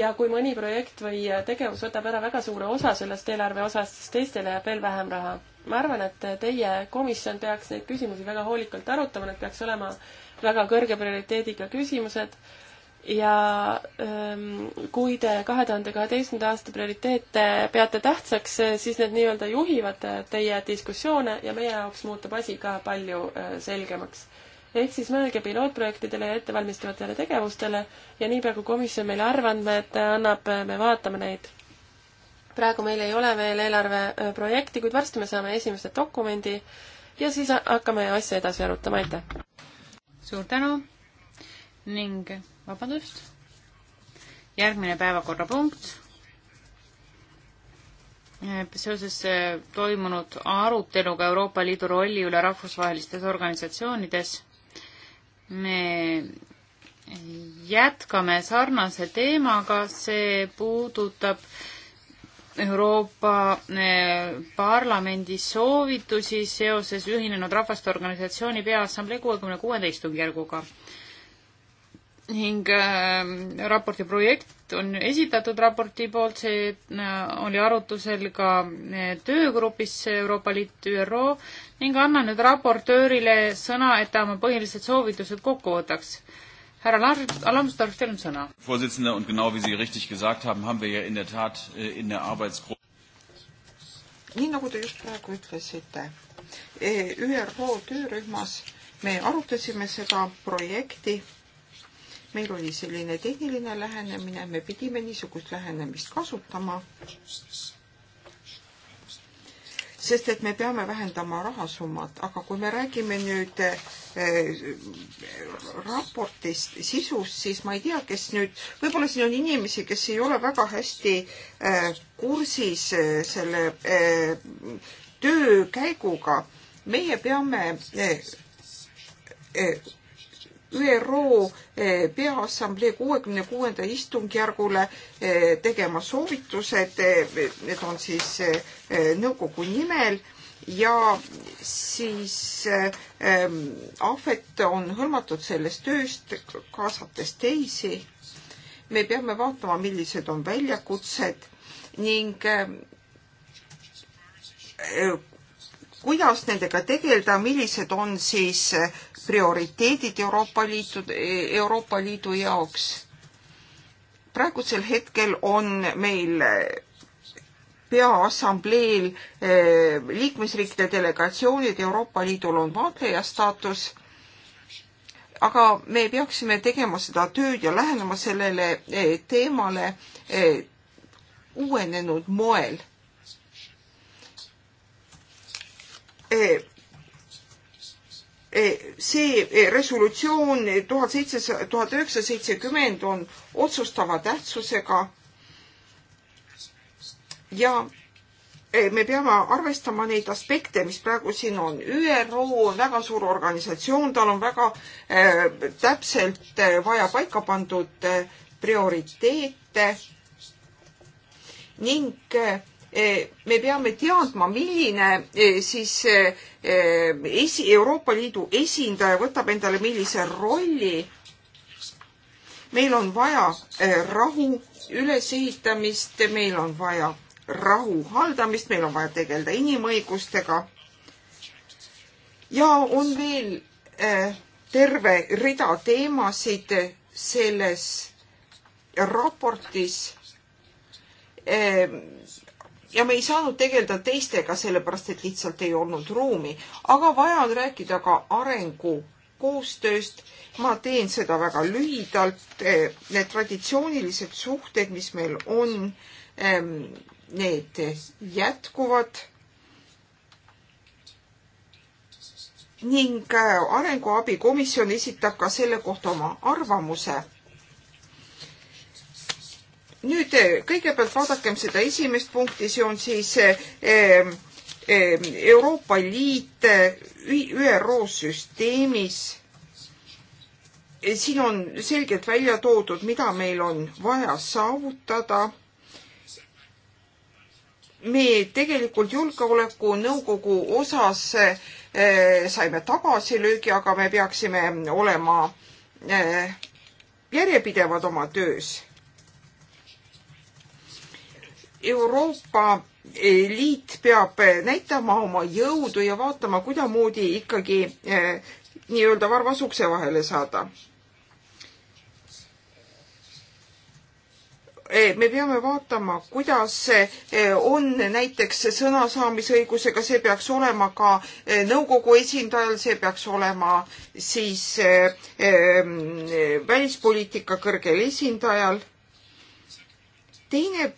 ja kui mõni projekt või tegevus võtab ära väga suure osa sellest eelarve osast, siis teistele jääb veel vähem raha. ma arvan, et teie komisjon peaks neid küsimusi väga hoolikalt arutama, need peaks olema väga kõrge prioriteediga küsimused ja ähm, kui te kahe tuhande kaheteistkümnenda aasta prioriteete peate tähtsaks, äh, siis need nii-öelda juhivad äh, teie diskussioone ja meie jaoks muutub asi ka palju äh, selgemaks. ehk siis mõelge pilootprojektidele ja ettevalmistavatele tegevustele ja niipea, kui komisjon meile arvandmed annab, me vaatame neid. praegu meil ei ole veel eelarveprojekti, kuid varsti me saame esimese dokumendi ja siis hakkame asja edasi arutama, aitäh! suur tänu ning vabandust. järgmine päevakorrapunkt. Äh, seoses äh, toimunud aruteluga Euroopa Liidu rolli üle rahvusvahelistes organisatsioonides me jätkame sarnase teemaga, see puudutab Euroopa äh, Parlamendi soovitusi seoses Ühinenud Rahvaste Organisatsiooni Peaassamblee kuuekümne kuuenda istungjärguga ning äh, raporti projekt on esitatud raporti poolt, see äh, oli arutusel ka äh, töögrupis Euroopa Liit ÜRO ning annan nüüd raportöörile sõna, et ta oma põhilised soovitused kokku võtaks. härra Lamstorf, teil on sõna. Vorsitzende und genau wie Sie richtig gesagt haben, haben wir ja in der Tat äh, in der Arbeitsgruppe nii nagu te just praegu ütlesite, äh, ÜRO töörühmas me arutasime seda projekti meil oli selline tehniline lähenemine, me pidime niisugust lähenemist kasutama. sest et me peame vähendama rahasummat, aga kui me räägime nüüd eh, raportist sisust, siis ma ei tea, kes nüüd, võib-olla siin on inimesi, kes ei ole väga hästi eh, kursis eh, selle töö käiguga. meie peame ÜRO eh, Peaassamblee kuuekümne kuuenda istungjärgule eh, tegema soovitused, eh, need on siis nõukogu nimel ja siis ähm, ahvet on hõlmatud sellest tööst, kaasates teisi. me peame vaatama, millised on väljakutsed ning äh, kuidas nendega tegeleda, millised on siis prioriteedid Euroopa Liitu, Euroopa Liidu jaoks. praegusel hetkel on meil peaassambleel eh, liikmesriikide delegatsioonid, Euroopa Liidul on vaatleja staatus, aga me peaksime tegema seda tööd ja lähenema sellele eh, teemale eh, uuenenud moel Eh, see eh, resolutsioon eh, tuhat seitsesada, tuhat üheksasada seitsekümmend on otsustava tähtsusega. ja me peame arvestama neid aspekte, mis praegu siin on. ÜRO on väga suur organisatsioon, tal on väga äh, täpselt äh, vaja paika pandud äh, prioriteete ning äh, Eh, me peame teadma, milline eh, siis eh, esi, Euroopa Liidu esindaja võtab endale millise rolli. meil on vaja rahu ülesehitamist, meil on vaja rahu haldamist, meil on vaja tegeleda inimõigustega. ja on veel terve rida teemasid selles raportis ja me ei saanud tegeleda teistega, sellepärast et lihtsalt ei olnud ruumi. aga vaja on rääkida ka arengukoostööst. ma teen seda väga lühidalt. Eh, need traditsioonilised suhted, mis meil on, need jätkuvad. ning eh, arenguabikomisjon esitab ka selle kohta oma arvamuse nüüd eh, kõigepealt vaadakem seda esimest punkti, see on siis eh, eh, Euroopa Liit ÜRO süsteemis. siin on selgelt välja toodud, mida meil on vaja saavutada. me tegelikult Julgeolekunõukogu osas saime tagasilöögi, aga me peaksime olema järjepidevad oma töös Euroopa Liit peab näitama oma jõudu ja vaatama, kuidamoodi ikkagi eh, nii-öelda varvas ukse vahele saada. Eh, me peame vaatama, kuidas eh, on näiteks sõnasaamisõigusega, see peaks olema ka nõukogu esindajal, see peaks olema siis välispoliitika kõrgel esindajal. teine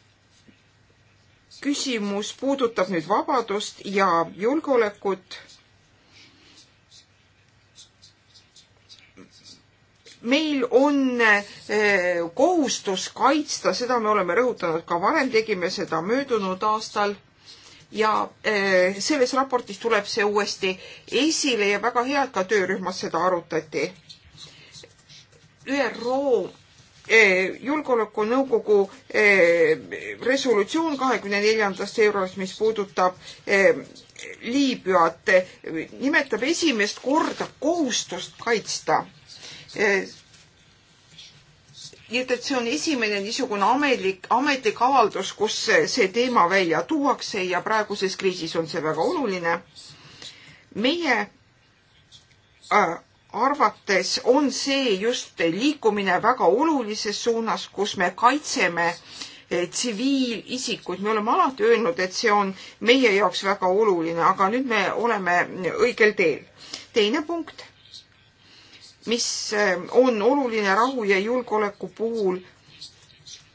küsimus puudutab nüüd vabadust ja julgeolekut. meil on eh, kohustus kaitsta, seda me oleme rõhutanud ka varem, tegime seda möödunud aastal ja eh, selles raportis tuleb see uuesti esile ja väga hea, et ka töörühmas seda arutati. ÜRO Eh, julgeolekunõukogu eh, resolutsioon kahekümne neljandast euros, mis puudutab eh, Liibüat, nimetab esimest korda kohustust kaitsta. nii et, et see on esimene niisugune ametlik, ametlik avaldus, kus see teema välja tuuakse ja praeguses kriisis on see väga oluline. meie äh, arvates on see just liikumine väga olulises suunas, kus me kaitseme eh, tsiviilisikuid, me oleme alati öelnud, et see on meie jaoks väga oluline, aga nüüd me oleme õigel teel. teine punkt, mis eh, on oluline rahu ja julgeoleku puhul,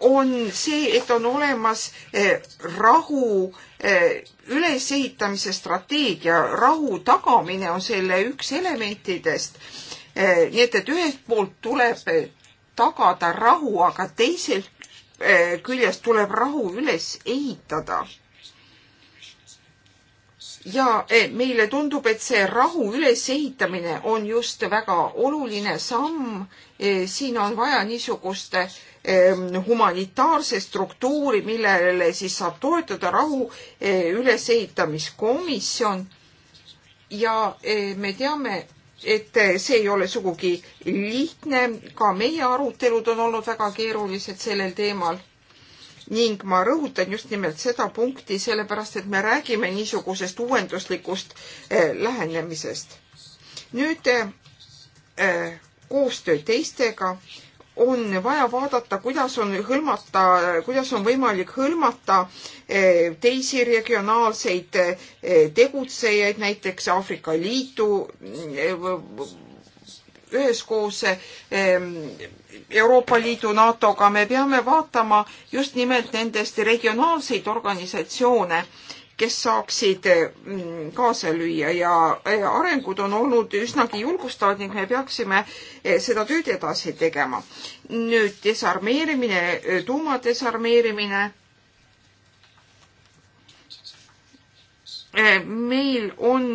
on see, et on olemas eh, rahu eh, ülesehitamise strateegia, rahu tagamine on selle üks elementidest. Eh, nii et, et ühelt poolt tuleb tagada rahu, aga teiselt küljest tuleb rahu üles ehitada. ja meile tundub, et see rahu ülesehitamine on just väga oluline samm. siin on vaja niisuguste Ähm, humanitaarse struktuuri, millele siis saab toetada rahu äh, ülesehitamiskomisjon. ja äh, me teame, et äh, see ei ole sugugi lihtne, ka meie arutelud on olnud väga keerulised sellel teemal. ning ma rõhutan just nimelt seda punkti, sellepärast et me räägime niisugusest uuenduslikust lähenemisest. nüüd koostöö teistega on vaja vaadata, kuidas on hõlmata, kuidas on võimalik hõlmata eh, teisi regionaalseid eh, tegutsejaid, näiteks Aafrika Liidu eh, üheskoos Euroopa Liidu, NATO-ga, me peame vaatama just nimelt nendest regionaalseid organisatsioone kes saaksid mm, kaasa lüüa ja arengud on olnud üsnagi julgustavad ning me peaksime eh, seda tööd edasi tegema. nüüd desarmeerimine, eh, tuumadesarmeerimine. Eh, meil on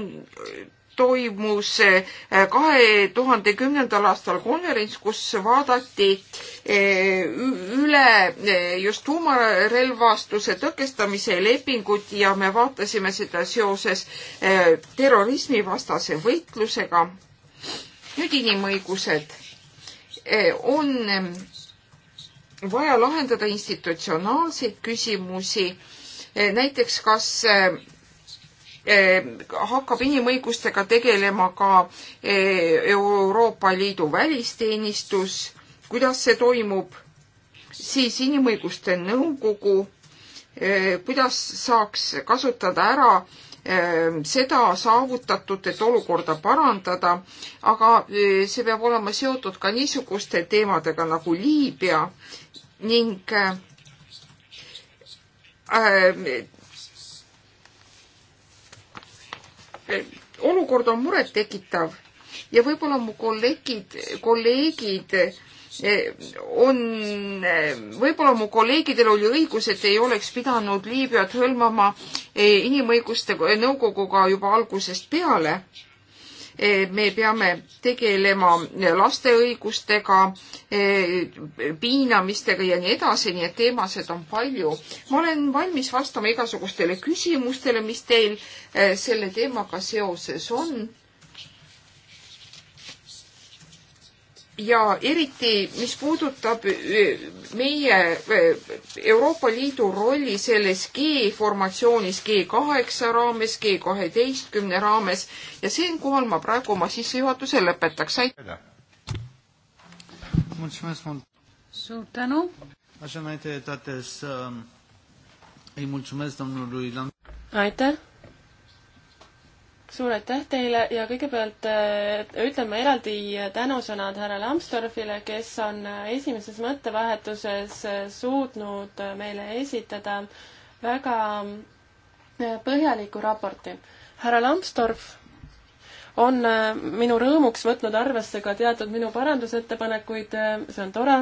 toimus eh, kahe tuhande kümnendal aastal konverents, kus vaadati eh, üle eh, just tuumarelvastuse tõkestamise lepingut ja me vaatasime seda seoses terrorismivastase võitlusega. nüüd inimõigused on vaja lahendada institutsionaalseid küsimusi, näiteks kas Eh, hakkab inimõigustega tegelema ka eh, Euroopa Liidu välisteenistus. kuidas see toimub? siis Inimõiguste Nõukogu, eh, kuidas saaks kasutada ära seda saavutatud, et olukorda parandada, aga see peab olema seotud ka niisuguste teemadega nagu Liibüa ning olukord on murettekitav ja võib-olla mu kollegid, kolleegid eh, on, eh, võib-olla mu kolleegidel oli õigus, et ei oleks pidanud Liibüat hõlmama eh, inimõiguste nõukoguga juba algusest peale Eh, me peame tegelema laste õigustega, eh, piinamistega ja nii edasi, nii et teemasid on palju. ma olen valmis vastama igasugustele küsimustele, mis teil eh, selle teemaga seoses on ja eriti, mis puudutab e, meie e, Euroopa Liidu rolli selles G-formatsioonis, G8 raames, G12 raames ja siinkohal ma praegu oma sissejuhatuse lõpetaks, aitäh! suur tänu! Um, aitäh! suur aitäh teile ja kõigepealt äh, ütlen ma eraldi tänusõnad härra Lambsdorffile, kes on äh, esimeses mõttevahetuses äh, suutnud meile esitada väga põhjaliku raporti. härra Lambsdorff on minu rõõmuks võtnud arvesse ka teatud minu parandusettepanekuid, see on tore.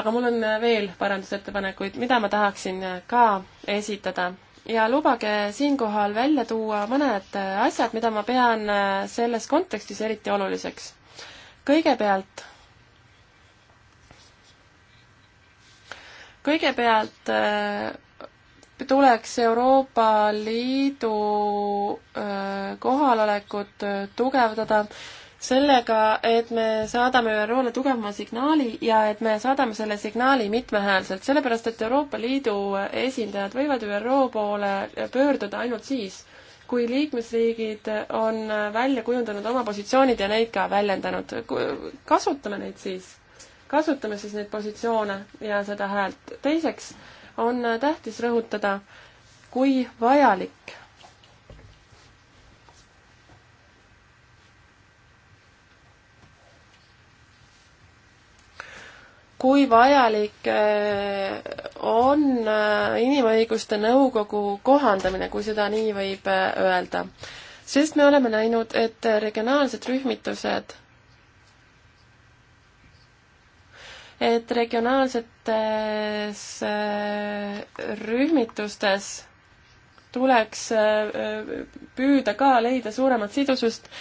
aga mul on veel parandusettepanekuid, mida ma tahaksin ka esitada ja lubage siinkohal välja tuua mõned äh, asjad, mida ma pean äh, selles kontekstis eriti oluliseks. kõigepealt, kõigepealt äh, tuleks Euroopa Liidu kohalolekut tugevdada sellega, et me saadame ÜRO-le tugevama signaali ja et me saadame selle signaali mitmehäälselt, sellepärast et Euroopa Liidu esindajad võivad ÜRO poole pöörduda ainult siis, kui liikmesriigid on välja kujundanud oma positsioonid ja neid ka väljendanud. kasutame neid siis, kasutame siis neid positsioone ja seda häält. teiseks on tähtis rõhutada, kui vajalik kui vajalik äh, on äh, Inimõiguste Nõukogu kohandamine, kui seda nii võib äh, öelda. sest me oleme näinud, et regionaalsed rühmitused et regionaalsetes rühmitustes tuleks püüda ka leida suuremat sidusust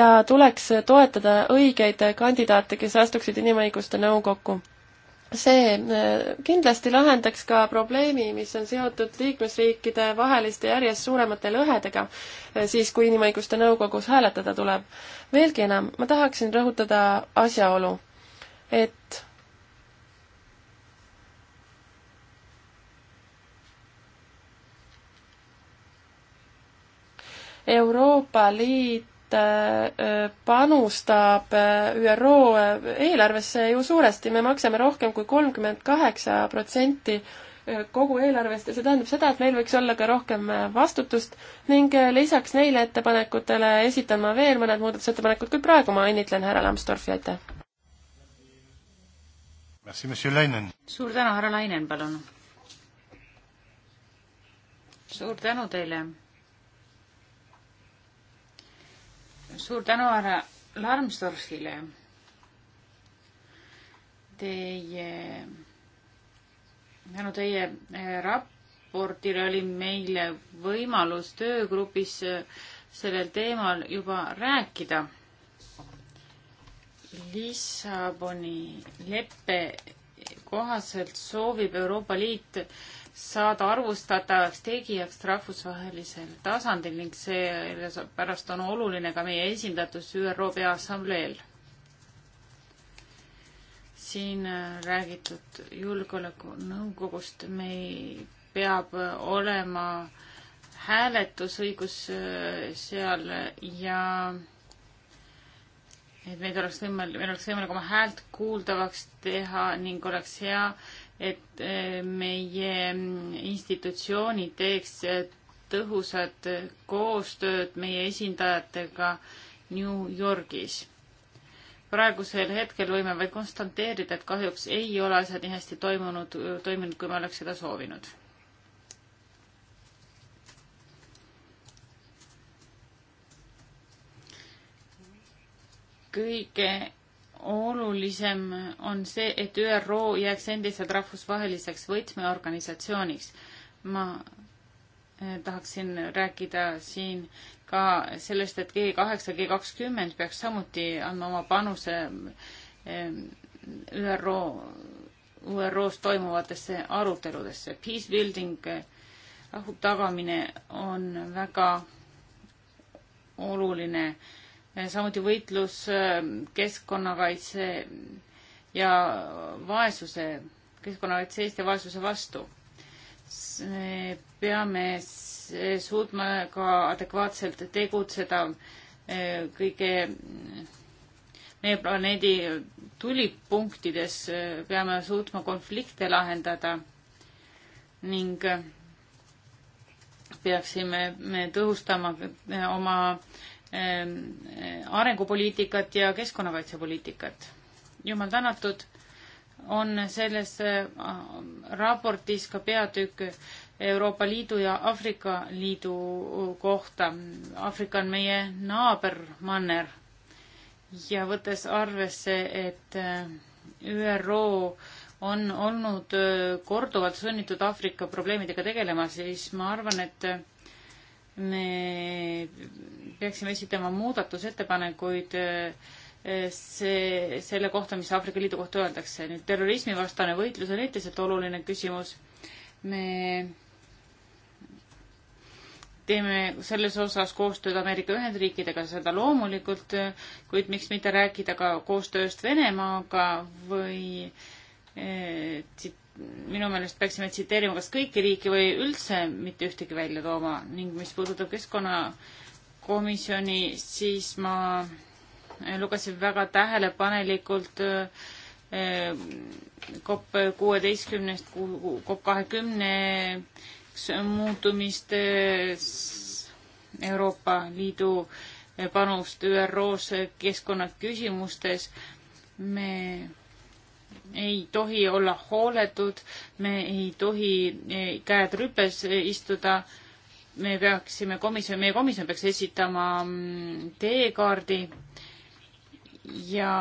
ja tuleks toetada õigeid kandidaate, kes astuksid Inimõiguste Nõukokku see äh, kindlasti lahendaks ka probleemi, mis on seotud liikmesriikide vaheliste järjest suuremate lõhedega, äh, siis kui Inimõiguste Nõukogus hääletada tuleb. veelgi enam, ma tahaksin rõhutada asjaolu, et Euroopa Liit Äh, panustab äh, ÜRO äh, eelarvesse ju suuresti, me maksame rohkem kui kolmkümmend kaheksa protsenti kogu eelarvest ja see tähendab seda, et meil võiks olla ka rohkem vastutust ning lisaks neile ettepanekutele esitan ma veel mõned muudatusettepanekud, kuid praegu ma õnnitlen härra Lambsdorfi, aitäh! suur tänu, härra Lainen, palun! suur tänu teile! suur tänu härra Larmstorfile. Teie, tänu teie eh, raportile oli meile võimalus töögrupis eh, sellel teemal juba rääkida. Lissaboni leppe kohaselt soovib Euroopa Liit saada arvustatavaks tegijaks rahvusvahelisel tasandil ning sellepärast on oluline ka meie esindatus ÜRO Peaassambleel. siin äh, räägitud julgeolekunõukogust, meil peab olema hääletusõigus äh, seal ja et meid oleks võimalik, meil oleks võimalik oma häält kuuldavaks teha ning oleks hea, et äh, meie mm, institutsioonid teeks äh, tõhusat äh, koostööd meie esindajatega New Yorgis. praegusel hetkel võime vaid konstateerida, et kahjuks ei ole asjad nii hästi toimunud, toiminud, kui me oleks seda soovinud. kõige olulisem on see, et ÜRO jääks endiselt rahvusvaheliseks võtmeorganisatsiooniks. ma eh, tahaksin rääkida siin ka sellest, et G kaheksa, G kakskümmend peaks samuti andma oma panuse eh, ÜRO, ÜRO-s toimuvatesse aruteludesse. Peace building, eh, rahu tagamine on väga oluline äh, Eh, samuti võitlus eh, keskkonnakaitse ja vaesuse, keskkonnakaitse eest ja vaesuse vastu. me peame suutma ka adekvaatselt tegutseda eh, kõige meie planeedi tulipunktides peame suutma konflikte lahendada ning peaksime me tõhustama oma Ähm, äh, arengupoliitikat ja keskkonnakaitsepoliitikat. jumal tänatud, on selles äh, raportis ka peatükk Euroopa Liidu ja Aafrika Liidu kohta. Aafrika on meie naabermanner ja võttes arvesse, et äh, ÜRO on olnud korduvalt sunnitud Aafrika probleemidega tegelema, siis ma arvan, et me peaksime esitama muudatusettepanekuid eh, see, selle kohta, mis Aafrika Liidu kohta öeldakse. nüüd terrorismivastane võitlus on endiselt oluline küsimus. me teeme selles osas koostööd Ameerika Ühendriikidega, seda loomulikult, kuid miks mitte rääkida ka koostööst Venemaaga või eh, minu meelest peaksime tsiteerima kas kõiki riike või üldse mitte ühtegi välja tooma ning mis puudutab keskkonnakomisjoni, siis ma lugesin väga tähelepanelikult eh, COP kuueteistkümnest, COP kahekümneks muutumist Euroopa Liidu panust ÜRO-s keskkonnaküsimustes. me ei tohi olla hooletud, me ei tohi e, käed rüpes e, istuda. me peaksime komisjon, meie komisjon peaks esitama mm, teekaardi ja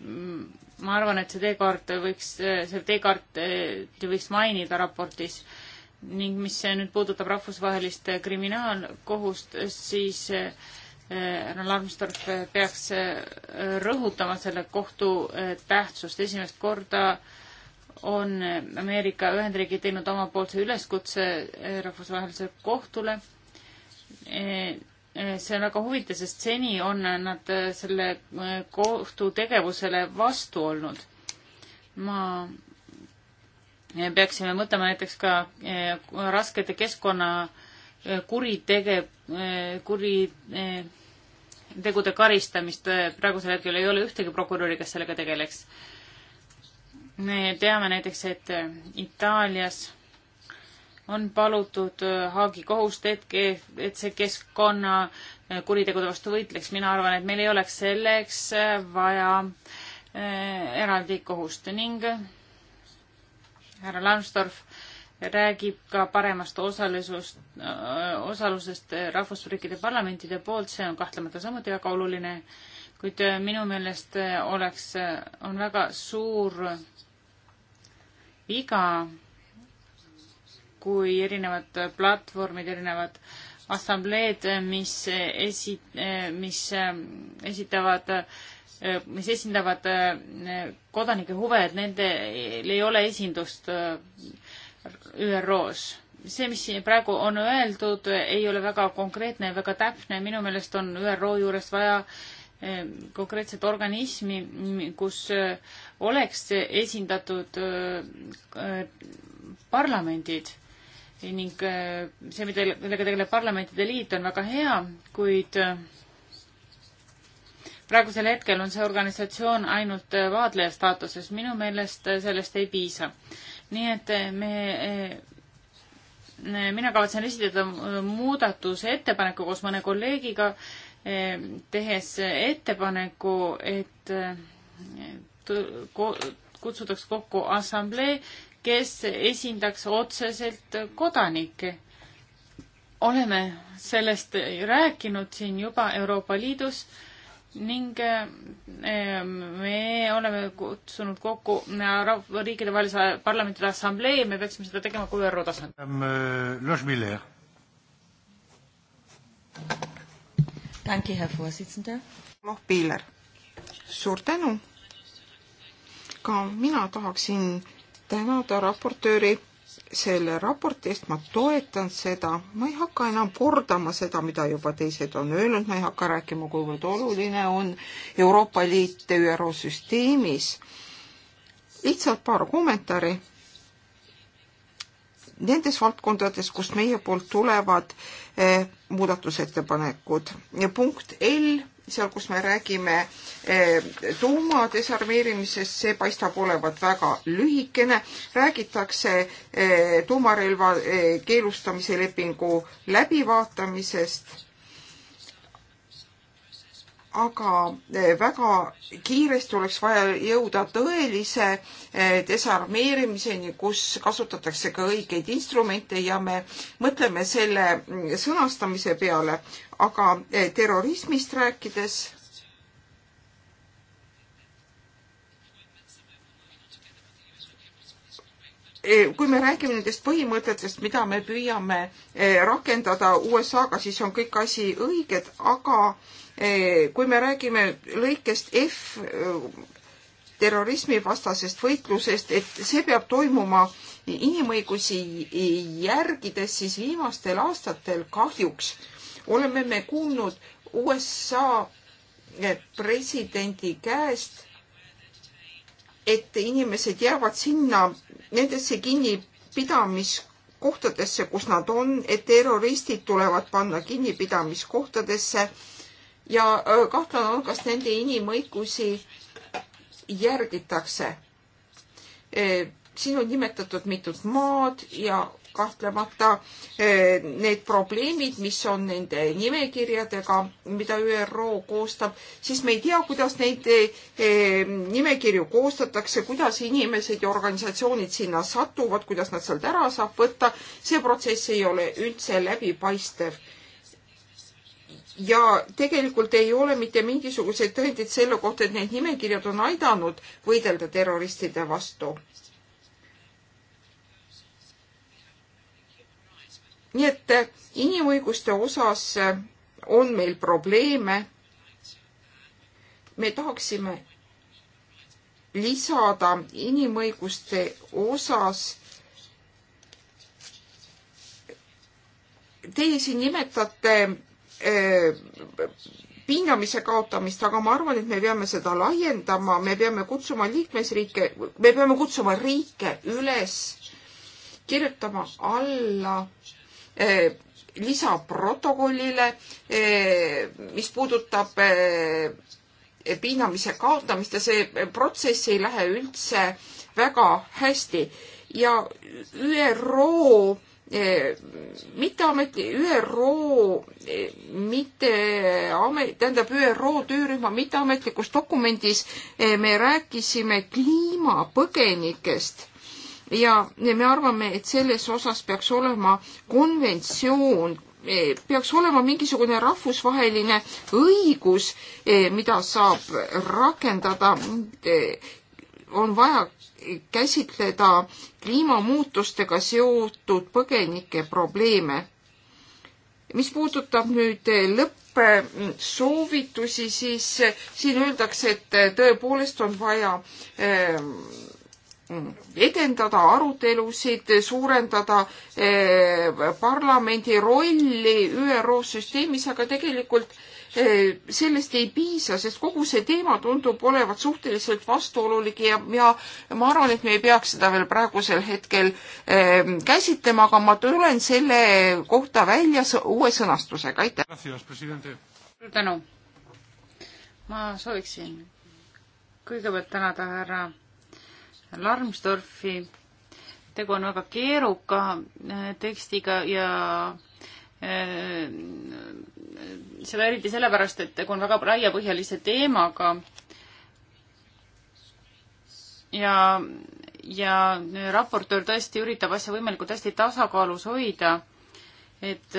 mm, ma arvan, et see teekaart võiks, e, see teekaart võiks mainida raportis ning mis nüüd puudutab rahvusvahelist kriminaalkohust, siis äh, härra Larmstorf peaks äh, rõhutama selle kohtu äh, tähtsust. esimest korda on Ameerika Ühendriigid teinud omapoolse üleskutse äh, rahvusvahelisele kohtule. see on väga huvitav, sest seni on nad selle kohtu tegevusele vastu olnud. ma peaksime mõtlema näiteks ka raskete keskkonna kuritege-, kuri tegude karistamist äh, praegusel hetkel ei ole ühtegi prokuröri, kes sellega tegeleks. me teame näiteks, et äh, Itaalias on palutud äh, Haagi kohust, et, et see keskkonna kuritegude vastu võitleks. mina arvan, et meil ei oleks selleks vaja eraldi kohust ning härra Lambsdorff räägib ka paremast osalusust, osalusest rahvusriikide parlamentide poolt, see on kahtlemata samuti väga oluline, kuid minu meelest oleks, on väga suur viga, kui erinevad platvormid, erinevad assambleed, mis esi-, mis esitavad mis esindavad kodanike huve, et nendel ei ole esindust ÜRO-s. see, mis siin praegu on öeldud, ei ole väga konkreetne ja väga täpne, minu meelest on ÜRO juures vaja eh, konkreetset organismi, kus eh, oleks esindatud eh, parlamendid ning see, mida, millega tegeleb Parlamentide Liit, on väga hea, kuid praegusel hetkel on see organisatsioon ainult vaatleja staatuses, minu meelest sellest ei piisa nii et eh, me, eh, eh, mina kavatsen esitada muudatuse ettepaneku koos mõne kolleegiga, tehes ettepaneku, et kutsutaks kokku assamblee, kes esindaks otseselt kodanikke. oleme sellest rääkinud siin juba Euroopa Liidus ning eh, me oleme kutsunud kokku äh, riikidevahelise parlamentide assamblee, me peaksime seda tegema ka ÜRO tasandil. Äh, Danke, Herr Vorsitzender. Moh Piiler, suur tänu. ka mina tahaksin tänada raportööri selle raporti eest, ma toetan seda, ma ei hakka enam kordama seda, mida juba teised on öelnud, ma ei hakka rääkima, kuivõrd oluline on Euroopa Liit ÜRO süsteemis. lihtsalt paar kommentaari. Nendes valdkondades, kust meie poolt tulevad eh, muudatusettepanekud ja punkt L seal, kus me räägime eh, tuuma desarmeerimisest, see paistab olevat väga lühikene. räägitakse eh, tuumarelva eh, keelustamise lepingu läbivaatamisest aga eh, väga kiiresti oleks vaja jõuda tõelise eh, desarmeerimiseni, kus kasutatakse ka õigeid instrumente ja me mõtleme selle mm, sõnastamise peale. aga eh, terrorismist rääkides E, kui me räägime nendest põhimõtetest, mida me püüame e, rakendada USA-ga, siis on kõik asi õiged, aga e, kui me räägime lõikest F terrorismivastasest võitlusest, et see peab toimuma inimõigusi järgides, siis viimastel aastatel kahjuks oleme me kuulnud USA presidendi käest, et inimesed jäävad sinna nendesse kinnipidamiskohtadesse, kus nad on, et terroristid tulevad panna kinnipidamiskohtadesse ja kahtlane on, kas nende inimõigusi järgitakse. siin on nimetatud mitut maad ja kahtlemata eh, need probleemid, mis on nende nimekirjadega, mida ÜRO koostab, siis me ei tea, kuidas neid eh, eh, nimekirju koostatakse, kuidas inimesed ja organisatsioonid sinna satuvad, kuidas nad sealt ära saab võtta. see protsess ei ole üldse läbipaistev ja tegelikult ei ole mitte mingisuguseid tõendeid selle kohta, et need nimekirjad on aidanud võidelda terroristide vastu. nii et eh, inimõiguste osas eh, on meil probleeme. me tahaksime lisada inimõiguste osas. Teie siin nimetate eh, piinamise kaotamist, aga ma arvan, et me peame seda laiendama, me peame kutsuma liikmesriike, me peame kutsuma riike üles kirjutama alla äh, Äh, lisaprotokollile, äh, mis puudutab äh, piinamise kaotamist ja see protsess ei lähe üldse väga hästi ja ÜRO mitteameti, ÜRO mitte amet, tähendab ÜRO töörühma mitteametlikus dokumendis me rääkisime kliimapõgenikest ja me arvame, et selles osas peaks olema konventsioon, e, peaks olema mingisugune rahvusvaheline õigus, e, mida saab rakendada, e, on vaja käsitleda kliimamuutustega seotud põgenike probleeme. mis puudutab nüüd lõppsoovitusi, siis siin öeldakse, et tõepoolest on vaja edendada arutelusid, suurendada eh, parlamendi rolli ÜRO süsteemis, aga tegelikult eh, sellest ei piisa, sest kogu see teema tundub olevat suhteliselt vastuolulik ja, ja ma arvan, et me ei peaks seda veel praegusel hetkel eh, käsitlema, aga ma tulen selle kohta välja uue sõnastusega, aitäh. suur tänu. ma sooviksin kõigepealt tänada härra Larmsdorfi. tegu on väga keeruka äh, tekstiga ja äh, seda eriti sellepärast, et tegu on väga laiapõhjalise teemaga. ja, ja äh, raportöör tõesti üritab asja võimalikult hästi tasakaalus hoida, et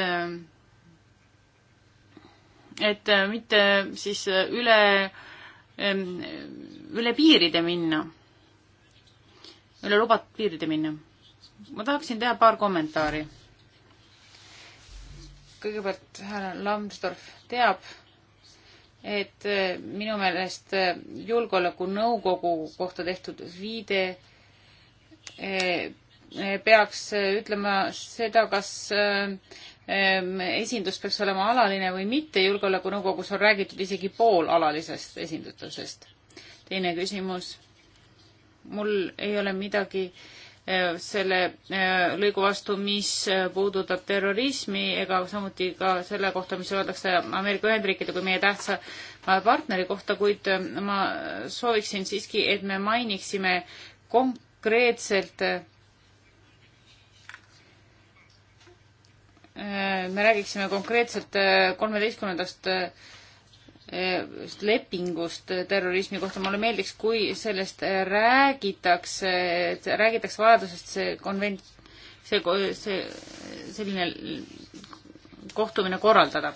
et mitte siis üle, ähm, üle piiride minna ei ole lubatud piirile minna. ma tahaksin teha paar kommentaari. kõigepealt härra Lambsdorff teab, et äh, minu meelest äh, Julgeolekunõukogu kohta tehtud viide äh, peaks ütlema seda, kas esindus peaks olema alaline või mitte, Julgeolekunõukogus on räägitud isegi poolalalisest esindatusest. teine küsimus mul ei ole midagi äh, selle äh, lõigu vastu, mis äh, puudutab terrorismi ega samuti ka selle kohta, mis öeldakse Ameerika Ühendriikide kui meie tähtsa partneri kohta, kuid ma sooviksin siiski, et me mainiksime konkreetselt me räägiksime konkreetselt kolmeteistkümnendast 13 lepingust terrorismi kohta, mulle meeldiks, kui sellest räägitakse, räägitakse vajadusest see konvent-, see, see, selline kohtumine korraldada.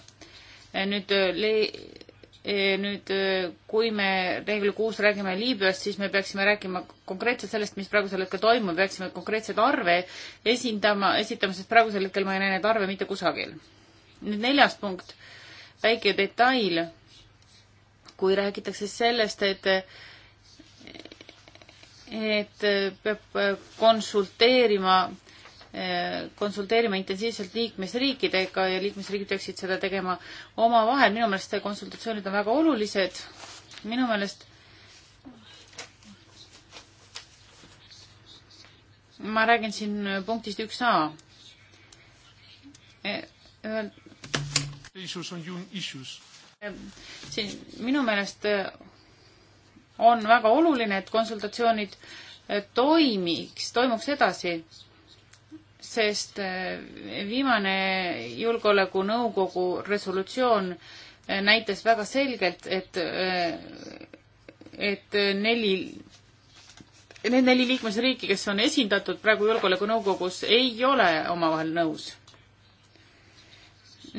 nüüd le-, nüüd kui me reegli kuus räägime Liibüast, siis me peaksime rääkima konkreetselt sellest, mis praegusel hetkel toimub, peaksime konkreetseid arve esindama, esitama, sest praegusel hetkel ma ei näe neid arve mitte kusagil. nüüd neljas punkt, väike detail kui räägitakse sellest, et et peab konsulteerima, konsulteerima intensiivselt liikmesriikidega ja liikmesriigid peaksid seda tegema omavahel. minu meelest konsultatsioonid on väga olulised. minu meelest ma räägin siin punktist üks A. E, issues on issues siin minu meelest äh, on väga oluline, et konsultatsioonid äh, toimiks, toimuks edasi, sest äh, viimane Julgeolekunõukogu resolutsioon näitas väga selgelt, et, et neli need neli liikmesriiki, kes on esindatud praegu Julgeolekunõukogus, ei ole omavahel nõus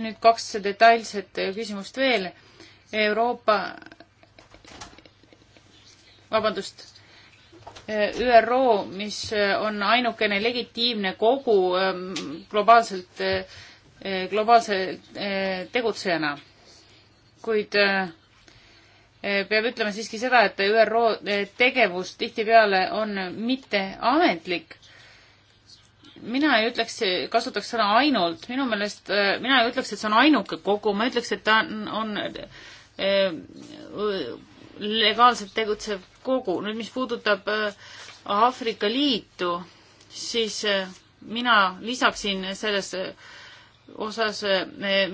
nüüd kaks detailset küsimust veel. Euroopa, vabandust, ÜRO, mis on ainukene legitiimne kogu ähm, globaalselt, äh, globaalse äh, tegutsejana. kuid äh, peab ütlema siiski seda, et ÜRO tegevus tihtipeale on mitteametlik mina ei ütleks, kasutaks sõna ainult, minu meelest äh, mina ei ütleks, et see on ainuke kogu, ma ütleks, et ta on, on äh, legaalselt tegutsev kogu. nüüd, mis puudutab äh, Aafrika Liitu, siis mina lisaksin selles osas,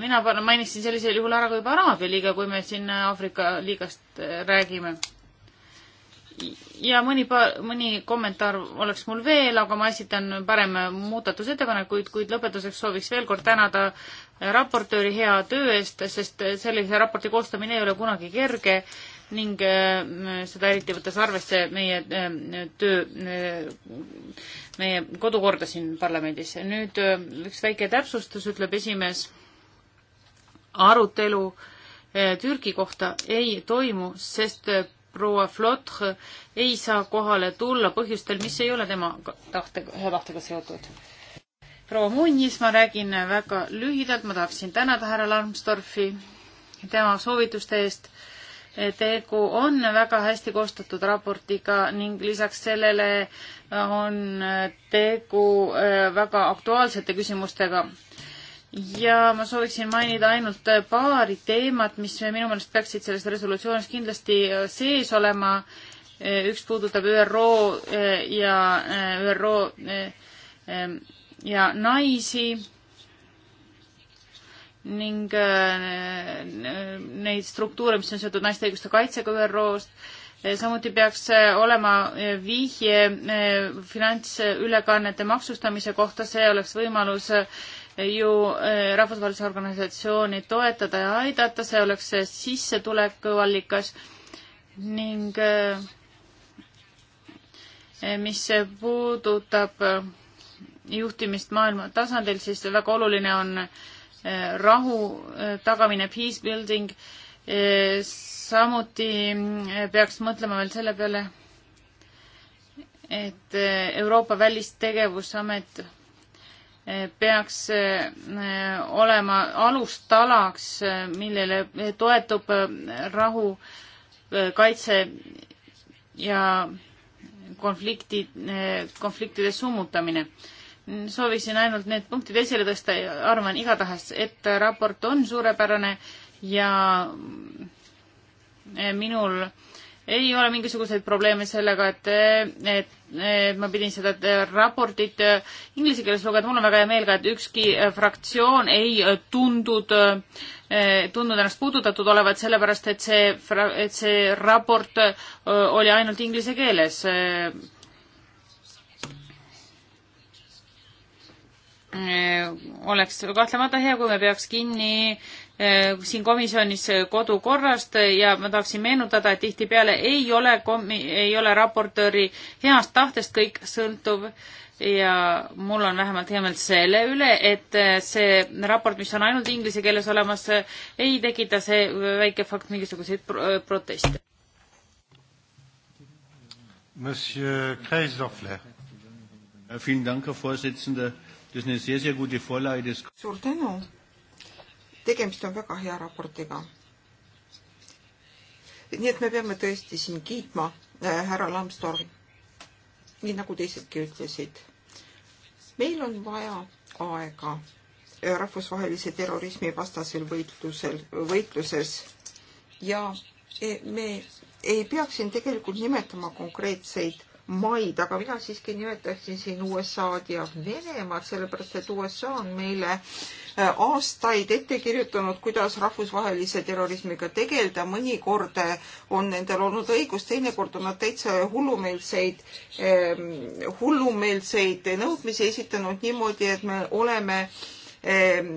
mina mainiksin sellisel juhul ära ka juba Araabia liiga, kui me siin Aafrika liigast räägime ja mõni pa-, mõni kommentaar oleks mul veel, aga ma esitan parem muudatusettepanekuid, kuid lõpetuseks sooviks veel kord tänada raportööri hea töö eest, sest sellise raporti koostamine ei ole kunagi kerge ning äh, seda eriti võttes arvesse meie äh, töö, äh, meie kodukorda siin parlamendis. nüüd üks väike täpsustus, ütleb esimees, arutelu Türgi kohta ei toimu, sest proua Flotre ei saa kohale tulla põhjustel, mis ei ole tema tahte, hea tahtega seotud. proua Munnis, ma räägin väga lühidalt, ma tahaksin tänada härra Larmstorfi tema soovituste eest. tegu on väga hästi koostatud raportiga ning lisaks sellele on tegu äh, väga aktuaalsete küsimustega ja ma sooviksin mainida ainult äh, paari teemat, mis minu meelest peaksid selles resolutsioonis kindlasti äh, sees olema. Äh, üks puudutab ÜRO ja ÜRO ähm, ja naisi ning neid struktuure, mis on seotud naiste õiguste kaitsega ÜRO-st. samuti peaks olema vihje finantsülekannete maksustamise kohta, see oleks võimalus ju eh, rahvusvahelisi organisatsiooni toetada ja aidata, see oleks sissetulekuallikas ning eh, eh, mis puudutab juhtimist maailma tasandil, siis väga oluline on rahu tagamine, peace building. samuti peaks mõtlema veel selle peale, et Euroopa Välistegevusamet peaks eh, olema alustalaks, eh, millele toetub eh, rahu, kaitse ja konflikti, konfliktide summutamine. sooviksin ainult need punktid esile tõsta ja arvan igatahes, et raport on suurepärane ja minul äh, ei ole mingisuguseid probleeme sellega, et, et, et ma pidin seda raportit inglise keeles lugeda, mul on väga hea meel ka, et ükski fraktsioon ei tundnud, tundnud ennast puudutatud olevat, sellepärast et see, et see raport oli ainult inglise keeles. oleks kahtlemata hea, kui me peaks kinni Äh, siin komisjonis äh, kodukorrast äh, ja ma tahaksin meenutada, et tihtipeale ei ole komi-, ei ole raportööri heast tahtest kõik sõltuv ja mul on vähemalt hea meel selle üle, et see raport, mis on ainult inglise keeles olemas, ei tekita see väike fakt mingisuguseid pro proteste. Monsieur Kreisdorfler. Vielen Dank, Herr Vorsitzender. Das ist eine sehr, sehr gute Vorlage des. Suur tänu tegemist on väga hea raportiga. nii et me peame tõesti siin kiitma äh, härra Lambsdorfi, nii nagu teisedki ütlesid. meil on vaja aega äh, rahvusvahelise terrorismi vastasel võitlusel, võitluses ja e, me ei peaks siin tegelikult nimetama konkreetseid maid, aga mina siiski nimetaksin siin USA-d ja Venemaad, sellepärast et USA on meile äh, aastaid ette kirjutanud, kuidas rahvusvahelise terrorismiga tegeleda, mõnikord äh, on nendel olnud õigus, teinekord on nad täitsa hullumeelseid, ähm, hullumeelseid nõudmisi esitanud niimoodi, et me oleme ähm,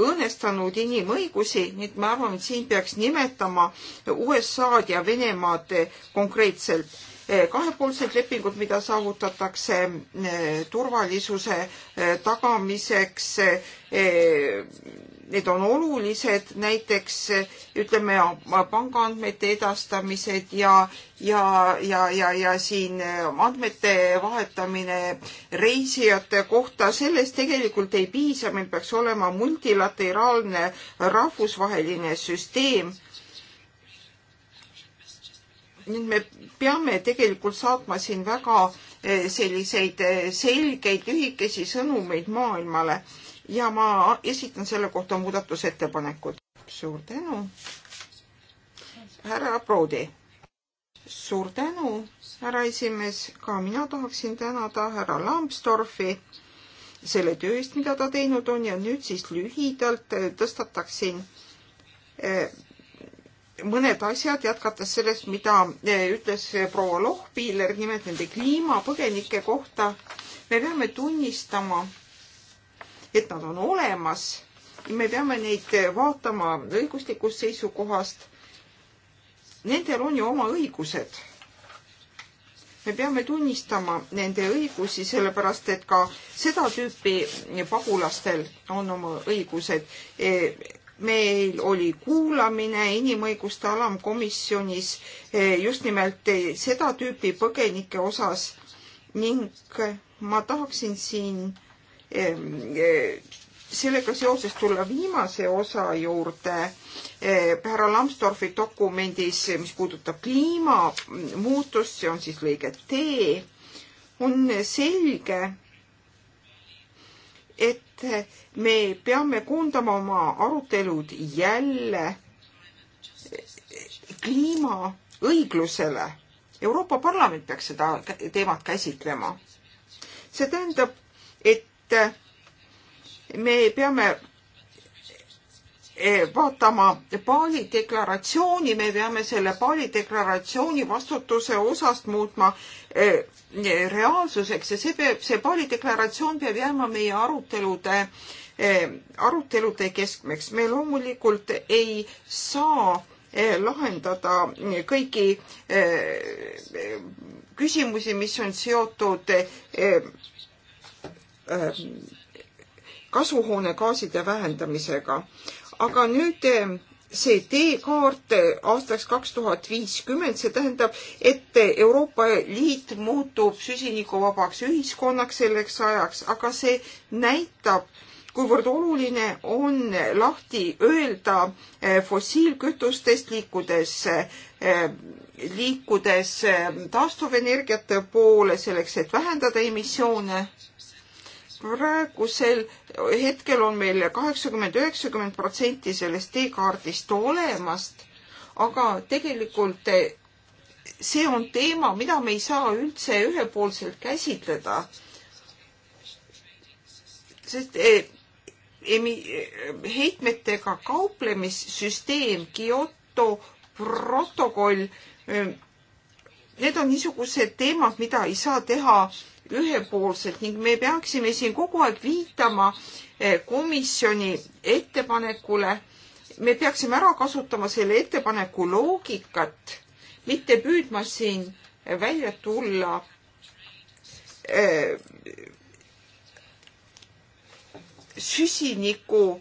õõnestanud inimõigusi, nii et ma arvan, et siin peaks nimetama USA-d ja Venemaad konkreetselt. kahepoolsed lepingud, mida saavutatakse eh, turvalisuse eh, tagamiseks eh, need on olulised, näiteks ütleme pangaandmete edastamised ja, ja, ja, ja, ja siin andmete vahetamine reisijate kohta, sellest tegelikult ei piisa, meil peaks olema multilateraalne rahvusvaheline süsteem nüüd me peame tegelikult saatma siin väga eh, selliseid eh, selgeid lühikesi sõnumeid maailmale ja ma esitan selle kohta muudatusettepanekud. suur tänu. härra Proodi. suur tänu, härra esimees, ka mina tahaksin tänada härra Lambsdorfi selle töö eest, mida ta teinud on ja nüüd siis lühidalt äh, tõstataksin äh, mõned asjad, jätkates sellest, mida äh, ütles proua Lohpiiler, nimelt nende kliimapõgenike kohta. me peame tunnistama, et nad on olemas. me peame neid vaatama õiguslikust seisukohast. Nendel on ju oma õigused. me peame tunnistama nende õigusi, sellepärast et ka seda tüüpi pagulastel on oma õigused e, meil oli kuulamine inimõiguste alamkomisjonis e, just nimelt seda tüüpi põgenike osas ning ma tahaksin siin Eh, sellega seoses tulla viimase osa juurde eh, härra Lambsdorfi dokumendis, mis puudutab kliimamuutust, see on siis lõige T, on selge, et me peame koondama oma arutelud jälle kliimaõiglusele. Euroopa Parlament peaks seda teemat käsitlema. see tähendab et me peame eh, vaatama Paali deklaratsiooni, me peame selle Paali deklaratsiooni vastutuse osast muutma eh, reaalsuseks ja see peab, see Paali deklaratsioon peab jääma meie arutelude, eh, arutelude keskmeks. me loomulikult ei saa lahendada kõiki küsimusi, mis on seotud Äh, kasvuhoonegaaside vähendamisega. aga nüüd äh, see teekaart äh, aastaks kaks tuhat viiskümmend, see tähendab, et Euroopa Liit muutub süsinikuvabaks ühiskonnaks selleks ajaks, aga see näitab, kuivõrd oluline on lahti öelda fossiilkütustest, liikudes, liikudes taastuvenergiate poole selleks, et vähendada emissioone praegusel hetkel on meil kaheksakümmend, üheksakümmend protsenti sellest teekaardist olemast, aga tegelikult eh, see on teema, mida me ei saa üldse ühepoolselt käsitleda. sest eh, emi-, eh, heitmetega kauplemissüsteem, Kyoto protokoll, need on niisugused teemad, mida ei saa teha ühepoolselt ning me peaksime siin kogu aeg viitama eh, komisjoni ettepanekule. me peaksime ära kasutama selle ettepaneku loogikat, mitte püüdma siin välja tulla eh, süsiniku,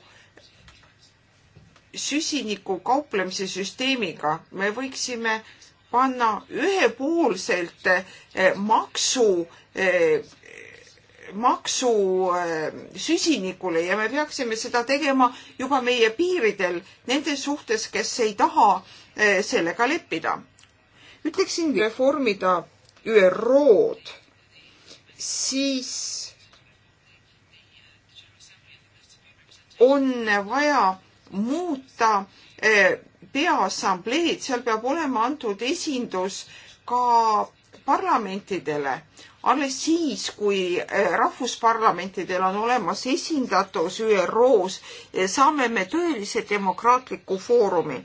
süsiniku kauplemise süsteemiga. me võiksime äh, panna ühepoolselt eh, maksu eh, maksu eh, süsinikule ja me peaksime seda tegema juba meie piiridel nende suhtes, kes ei taha sellega leppida. ütleksin reformida ÜRO-d, siis on vaja muuta Eh, peaassambleed, seal peab olema antud esindus ka parlamentidele. alles siis, kui eh, rahvusparlamentidel on olemas esindatus ÜRO-s, eh, saame me tõelise demokraatliku foorumi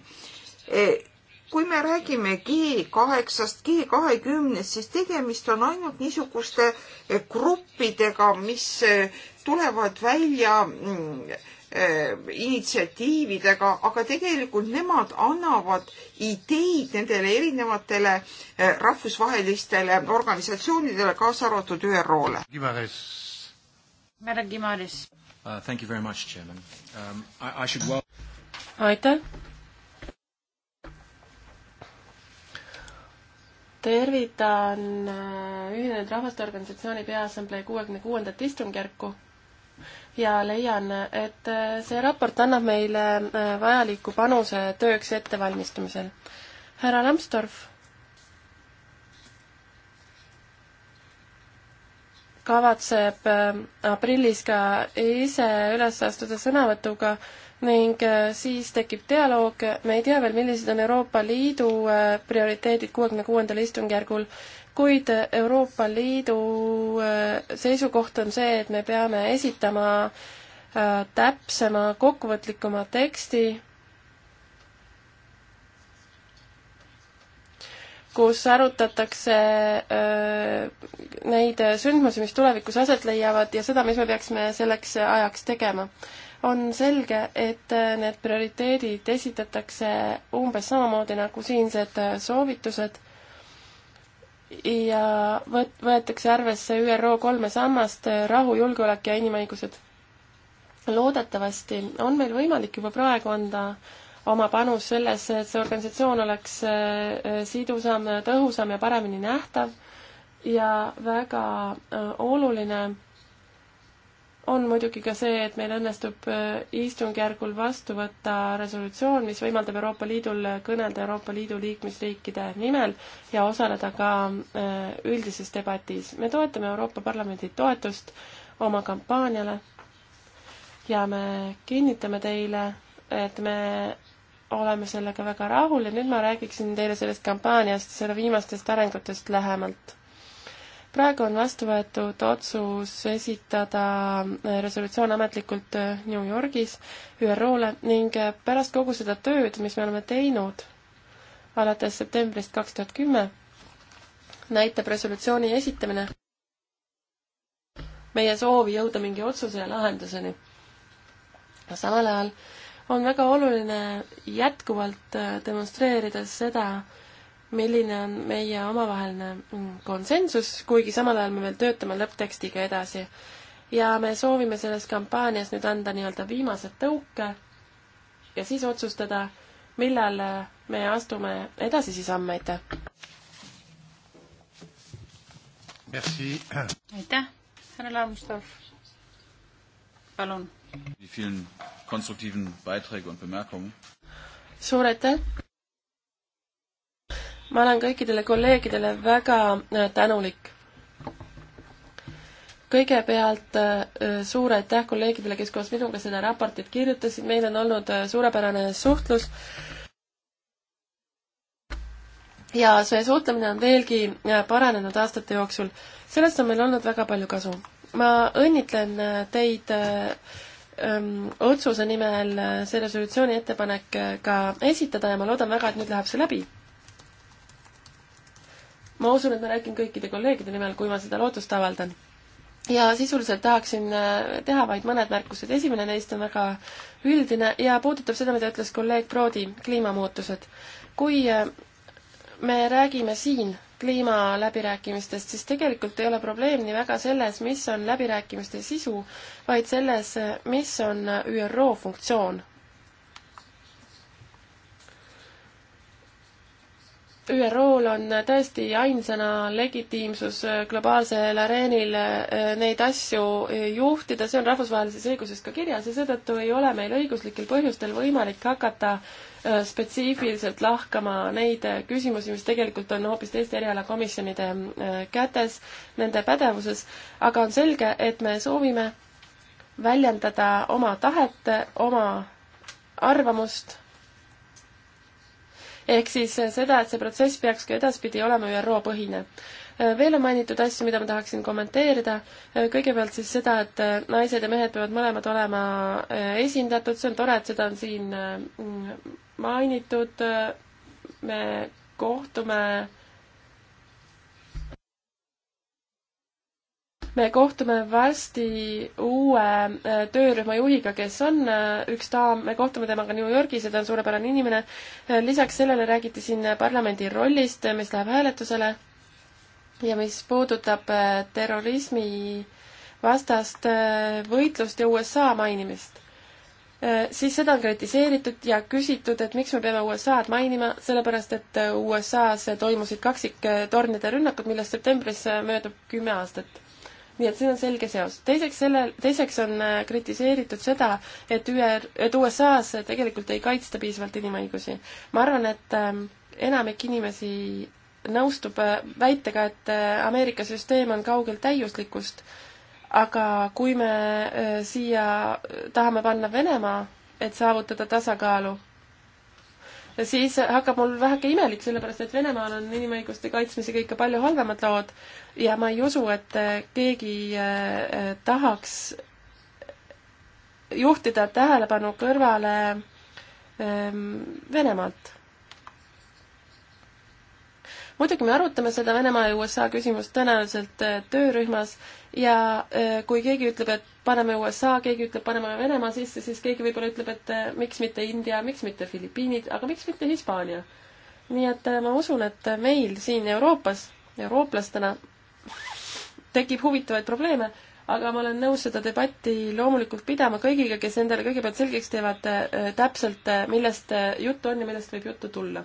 kui me räägime G8-st, G20-st, siis tegemist on ainult niisuguste gruppidega, mis tulevad välja mm, Äh, initsiatiividega, aga tegelikult nemad annavad ideid nendele erinevatele äh, rahvusvahelistele organisatsioonidele, kaasa arvatud ÜRO-le. härra Kimaris. Uh, um, aitäh. tervitan äh, Ühinenud Rahvaste Organisatsiooni Peaassamblee kuuekümne kuuendat istungjärku ja leian, et äh, see raport annab meile äh, vajaliku panuse tööks ettevalmistumisel. härra Lambsdorff kavatseb äh, aprillis ka ise üles astuda sõnavõtuga ning siis tekib dialoog, me ei tea veel, millised on Euroopa Liidu prioriteedid kuuekümne kuuendal istungjärgul kuid Euroopa Liidu äh, seisukoht on see, et me peame esitama äh, täpsema, kokkuvõtlikuma teksti, kus arutatakse äh, neid sündmusi, mis tulevikus aset leiavad ja seda, mis me peaksime selleks ajaks tegema. on selge, et need prioriteedid esitatakse umbes samamoodi nagu siinsed soovitused ja võt-, võetakse arvesse ÜRO kolme sammast, eh, rahu, julgeolek ja inimõigused. loodetavasti on meil võimalik juba praegu anda oma panus sellesse, et see organisatsioon oleks eh, eh, sidusam, tõhusam ja paremini nähtav ja väga oluline on muidugi ka see, et meil õnnestub äh, istungjärgul vastu võtta resolutsioon, mis võimaldab Euroopa Liidul kõnelda Euroopa Liidu liikmesriikide nimel ja osaleda ka äh, üldises debatis. me toetame Euroopa Parlamendi toetust oma kampaaniale ja me kinnitame teile, et me oleme sellega väga rahul ja nüüd ma räägiksin teile sellest kampaaniast, selle viimastest arengutest lähemalt praegu on vastu võetud otsus esitada äh, resolutsioon ametlikult äh, New Yorgis ÜRO-le ning äh, pärast kogu seda tööd, mis me oleme teinud alates septembrist kaks tuhat kümme, näitab resolutsiooni esitamine meie soovi jõuda mingi otsuse ja lahenduseni. samal ajal on väga oluline jätkuvalt demonstreerida seda, milline on meie omavaheline mm, konsensus, kuigi samal ajal me veel töötame lõpptekstiga edasi. ja me soovime selles kampaanias nüüd anda nii-öelda viimase tõuke ja siis otsustada, millal äh, me astume edasisi samme, aitäh! aitäh, härra Laamustorf! palun! suur aitäh! ma olen kõikidele kolleegidele väga äh, tänulik. kõigepealt äh, äh, suur aitäh kolleegidele, kes koos minuga seda raportit kirjutasid, meil on olnud suurepärane suhtlus. ja see suhtlemine on veelgi paranenud aastate jooksul. sellest on meil olnud väga palju kasu. ma õnnitlen teid ähm, otsuse nimel see resolutsiooni ettepanek ka esitada ja ma loodan väga, et nüüd läheb see läbi ma usun, et ma räägin kõikide kolleegide nimel, kui ma seda lootust avaldan. ja sisuliselt tahaksin äh, teha vaid mõned märkused, esimene neist on väga üldine ja puudutab seda, mida ütles kolleeg Proodi, kliimamuutused. kui äh, me räägime siin kliimaläbirääkimistest, siis tegelikult ei ole probleem nii väga selles, mis on läbirääkimiste sisu, vaid selles, äh, mis on ÜRO funktsioon ÜRO-l on tõesti ainsana legitiimsus globaalsel areenil äh, neid asju juhtida, see on rahvusvahelises õiguses ka kirjas ja seetõttu ei ole meil õiguslikel põhjustel võimalik hakata äh, spetsiifiliselt lahkama neid äh, küsimusi, mis tegelikult on hoopis teiste erialakomisjonide kätes, nende pädevuses, aga on selge, et me soovime väljendada oma tahet, oma arvamust ehk siis eh, seda, et see protsess peaks ka edaspidi olema ÜRO põhine. Eh, veel on mainitud asju, mida ma tahaksin kommenteerida, eh, kõigepealt siis seda, et naised ja mehed peavad mõlemad olema esindatud, see on tore, et seda on siin mainitud, me kohtume me kohtume varsti uue äh, töörühma juhiga, kes on äh, üks daam, me kohtume temaga New Yorgis ja ta on suurepärane inimene. Äh, lisaks sellele räägiti siin parlamendi rollist, mis läheb hääletusele ja mis puudutab terrorismi vastast võitlust ja USA mainimist siis seda on kritiseeritud ja küsitud, et miks me peame USA-d mainima, sellepärast et USA-s toimusid kaksiktornide rünnakud, millest septembris möödub kümme aastat nii et siin on selge seos. teiseks sellel, teiseks on äh, kritiseeritud seda, et ÜR, et USA-s tegelikult ei kaitsta piisavalt inimõigusi. ma arvan, et ähm, enamik inimesi nõustub äh, väitega, et äh, Ameerika süsteem on kaugel täiuslikust, aga kui me siia tahame panna Venemaa, et saavutada tasakaalu, siis hakkab mul väheke imelik, sellepärast et Venemaal on inimõiguste kaitsmisega ikka palju halvemad lood ja ma ei usu, et eh, keegi eh, eh, tahaks juhtida tähelepanu kõrvale ehm, Venemaalt muidugi me arutame seda Venemaa ja USA küsimust tõenäoliselt äh, töörühmas ja äh, kui keegi ütleb, et paneme USA, keegi ütleb, paneme Venemaa sisse, siis keegi võib-olla ütleb, et äh, miks mitte India, miks mitte Filipiinid, aga miks mitte Hispaania. nii et ma usun, et meil siin Euroopas, eurooplastena, tekib huvitavaid probleeme aga ma olen nõus seda debatti loomulikult pidama kõigiga, kes endale kõigepealt selgeks teevad täpselt, millest juttu on ja millest võib juttu tulla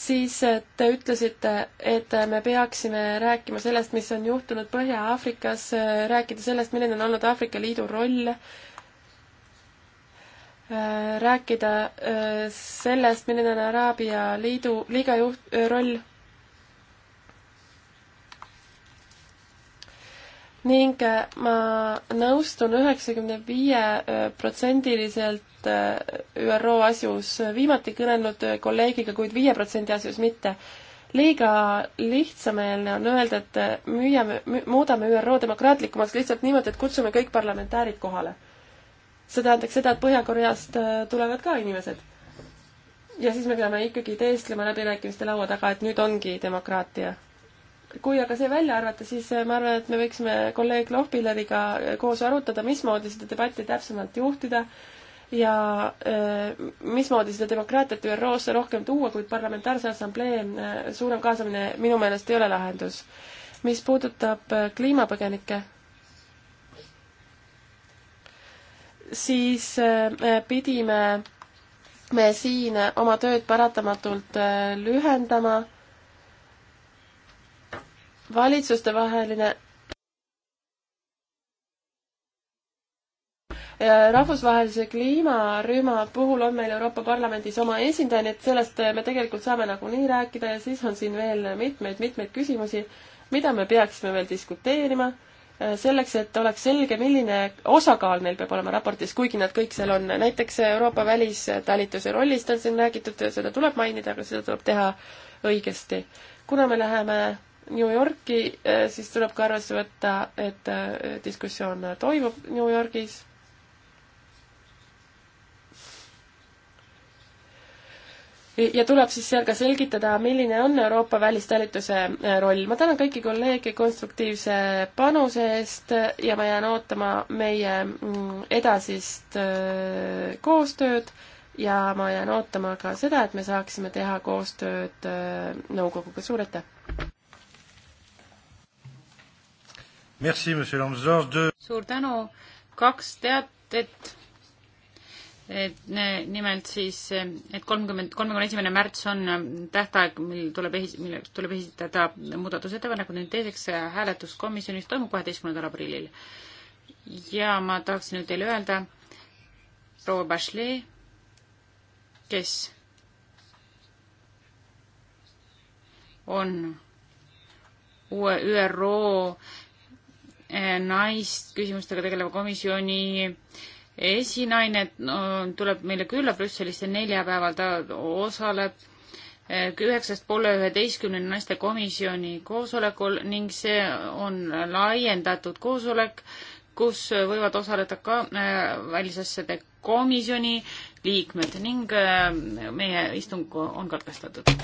siis äh, te ütlesite, et äh, me peaksime rääkima sellest, mis on juhtunud Põhja-Aafrikas, äh, rääkida sellest, milline on olnud Aafrika Liidu roll, rääkida sellest, milline on Araabia Liidu liiga juht-, roll ning äh, ma nõustun üheksakümne viie protsendiliselt äh, ÜRO asjus viimati kõnelnud äh, kolleegiga, kuid viie protsendi asjus mitte. liiga lihtsameelne on öelda, et müüame, muudame ÜRO demokraatlikumaks lihtsalt niimoodi, et kutsume kõik parlamentäärid kohale. see tähendaks seda, et Põhja-Koreast tulevad ka inimesed. ja siis me peame ikkagi teestlema läbirääkimiste laua taga, et nüüd ongi demokraatia kui aga see välja arvata, siis äh, ma arvan, et me võiksime kolleeg Lohpilleriga äh, koos arutada, mismoodi seda debatti täpsemalt juhtida ja äh, mismoodi seda demokraatiat ÜRO-sse rohkem tuua, kuid Parlamentaarse Assamblee suurem kaasamine minu meelest ei ole lahendus. mis puudutab kliimapõgenikke, siis pidime me siin oma tööd paratamatult lühendama valitsustevaheline rahvusvahelise kliimarühma puhul on meil Euroopa Parlamendis oma esindaja, nii et sellest me tegelikult saame nagunii rääkida ja siis on siin veel mitmeid-mitmeid küsimusi, mida me peaksime veel diskuteerima, äh, selleks, et oleks selge, milline osakaal neil peab olema raportis, kuigi nad kõik seal on. näiteks Euroopa välistalituse rollist on siin räägitud, seda tuleb mainida, aga seda tuleb teha õigesti. kuna me läheme New Yorki, eh, siis tuleb ka arvesse võtta, et eh, diskussioon toimub New Yorgis. ja tuleb siis seal ka selgitada, milline on Euroopa välistalituse eh, roll. ma tänan kõiki kolleege konstruktiivse panuse eest ja ma jään ootama meie mm, edasist koostööd ja ma jään ootama ka seda, et me saaksime teha koostööd nõukoguga. suur aitäh! suur tänu, kaks teatet et nimelt siis, et kolmkümmend, kolmekümne esimene märts on tähtaeg, mil tuleb esi-, milleks tuleb esitada muudatusettepanekud, nüüd teiseks hääletus komisjonis toimub kaheteistkümnendal aprillil. ja ma tahaksin nüüd teile öelda, proua Bachelet, kes on uue ÜRO Eh, naisküsimustega tegeleva komisjoni esinaine tuleb meile külla Brüsselisse neljapäeval, ta osaleb eh, üheksast poole üheteistkümneni naiste komisjoni koosolekul ning see on laiendatud koosolek, kus võivad osaleda ka eh, välisasjade komisjoni liikmed ning meie istung on katkestatud.